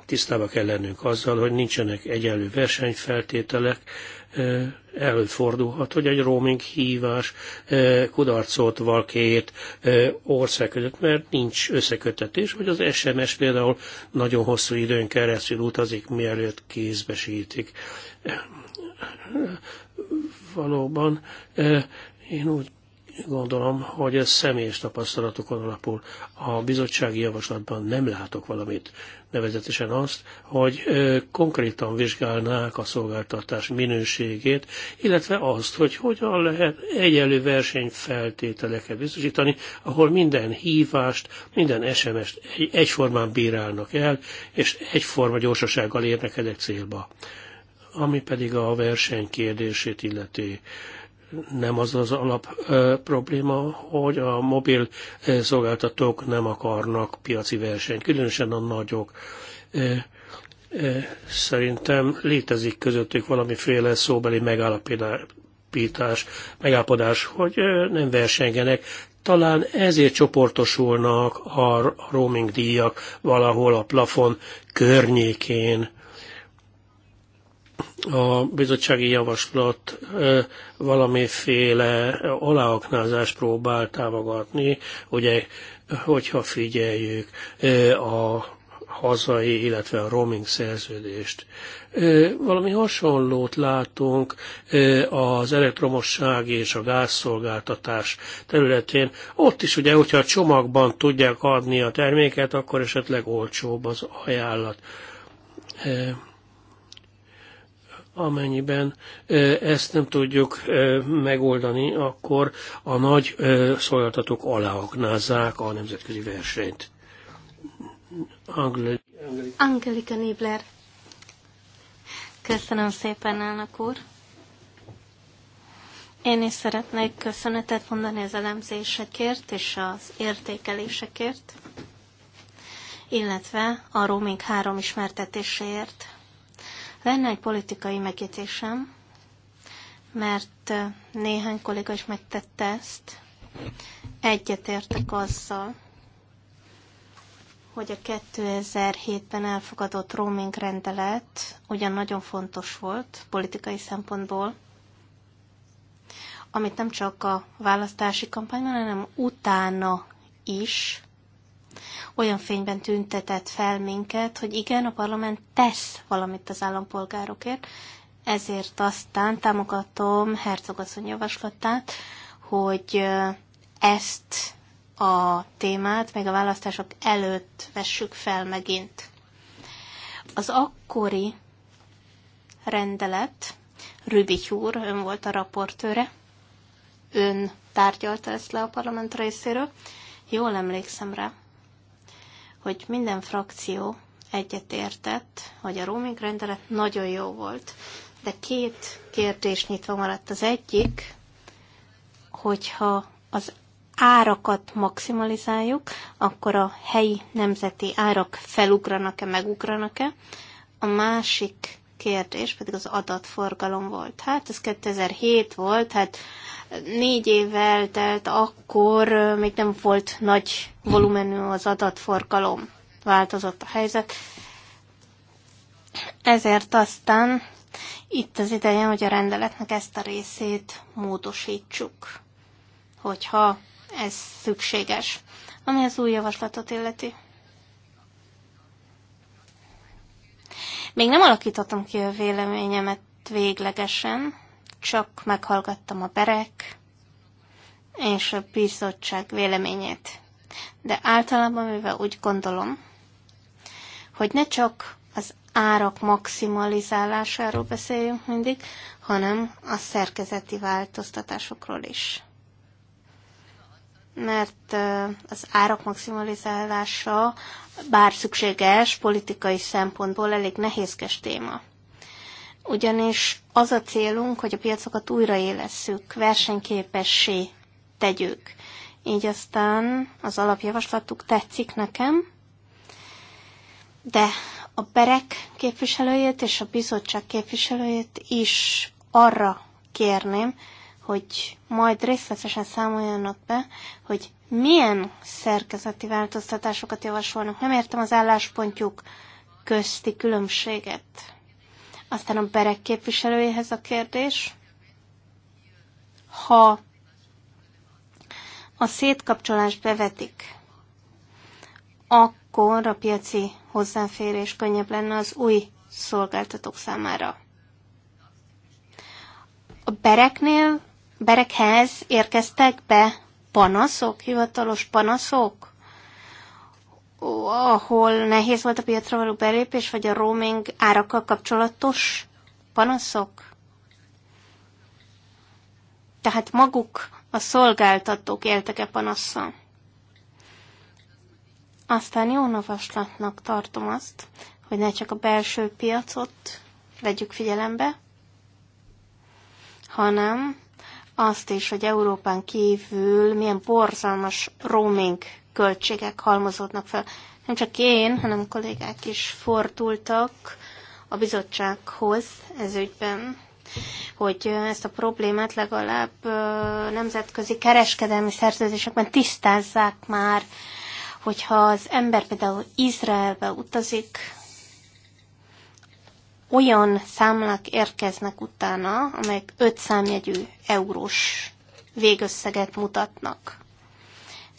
tisztába kell lennünk azzal, hogy nincsenek egyenlő versenyfeltételek, Eh, előfordulhat, hogy egy roaming hívás eh, kudarcot val két eh, ország között, mert nincs összekötetés, vagy az SMS például nagyon hosszú időn keresztül utazik, mielőtt kézbesítik. Valóban én úgy gondolom, hogy ez személyes tapasztalatokon alapul. A bizottsági javaslatban nem látok valamit, nevezetesen azt, hogy konkrétan vizsgálnák a szolgáltatás minőségét, illetve azt, hogy hogyan lehet egyenlő versenyfeltételeket biztosítani, ahol minden hívást, minden SMS-t egyformán bírálnak el, és egyforma gyorsasággal érnek el egy célba ami pedig a verseny kérdését illeti nem az az alap probléma, hogy a mobil szolgáltatók nem akarnak piaci versenyt, különösen a nagyok. Szerintem létezik közöttük valamiféle szóbeli megállapítás, megállapodás, hogy nem versengenek, talán ezért csoportosulnak a roaming díjak valahol a plafon környékén a bizottsági javaslat valamiféle aláaknázást próbál támogatni, ugye, hogyha figyeljük a hazai, illetve a roaming szerződést. Valami hasonlót látunk az elektromosság és a gázszolgáltatás területén. Ott is ugye, hogyha a csomagban tudják adni a terméket, akkor esetleg olcsóbb az ajánlat amennyiben ezt nem tudjuk megoldani, akkor a nagy szolgáltatók aláaknázzák a nemzetközi versenyt. Angli- Angelika Nibler. Köszönöm szépen, elnök úr. Én is szeretnék köszönetet mondani az elemzésekért és az értékelésekért, illetve a roaming három ismertetéséért. Lenne egy politikai megjegyzésem, mert néhány kolléga is megtette ezt. Egyetértek azzal, hogy a 2007-ben elfogadott roaming rendelet ugyan nagyon fontos volt politikai szempontból, amit nem csak a választási kampányban, hanem utána is olyan fényben tüntetett fel minket, hogy igen, a parlament tesz valamit az állampolgárokért, ezért aztán támogatom Hercogasszony javaslatát, hogy ezt a témát még a választások előtt vessük fel megint. Az akkori rendelet, Rübich úr, ön volt a raportőre, ön tárgyalta ezt le a parlament részéről, jól emlékszem rá hogy minden frakció egyetértett, hogy a roaming rendelet nagyon jó volt, de két kérdés nyitva maradt. Az egyik, hogyha az árakat maximalizáljuk, akkor a helyi nemzeti árak felugranak-e, megugranak-e. A másik kérdés pedig az adatforgalom volt. Hát ez 2007 volt, hát négy évvel telt, akkor még nem volt nagy volumenű az adatforgalom. Változott a helyzet. Ezért aztán itt az ideje, hogy a rendeletnek ezt a részét módosítsuk, hogyha ez szükséges, ami az új javaslatot illeti. Még nem alakítottam ki a véleményemet véglegesen, csak meghallgattam a berek és a bizottság véleményét. De általában, mivel úgy gondolom, hogy ne csak az árak maximalizálásáról beszéljünk mindig, hanem a szerkezeti változtatásokról is mert az árak maximalizálása bár szükséges, politikai szempontból elég nehézkes téma. Ugyanis az a célunk, hogy a piacokat újraélesszük, versenyképessé tegyük. Így aztán az alapjavaslatuk tetszik nekem, de a berek képviselőjét és a bizottság képviselőjét is arra kérném, hogy majd részletesen számoljanak be, hogy milyen szerkezeti változtatásokat javasolnak. Nem értem az álláspontjuk közti különbséget. Aztán a berek képviselőjéhez a kérdés. Ha a szétkapcsolást bevetik, akkor a piaci hozzáférés könnyebb lenne az új szolgáltatók számára. A bereknél berekhez érkeztek be panaszok, hivatalos panaszok, ahol nehéz volt a piacra való belépés, vagy a roaming árakkal kapcsolatos panaszok? Tehát maguk a szolgáltatók éltek-e panasszal? Aztán jó navaslatnak tartom azt, hogy ne csak a belső piacot vegyük figyelembe, hanem azt is, hogy Európán kívül milyen borzalmas roaming költségek halmozódnak fel. Nem csak én, hanem a kollégák is fordultak a bizottsághoz ez ügyben, hogy ezt a problémát legalább nemzetközi kereskedelmi szerződésekben tisztázzák már, hogyha az ember például Izraelbe utazik, olyan számlák érkeznek utána, amelyek öt számjegyű eurós végösszeget mutatnak.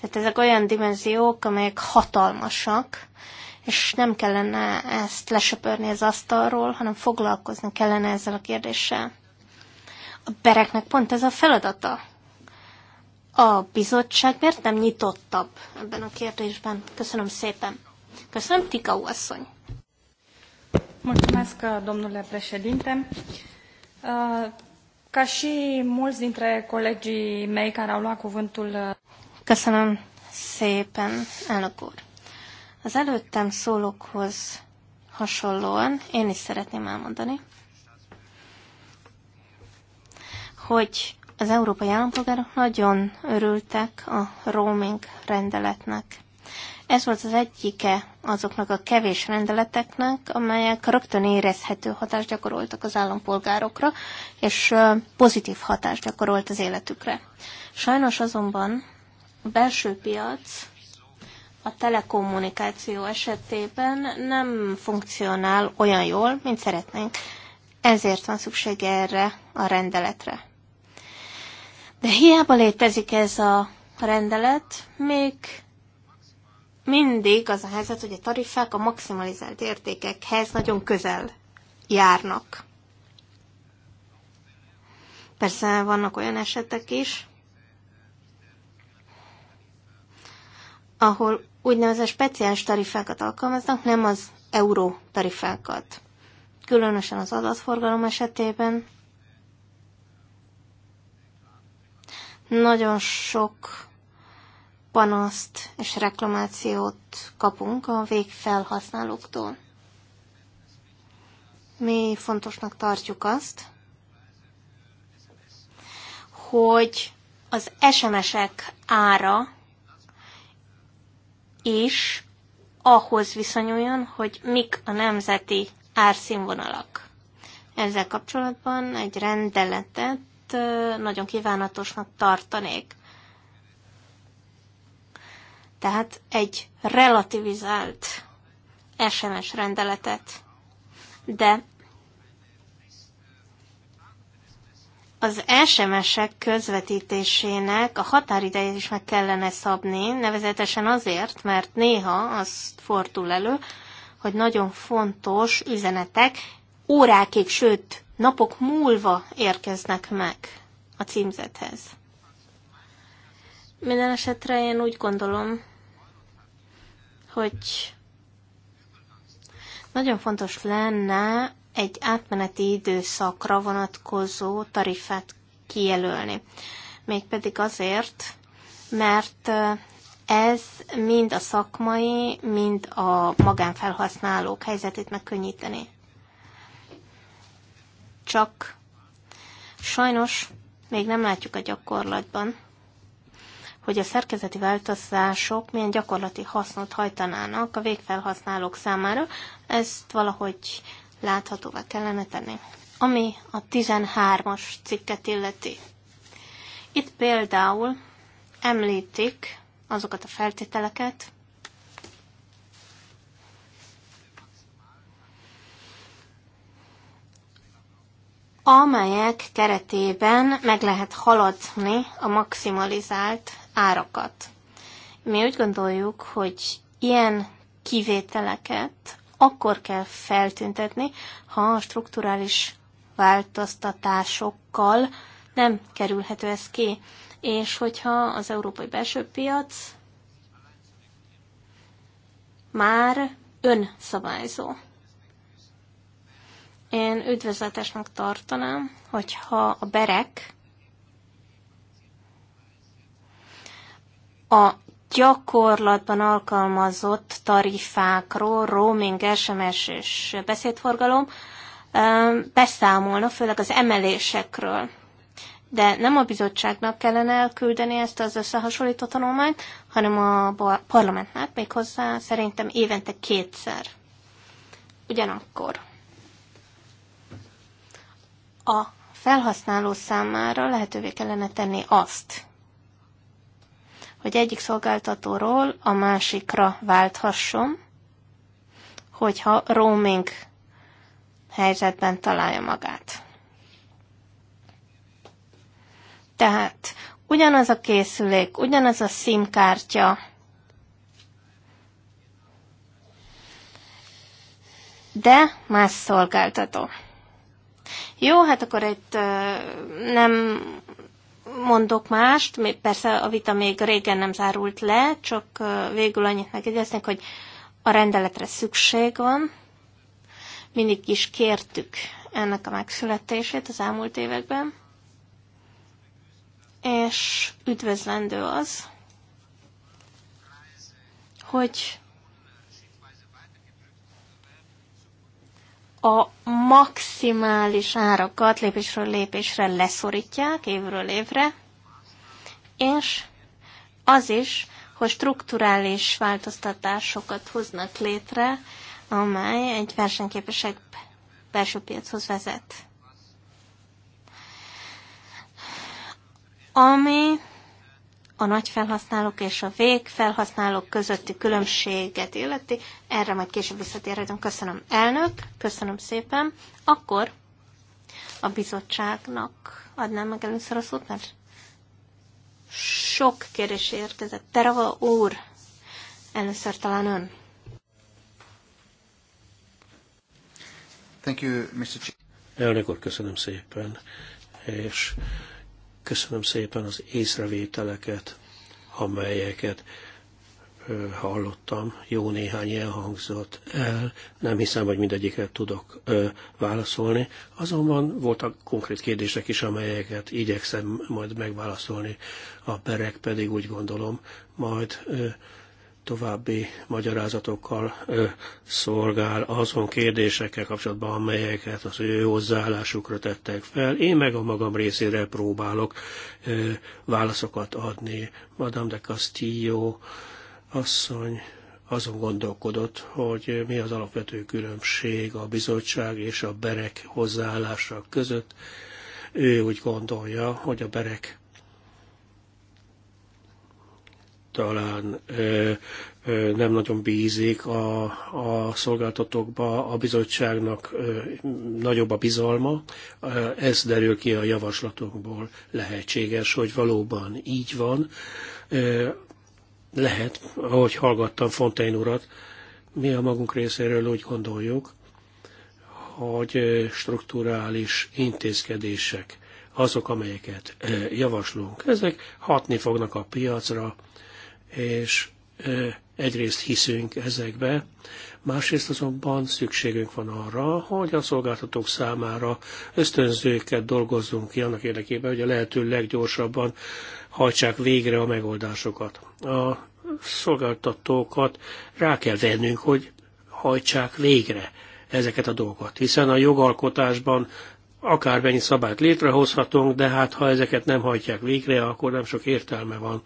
Tehát ezek olyan dimenziók, amelyek hatalmasak, és nem kellene ezt lesöpörni az asztalról, hanem foglalkozni kellene ezzel a kérdéssel. A bereknek pont ez a feladata. A bizottság miért nem nyitottabb ebben a kérdésben? Köszönöm szépen. Köszönöm, Tikau asszony. Mulțumesc, uh, domnule președinte. Uh, ca și mulți dintre colegii mei care au luat cuvântul... Uh, Köszönöm szépen, elnök Az előttem szólókhoz hasonlóan én is szeretném elmondani, hogy az európai állampolgárok nagyon örültek a roaming rendeletnek. Ez volt az egyike azoknak a kevés rendeleteknek, amelyek rögtön érezhető hatást gyakoroltak az állampolgárokra, és pozitív hatást gyakorolt az életükre. Sajnos azonban a belső piac a telekommunikáció esetében nem funkcionál olyan jól, mint szeretnénk. Ezért van szükség erre a rendeletre. De hiába létezik ez a rendelet, még mindig az a helyzet, hogy a tarifák a maximalizált értékekhez nagyon közel járnak. Persze vannak olyan esetek is, ahol úgynevezett speciális tarifákat alkalmaznak, nem az euró tarifákat. Különösen az adatforgalom esetében nagyon sok panaszt és reklamációt kapunk a végfelhasználóktól. Mi fontosnak tartjuk azt, hogy az SMS-ek ára is ahhoz viszonyuljon, hogy mik a nemzeti árszínvonalak. Ezzel kapcsolatban egy rendeletet nagyon kívánatosnak tartanék tehát egy relativizált SMS rendeletet, de az SMS-ek közvetítésének a határidejét is meg kellene szabni, nevezetesen azért, mert néha az fordul elő, hogy nagyon fontos üzenetek órákig, sőt, napok múlva érkeznek meg a címzethez. Minden esetre én úgy gondolom, hogy nagyon fontos lenne egy átmeneti időszakra vonatkozó tarifát kijelölni. Mégpedig azért, mert eh, ez mind a szakmai, mind a magánfelhasználók helyzetét megkönnyíteni. Csak sajnos még nem látjuk a gyakorlatban, hogy a szerkezeti változások milyen gyakorlati hasznot hajtanának a végfelhasználók számára, ezt valahogy láthatóvá kellene tenni. Ami a 13-as cikket illeti. Itt például említik azokat a feltételeket, amelyek keretében meg lehet haladni a maximalizált árakat. Mi úgy gondoljuk, hogy ilyen kivételeket akkor kell feltüntetni, ha a strukturális változtatásokkal nem kerülhető ez ki. És hogyha az európai belső piac már önszabályzó. Én üdvözletesnek tartanám, hogyha a berek a gyakorlatban alkalmazott tarifákról, roaming, SMS és beszédforgalom beszámolna, főleg az emelésekről. De nem a bizottságnak kellene elküldeni ezt az összehasonlító tanulmányt, hanem a parlamentnek, méghozzá szerintem évente kétszer. Ugyanakkor a felhasználó számára lehetővé kellene tenni azt, hogy egyik szolgáltatóról a másikra válthasson, hogyha roaming helyzetben találja magát. Tehát ugyanaz a készülék, ugyanaz a SIM-kártya, de más szolgáltató. Jó, hát akkor itt nem mondok mást, persze a vita még régen nem zárult le, csak végül annyit megjegyeznek, hogy a rendeletre szükség van. Mindig is kértük ennek a megszületését az elmúlt években, és üdvözlendő az, hogy a maximális árakat lépésről lépésre leszorítják évről évre, és az is, hogy strukturális változtatásokat hoznak létre, amely egy versenyképesek belső piachoz vezet. Ami a nagy felhasználók és a végfelhasználók közötti különbséget illeti. Erre majd később visszatérhetünk. Köszönöm, elnök, köszönöm szépen. Akkor a bizottságnak adnám meg először a szót, mert sok kérdés érkezett. Terava úr, először talán ön. Thank you, Mr. Elnök úr, köszönöm szépen, és Köszönöm szépen az észrevételeket, amelyeket hallottam, jó néhány elhangzott el, nem hiszem, hogy mindegyiket tudok ö, válaszolni, azonban voltak konkrét kérdések is, amelyeket igyekszem majd megválaszolni, a perek pedig úgy gondolom majd ö, további magyarázatokkal ö, szolgál azon kérdésekkel kapcsolatban, amelyeket az ő hozzáállásukra tettek fel. Én meg a magam részére próbálok ö, válaszokat adni. Madame de Castillo asszony azon gondolkodott, hogy mi az alapvető különbség a bizottság és a berek hozzáállása között. Ő úgy gondolja, hogy a berek talán nem nagyon bízik a, a szolgáltatókba, a bizottságnak nagyobb a bizalma. Ez derül ki a javaslatokból. Lehetséges, hogy valóban így van. Lehet, ahogy hallgattam Fontein urat, mi a magunk részéről úgy gondoljuk, hogy strukturális intézkedések azok, amelyeket javaslunk. Ezek hatni fognak a piacra, és egyrészt hiszünk ezekbe, másrészt azonban szükségünk van arra, hogy a szolgáltatók számára ösztönzőket dolgozzunk ki annak érdekében, hogy a lehető leggyorsabban hajtsák végre a megoldásokat. A szolgáltatókat rá kell vennünk, hogy hajtsák végre ezeket a dolgokat, hiszen a jogalkotásban akármennyi szabályt létrehozhatunk, de hát ha ezeket nem hajtják végre, akkor nem sok értelme van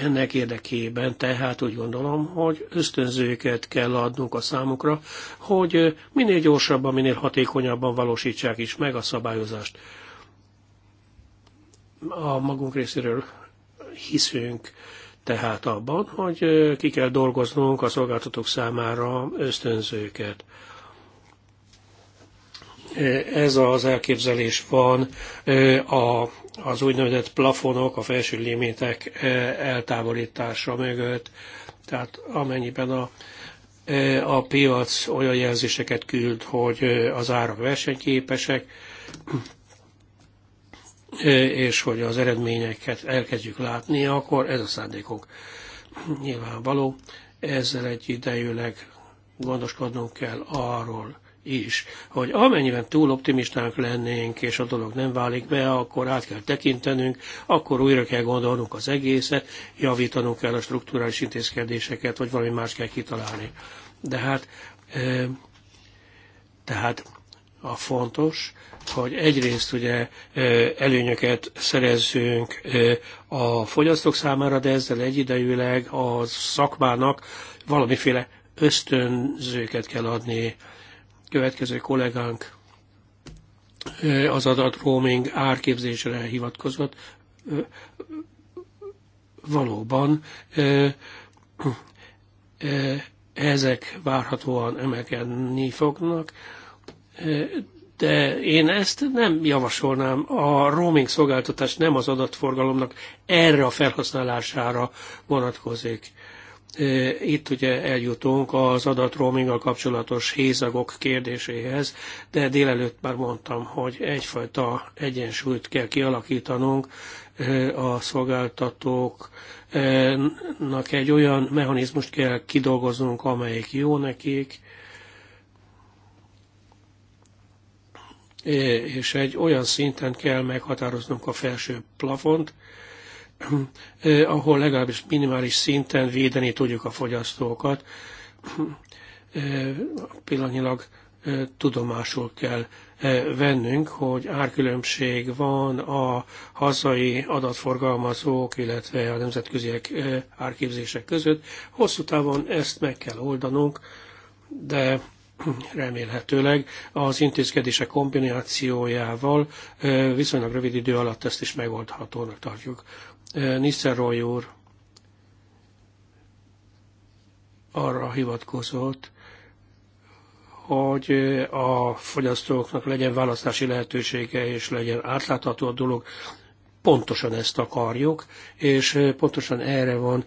ennek érdekében tehát úgy gondolom, hogy ösztönzőket kell adnunk a számukra, hogy minél gyorsabban, minél hatékonyabban valósítsák is meg a szabályozást. A magunk részéről hiszünk tehát abban, hogy ki kell dolgoznunk a szolgáltatók számára ösztönzőket ez az elképzelés van a, az úgynevezett plafonok, a felső limitek eltávolítása mögött, tehát amennyiben a, a piac olyan jelzéseket küld, hogy az árak versenyképesek, és hogy az eredményeket elkezdjük látni, akkor ez a szándékunk nyilvánvaló. Ezzel idejűleg gondoskodnunk kell arról, is, hogy amennyiben túl optimisták lennénk, és a dolog nem válik be, akkor át kell tekintenünk, akkor újra kell gondolnunk az egészet, javítanunk kell a strukturális intézkedéseket, vagy valami más kell kitalálni. De hát, e, tehát a fontos, hogy egyrészt ugye előnyöket szerezzünk a fogyasztók számára, de ezzel egyidejűleg a szakmának valamiféle ösztönzőket kell adni következő kollégánk az adat roaming árképzésre hivatkozott. Valóban ezek várhatóan emelkedni fognak, de én ezt nem javasolnám. A roaming szolgáltatás nem az adatforgalomnak erre a felhasználására vonatkozik. Itt ugye eljutunk az adatroaminggal kapcsolatos hézagok kérdéséhez, de délelőtt már mondtam, hogy egyfajta egyensúlyt kell kialakítanunk a szolgáltatóknak egy olyan mechanizmust kell kidolgoznunk, amelyik jó nekik, és egy olyan szinten kell meghatároznunk a felső plafont, Eh, ahol legalábbis minimális szinten védeni tudjuk a fogyasztókat. Eh, pillanatnyilag eh, tudomásul kell vennünk, hogy árkülönbség van a hazai adatforgalmazók, illetve a nemzetköziek árképzések között. Hosszú távon ezt meg kell oldanunk, de remélhetőleg az intézkedések kombinációjával viszonylag rövid idő alatt ezt is megoldhatónak tartjuk. Niszeroly úr arra hivatkozott, hogy a fogyasztóknak legyen választási lehetősége és legyen átlátható a dolog. Pontosan ezt akarjuk, és pontosan erre van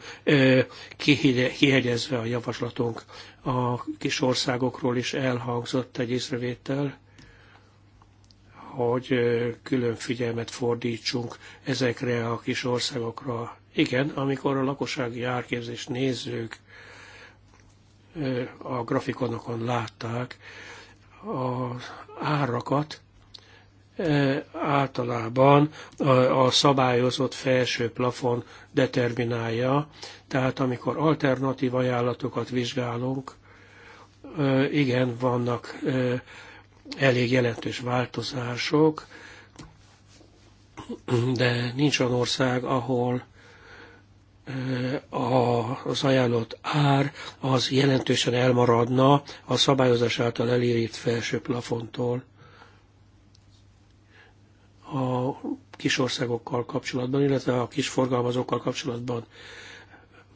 kihegyezve a javaslatunk. A kis országokról is elhangzott egy észrevétel, hogy külön figyelmet fordítsunk ezekre a kis országokra. Igen, amikor a lakossági árképzést nézők a grafikonokon látták az árakat, általában a szabályozott felső plafon determinálja, tehát amikor alternatív ajánlatokat vizsgálunk, igen, vannak elég jelentős változások, de nincs olyan ország, ahol eh, az ajánlott ár az jelentősen elmaradna a szabályozás által elérít felső plafontól a kis országokkal kapcsolatban, illetve a kis forgalmazókkal kapcsolatban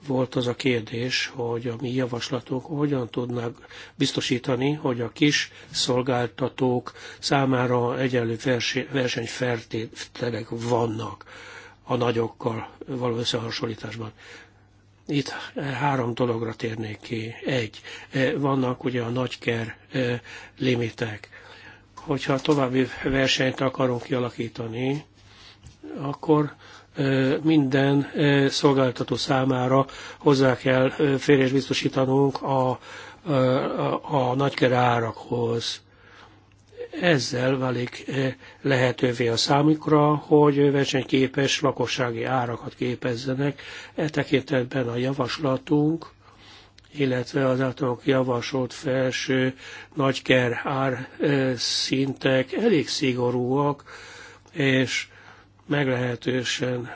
volt az a kérdés, hogy a mi javaslatok hogyan tudnak biztosítani, hogy a kis szolgáltatók számára egyenlő versenyfertételek vannak a nagyokkal való összehasonlításban. Itt három dologra térnék ki. Egy, eh, vannak ugye a nagyker eh, limitek. Hogyha további versenyt akarunk kialakítani, akkor minden szolgáltató számára hozzá kell férés biztosítanunk a, a, a, nagykere árakhoz. Ezzel válik lehetővé a számukra, hogy versenyképes lakossági árakat képezzenek. E tekintetben a javaslatunk illetve az általunk javasolt felső nagyker ár szintek elég szigorúak, és meglehetősen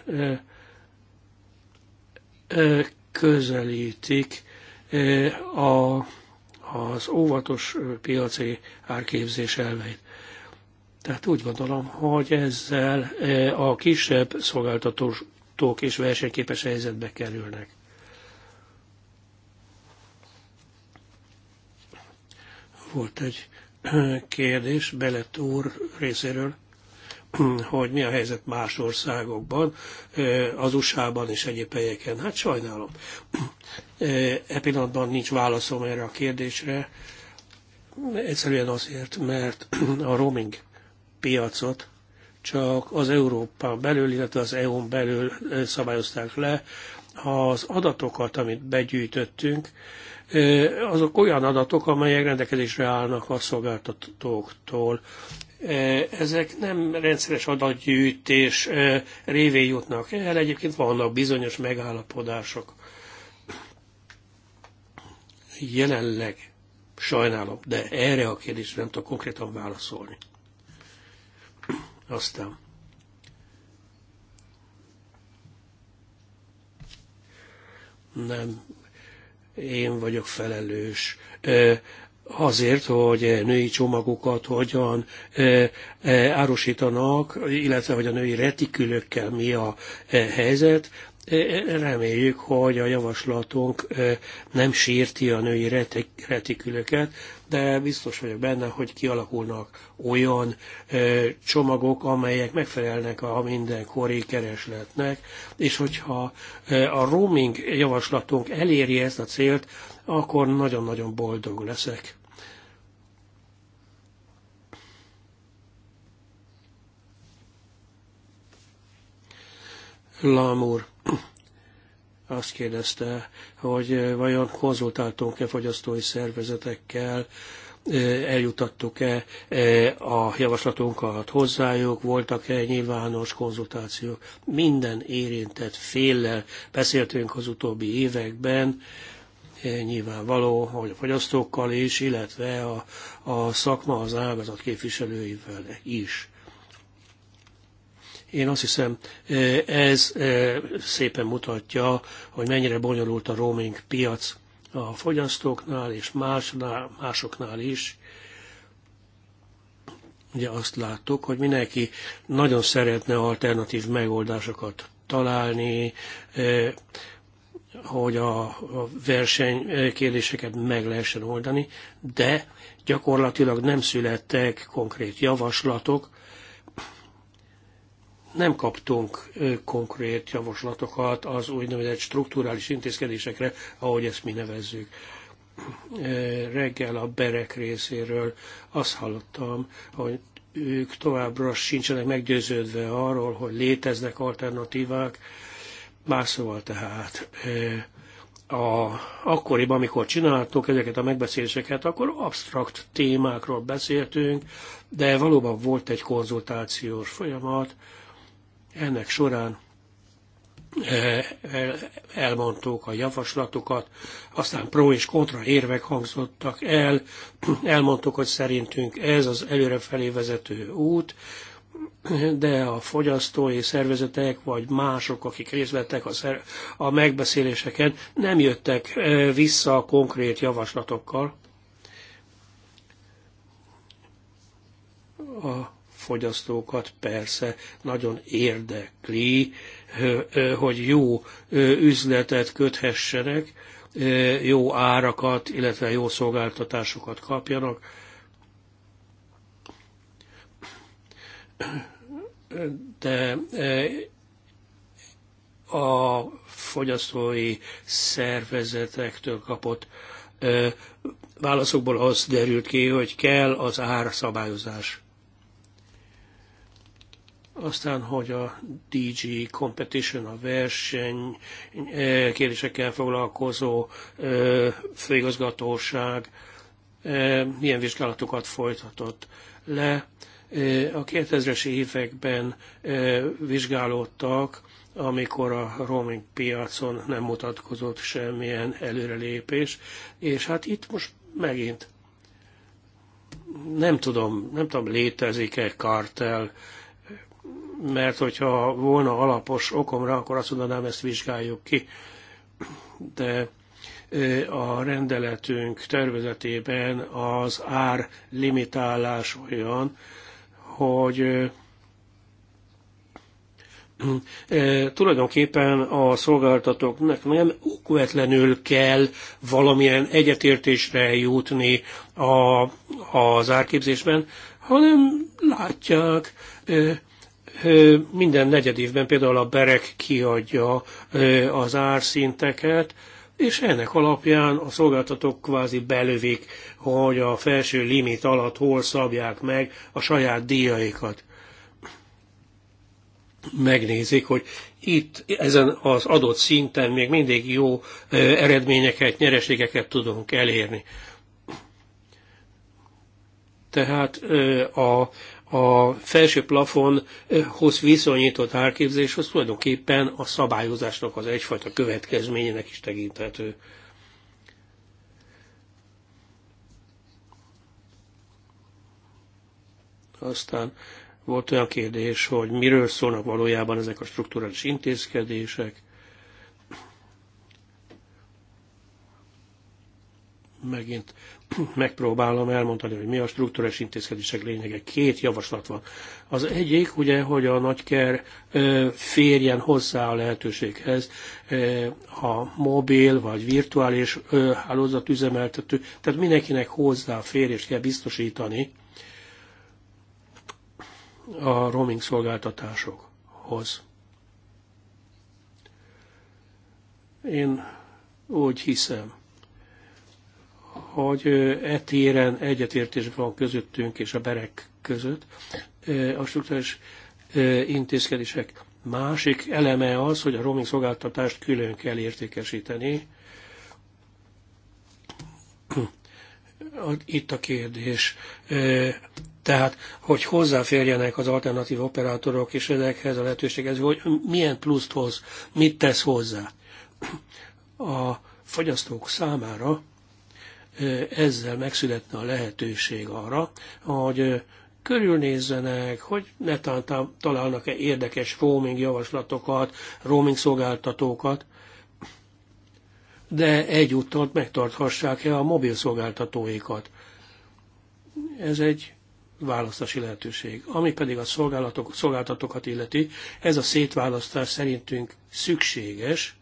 közelítik a, az óvatos piaci árképzés elveit. Tehát úgy gondolom, hogy ezzel a kisebb szolgáltatók is versenyképes helyzetbe kerülnek. Volt egy kérdés Belet úr részéről <clears throat> hogy mi a helyzet más országokban, az USA-ban és egyéb helyeken. Hát sajnálom. E pillanatban nincs válaszom erre a kérdésre. Egyszerűen azért, mert <clears throat> a roaming piacot csak az Európa belül, illetve az EU-n belül szabályozták le. Az adatokat, amit begyűjtöttünk, azok olyan adatok, amelyek rendelkezésre állnak a szolgáltatóktól. E, ezek nem rendszeres adatgyűjtés e, révén jutnak el, egyébként vannak bizonyos megállapodások. Jelenleg sajnálom, de erre a kérdésre nem tudok konkrétan válaszolni. Aztán. Nem, én vagyok felelős e, azért, hogy eh, női csomagokat hogyan eh, eh, árusítanak, illetve hogy a női retikülökkel mi a helyzet. Reméljük, hogy a javaslatunk nem sérti a női retikülöket, de biztos vagyok benne, hogy kialakulnak olyan csomagok, amelyek megfelelnek a mindenkori keresletnek, és hogyha a roaming javaslatunk eléri ezt a célt, akkor nagyon-nagyon boldog leszek. Lámúr <clears throat> azt kérdezte, hogy eh, vajon konzultáltunk-e fogyasztói szervezetekkel, eh, eljutattuk-e eh, a javaslatunkat hozzájuk, voltak-e nyilvános konzultációk. Minden érintett féllel beszéltünk az utóbbi években, nyilvánvaló, hogy a fogyasztókkal is, illetve a, a szakma, az ágazat képviselőivel is. Én azt hiszem, ez szépen mutatja, hogy mennyire bonyolult a roaming piac a fogyasztóknál és másnál, másoknál is. Ugye azt láttuk, hogy mindenki nagyon szeretne alternatív megoldásokat találni, hogy a versenykérdéseket meg lehessen oldani, de gyakorlatilag nem születtek konkrét javaslatok, nem kaptunk konkrét javaslatokat az úgynevezett strukturális intézkedésekre, ahogy ezt mi nevezzük. Reggel a berek részéről azt hallottam, hogy ők továbbra sincsenek meggyőződve arról, hogy léteznek alternatívák. Más szóval tehát a, akkoriban, amikor csináltuk ezeket a megbeszéléseket, akkor absztrakt témákról beszéltünk, de valóban volt egy konzultációs folyamat, ennek során eh, elmondtuk a javaslatokat, aztán pro és kontra érvek hangzottak el, elmondtuk, hogy szerintünk ez az előrefelé vezető út, de a fogyasztói szervezetek, vagy mások, akik részt vettek a, szer- a megbeszéléseken, nem jöttek eh, vissza a konkrét javaslatokkal. A fogyasztókat persze nagyon érdekli, hogy jó üzletet köthessenek, jó árakat, illetve jó szolgáltatásokat kapjanak. De a fogyasztói szervezetektől kapott válaszokból az derült ki, hogy kell az árszabályozás aztán, hogy a DG Competition, a verseny eh, kérdésekkel foglalkozó eh, főigazgatóság eh, milyen vizsgálatokat folytatott le. A 2000-es években vizsgálódtak, amikor a roaming piacon nem mutatkozott semmilyen előrelépés, és hát itt most megint nem tudom, nem tudom, létezik-e kartel, mert hogyha volna alapos okomra, akkor azt mondanám, ezt vizsgáljuk ki. De a rendeletünk tervezetében az ár limitálás olyan, hogy tulajdonképpen a szolgáltatóknak nem okvetlenül kell valamilyen egyetértésre jutni a, az árképzésben, hanem látják, minden negyed évben például a berek kiadja az árszinteket, és ennek alapján a szolgáltatók kvázi belövik, hogy a felső limit alatt hol szabják meg a saját díjaikat. Megnézik, hogy itt ezen az adott szinten még mindig jó eredményeket, nyereségeket tudunk elérni. Tehát a a felső plafonhoz eh, viszonyított árképzés az tulajdonképpen a szabályozásnak az egyfajta következményének is tekinthető. Aztán volt olyan kérdés, hogy miről szólnak valójában ezek a strukturális intézkedések. Megint megpróbálom elmondani, hogy mi a struktúrás intézkedések lényege. Két javaslat van. Az egyik, ugye, hogy a nagyker férjen hozzá a lehetőséghez a mobil vagy virtuális hálózat üzemeltető, tehát mindenkinek hozzáférést kell biztosítani a roaming szolgáltatásokhoz. Én úgy hiszem, hogy e téren egyetértés van közöttünk és a berek között. A struktúrális intézkedések másik eleme az, hogy a roaming szolgáltatást külön kell értékesíteni. Itt a kérdés. Tehát, hogy hozzáférjenek az alternatív operátorok és ezekhez a lehetőséghez, hogy milyen pluszt hoz, mit tesz hozzá. A fogyasztók számára ezzel megszületne a lehetőség arra, hogy körülnézzenek, hogy netán találnak-e érdekes roaming javaslatokat, roaming szolgáltatókat, de egyúttal megtarthassák-e a mobil szolgáltatóikat. Ez egy választási lehetőség. Ami pedig a szolgáltatókat illeti, ez a szétválasztás szerintünk szükséges,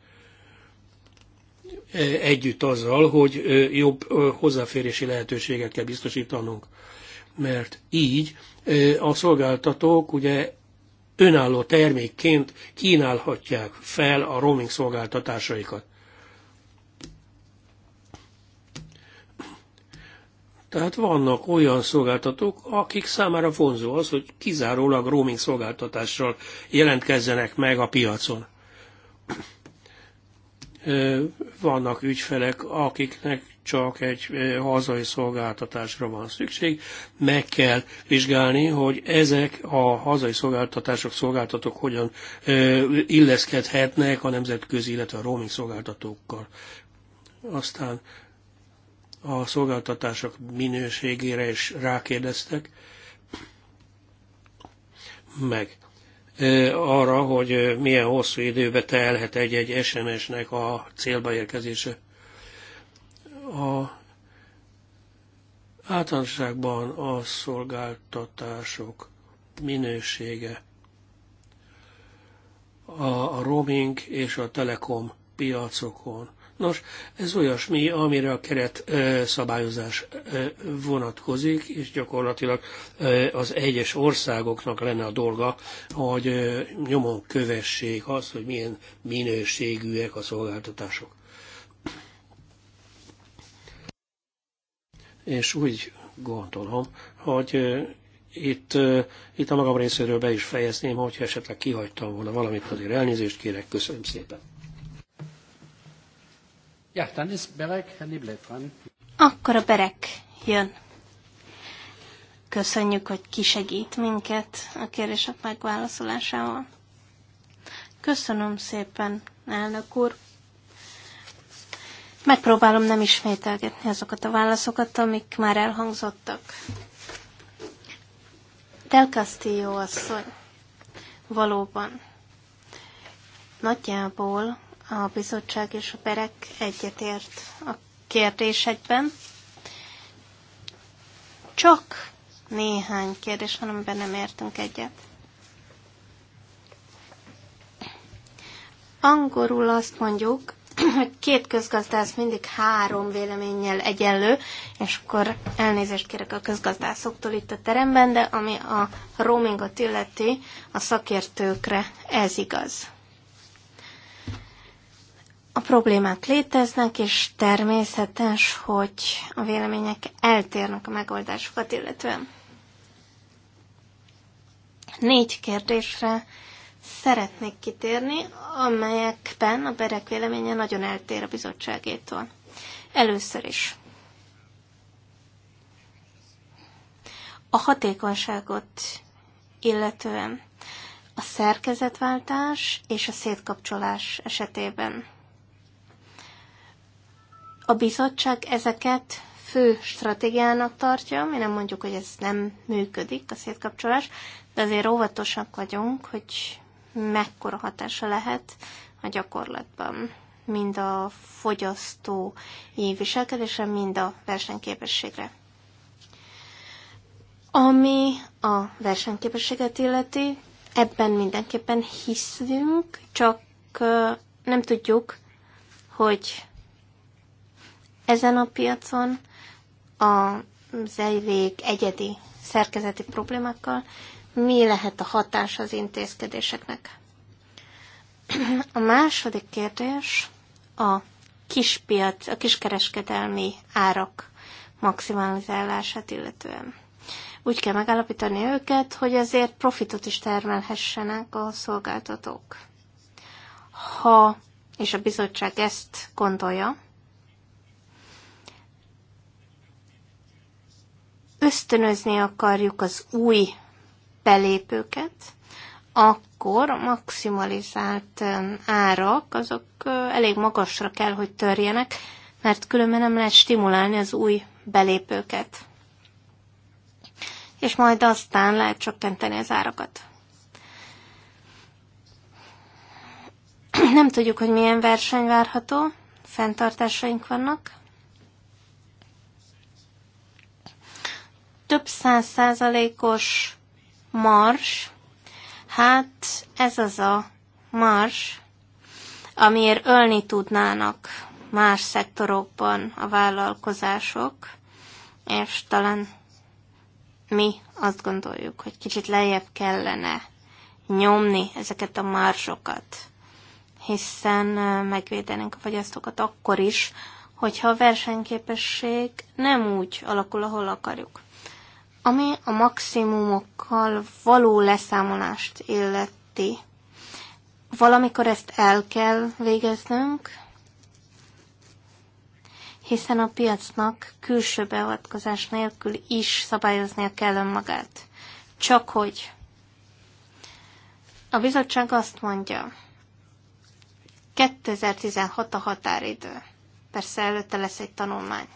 együtt azzal, hogy jobb hozzáférési lehetőséget kell biztosítanunk. Mert így a szolgáltatók ugye önálló termékként kínálhatják fel a roaming szolgáltatásaikat. Tehát vannak olyan szolgáltatók, akik számára vonzó az, hogy kizárólag roaming szolgáltatással jelentkezzenek meg a piacon vannak ügyfelek, akiknek csak egy hazai szolgáltatásra van szükség. Meg kell vizsgálni, hogy ezek a hazai szolgáltatások, szolgáltatók hogyan illeszkedhetnek a nemzetközi, illetve a roaming szolgáltatókkal. Aztán a szolgáltatások minőségére is rákérdeztek, meg arra, hogy milyen hosszú időbe telhet egy-egy SMS-nek a célba érkezése. A általánosságban a szolgáltatások minősége a roaming és a telekom piacokon Nos, ez olyasmi, amire a keret szabályozás vonatkozik, és gyakorlatilag az egyes országoknak lenne a dolga, hogy nyomon kövessék azt, hogy milyen minőségűek a szolgáltatások. És úgy gondolom, hogy itt, itt a magam részéről be is fejezném, hogyha esetleg kihagytam volna valamit, azért elnézést kérek, köszönöm szépen. Ja, dann ist Berek, Herr dran. Akkor a Berek jön. Köszönjük, hogy kisegít minket a kérdések megválaszolásával. Köszönöm szépen, elnök úr. Megpróbálom nem ismételgetni azokat a válaszokat, amik már elhangzottak. Del Castillo asszony. Valóban. Nagyjából a bizottság és a perek egyetért a kérdésekben. Csak néhány kérdés van, amiben nem értünk egyet. Angolul azt mondjuk, <clears throat> hogy két közgazdász mindig három véleménnyel egyenlő, és akkor elnézést kérek a közgazdászoktól itt a teremben, de ami a roamingot illeti, a szakértőkre ez igaz. A problémák léteznek, és természetes, hogy a vélemények eltérnek a megoldásokat illetően. Négy kérdésre szeretnék kitérni, amelyekben a berek véleménye nagyon eltér a bizottságétól. Először is. A hatékonyságot illetően a szerkezetváltás és a szétkapcsolás esetében. A bizottság ezeket fő stratégiának tartja, mi nem mondjuk, hogy ez nem működik, a szétkapcsolás, de azért óvatosak vagyunk, hogy mekkora hatása lehet a gyakorlatban mind a fogyasztó viselkedésre, mind a versenyképességre. Ami a versenyképességet illeti, ebben mindenképpen hiszünk, csak nem tudjuk, hogy ezen a piacon a zejvék egyedi szerkezeti problémákkal mi lehet a hatás az intézkedéseknek. A második kérdés a kispiac, a kiskereskedelmi árak maximalizálását illetően. Úgy kell megállapítani őket, hogy azért profitot is termelhessenek a szolgáltatók. Ha, és a bizottság ezt gondolja, ösztönözni akarjuk az új belépőket, akkor a maximalizált um, árak azok uh, elég magasra kell, hogy törjenek, mert különben nem lehet stimulálni az új belépőket. És majd aztán lehet csökkenteni az árakat. Nem tudjuk, hogy milyen verseny várható, fenntartásaink vannak, több száz százalékos mars, hát ez az a mars, amiért ölni tudnának más szektorokban a vállalkozások, és talán mi azt gondoljuk, hogy kicsit lejjebb kellene nyomni ezeket a marsokat, hiszen megvédenénk a fogyasztókat akkor is, hogyha a versenyképesség nem úgy alakul, ahol akarjuk. Ami a maximumokkal való leszámolást illeti, valamikor ezt el kell végeznünk, hiszen a piacnak külső beavatkozás nélkül is szabályoznia kell önmagát. Csak hogy a bizottság azt mondja, 2016 a határidő. Persze előtte lesz egy tanulmány.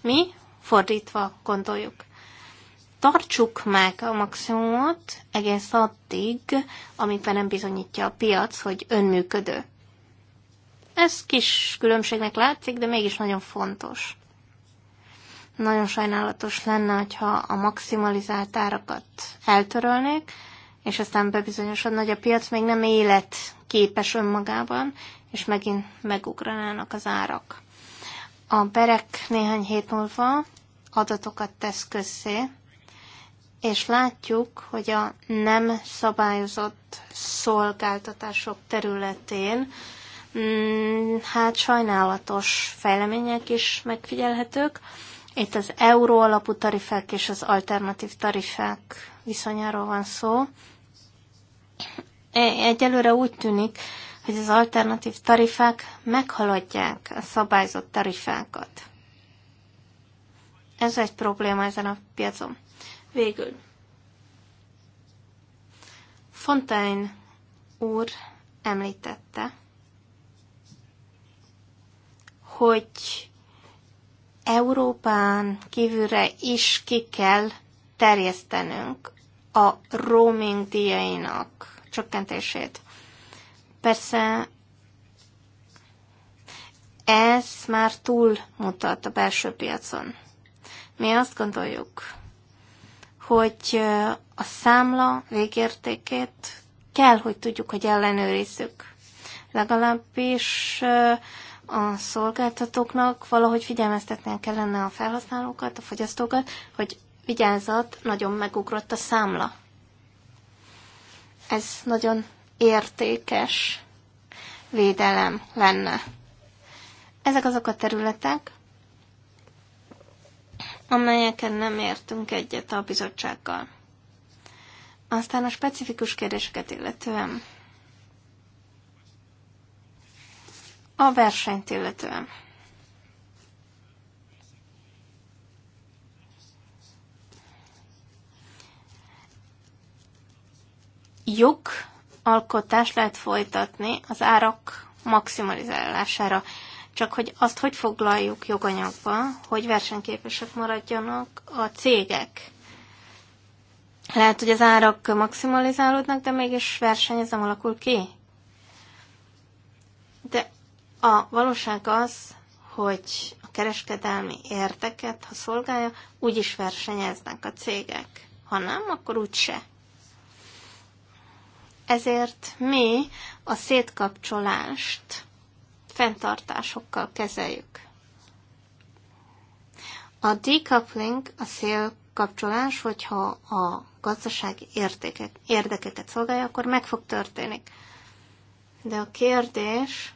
Mi fordítva gondoljuk tartsuk meg a maximumot egész addig, amíg be nem bizonyítja a piac, hogy önműködő. Ez kis különbségnek látszik, de mégis nagyon fontos. Nagyon sajnálatos lenne, ha a maximalizált árakat eltörölnék, és aztán bebizonyosod, hogy a piac még nem élet képes önmagában, és megint megugranának az árak. A berek néhány hét múlva adatokat tesz közzé, és látjuk, hogy a nem szabályozott szolgáltatások területén mm, hát sajnálatos fejlemények is megfigyelhetők. Itt az euró alapú tarifák és az alternatív tarifák viszonyáról van szó. E, egyelőre úgy tűnik, hogy az alternatív tarifák meghaladják a szabályzott tarifákat. Ez egy probléma ezen a piacon. Végül. Fontaine úr említette, hogy Európán kívülre is ki kell terjesztenünk a roaming díjainak csökkentését. Persze ez már túl mutat a belső piacon. Mi azt gondoljuk, hogy a számla végértékét kell, hogy tudjuk, hogy ellenőrizzük. Legalábbis a szolgáltatóknak valahogy figyelmeztetnie kellene a felhasználókat, a fogyasztókat, hogy vigyázat, nagyon megugrott a számla. Ez nagyon értékes védelem lenne. Ezek azok a területek, amelyeken nem értünk egyet a bizottsággal. Aztán a specifikus kérdéseket illetően. A versenyt illetően. alkotás lehet folytatni az árak maximalizálására. Csak hogy azt hogy foglaljuk joganyagba, hogy versenyképesek maradjanak a cégek. Lehet, hogy az árak maximalizálódnak, de mégis verseny ez nem alakul ki. De a valóság az, hogy a kereskedelmi érteket, ha szolgálja, úgyis versenyeznek a cégek. Ha nem, akkor úgyse. Ezért mi a szétkapcsolást fenntartásokkal kezeljük. A decoupling a szélkapcsolás, hogyha a gazdasági értékek, érdekeket szolgálja, akkor meg fog történni. De a kérdés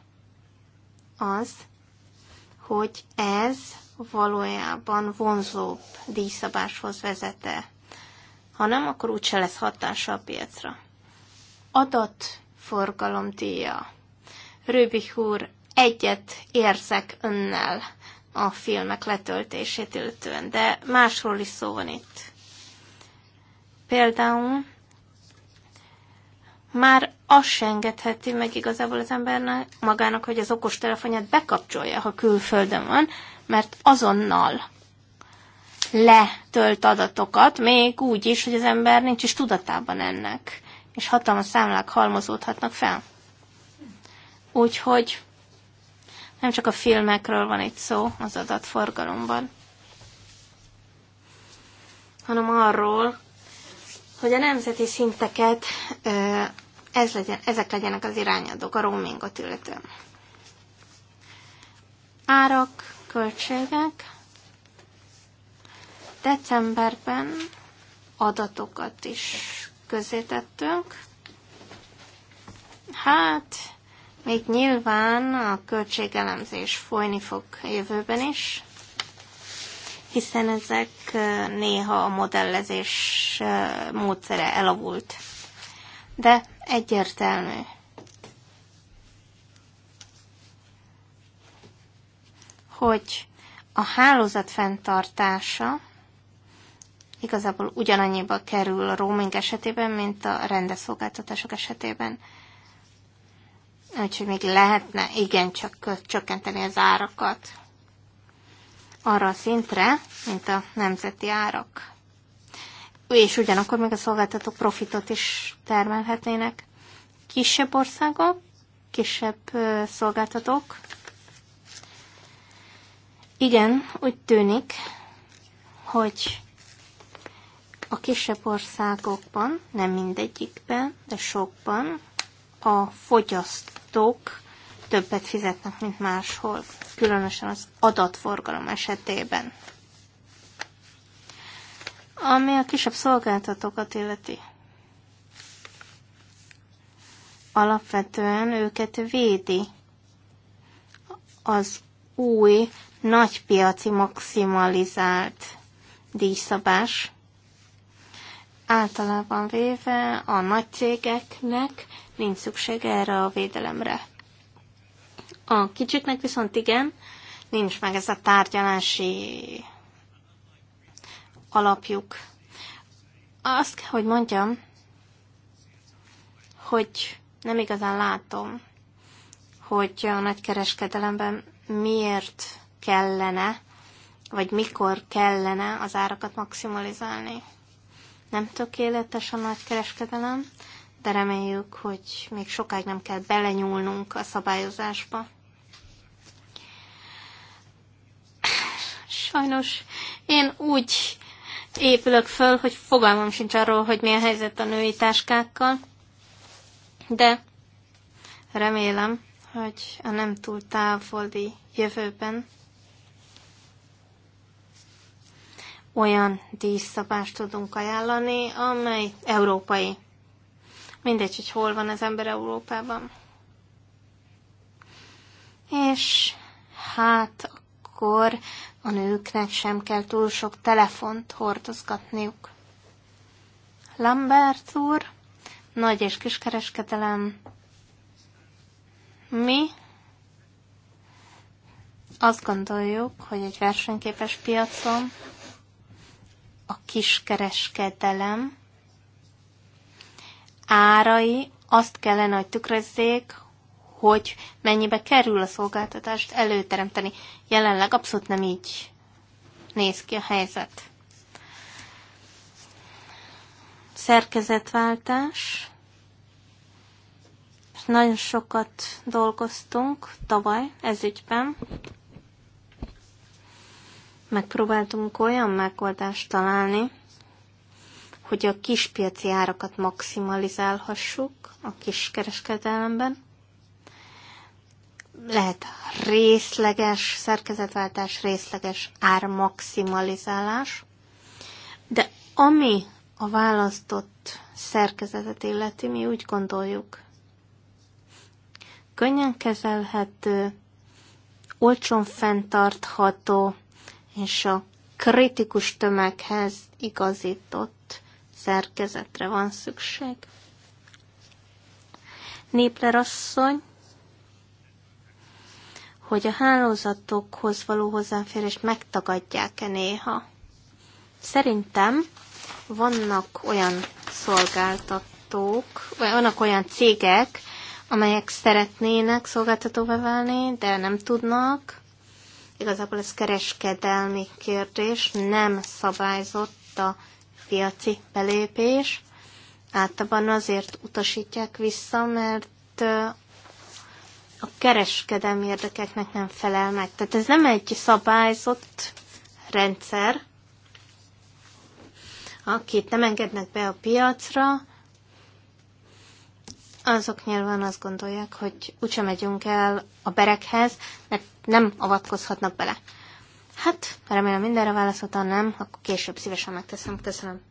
az, hogy ez valójában vonzóbb díjszabáshoz vezete. Ha nem, akkor úgyse lesz hatása a piacra. Adatforgalom díja. Rübich úr egyet érzek önnel a filmek letöltését illetően, de másról is szó van itt. Például már azt se engedheti meg igazából az embernek magának, hogy az okostelefonját bekapcsolja, ha külföldön van, mert azonnal letölt adatokat, még úgy is, hogy az ember nincs is tudatában ennek, és hatalmas számlák halmozódhatnak fel. Úgyhogy nem csak a filmekről van itt szó az adatforgalomban, hanem arról, hogy a nemzeti szinteket ez legyen, ezek legyenek az irányadók a roamingot illetően. Árak, költségek. Decemberben adatokat is közzétettünk. Hát, itt nyilván a költségelemzés folyni fog jövőben is, hiszen ezek néha a modellezés módszere elavult. De egyértelmű. hogy a hálózat fenntartása igazából ugyanannyiba kerül a roaming esetében, mint a szolgáltatások esetében. Úgyhogy még lehetne igencsak csökkenteni az árakat arra a szintre, mint a nemzeti árak. És ugyanakkor még a szolgáltatók profitot is termelhetnének. Kisebb országok, kisebb szolgáltatók. Igen, úgy tűnik, hogy a kisebb országokban, nem mindegyikben, de sokban a fogyasztók többet fizetnek, mint máshol, különösen az adatforgalom esetében. Ami a kisebb szolgáltatókat illeti. Alapvetően őket védi az új nagypiaci maximalizált díjszabás. Általában véve a nagy cégeknek nincs szükség erre a védelemre. A kicsiknek viszont igen, nincs meg ez a tárgyalási alapjuk. Azt kell, hogy mondjam, hogy nem igazán látom, hogy a nagykereskedelemben miért kellene, vagy mikor kellene az árakat maximalizálni. Nem tökéletes a nagykereskedelem, de reméljük, hogy még sokáig nem kell belenyúlnunk a szabályozásba. Sajnos én úgy épülök föl, hogy fogalmam sincs arról, hogy mi a helyzet a női táskákkal, de remélem, hogy a nem túl távoli jövőben olyan díszszabást tudunk ajánlani, amely európai. Mindegy, hogy hol van az ember Európában. És hát akkor a nőknek sem kell túl sok telefont hordozgatniuk. Lambert úr, nagy és kiskereskedelem. Mi azt gondoljuk, hogy egy versenyképes piacon a kiskereskedelem árai azt kellene, hogy tükrözzék, hogy mennyibe kerül a szolgáltatást előteremteni. Jelenleg abszolút nem így néz ki a helyzet. Szerkezetváltás. Nagyon sokat dolgoztunk tavaly ez ügyben. Megpróbáltunk olyan megoldást találni, hogy a kispiaci árakat maximalizálhassuk a kiskereskedelemben. Lehet részleges szerkezetváltás, részleges ármaximalizálás, de ami a választott szerkezetet illeti, mi úgy gondoljuk, könnyen kezelhető, olcsón fenntartható, és a kritikus tömeghez igazított szerkezetre van szükség. Néplerasszony, hogy a hálózatokhoz való hozzáférést megtagadják-e néha. Szerintem vannak olyan szolgáltatók, vagy vannak olyan cégek, amelyek szeretnének szolgáltatóvá válni, de nem tudnak. Igazából ez kereskedelmi kérdés, nem szabályzott a piaci belépés. Általában azért utasítják vissza, mert a kereskedelmi érdekeknek nem felel meg. Tehát ez nem egy szabályzott rendszer. Akit nem engednek be a piacra, azok nyilván azt gondolják, hogy úgysem megyünk el a berekhez, mert nem avatkozhatnak bele. Hát, remélem mindenre válaszolta, nem, akkor később szívesen megteszem. Köszönöm.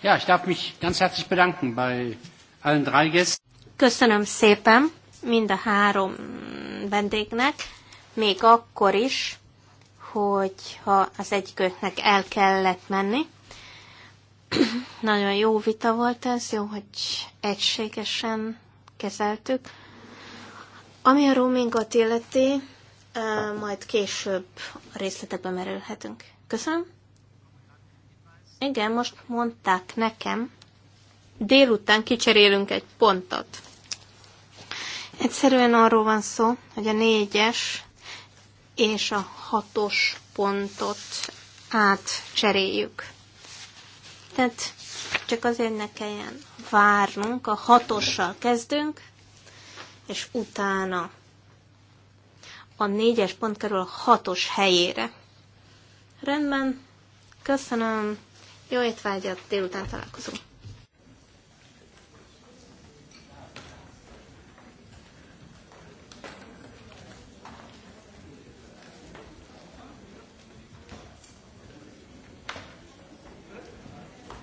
Ja, ich darf mich ganz herzlich bedanken bei allen drei Gästen. Köszönöm szépen mind a három vendégnek, még akkor is, hogy ha az egyiköknek el kellett menni. <clears throat> Nagyon jó vita volt ez, jó, hogy egységesen kezeltük. Ami a roamingot illeti, majd később a részletekbe merülhetünk. Köszönöm. Igen, most mondták nekem, délután kicserélünk egy pontot. Egyszerűen arról van szó, hogy a négyes és a hatos pontot átcseréljük. Tehát csak azért ne kelljen várnunk, a hatossal kezdünk, és utána a négyes pont kerül a hatos helyére. Rendben, köszönöm, jó étvágyat, délután találkozunk.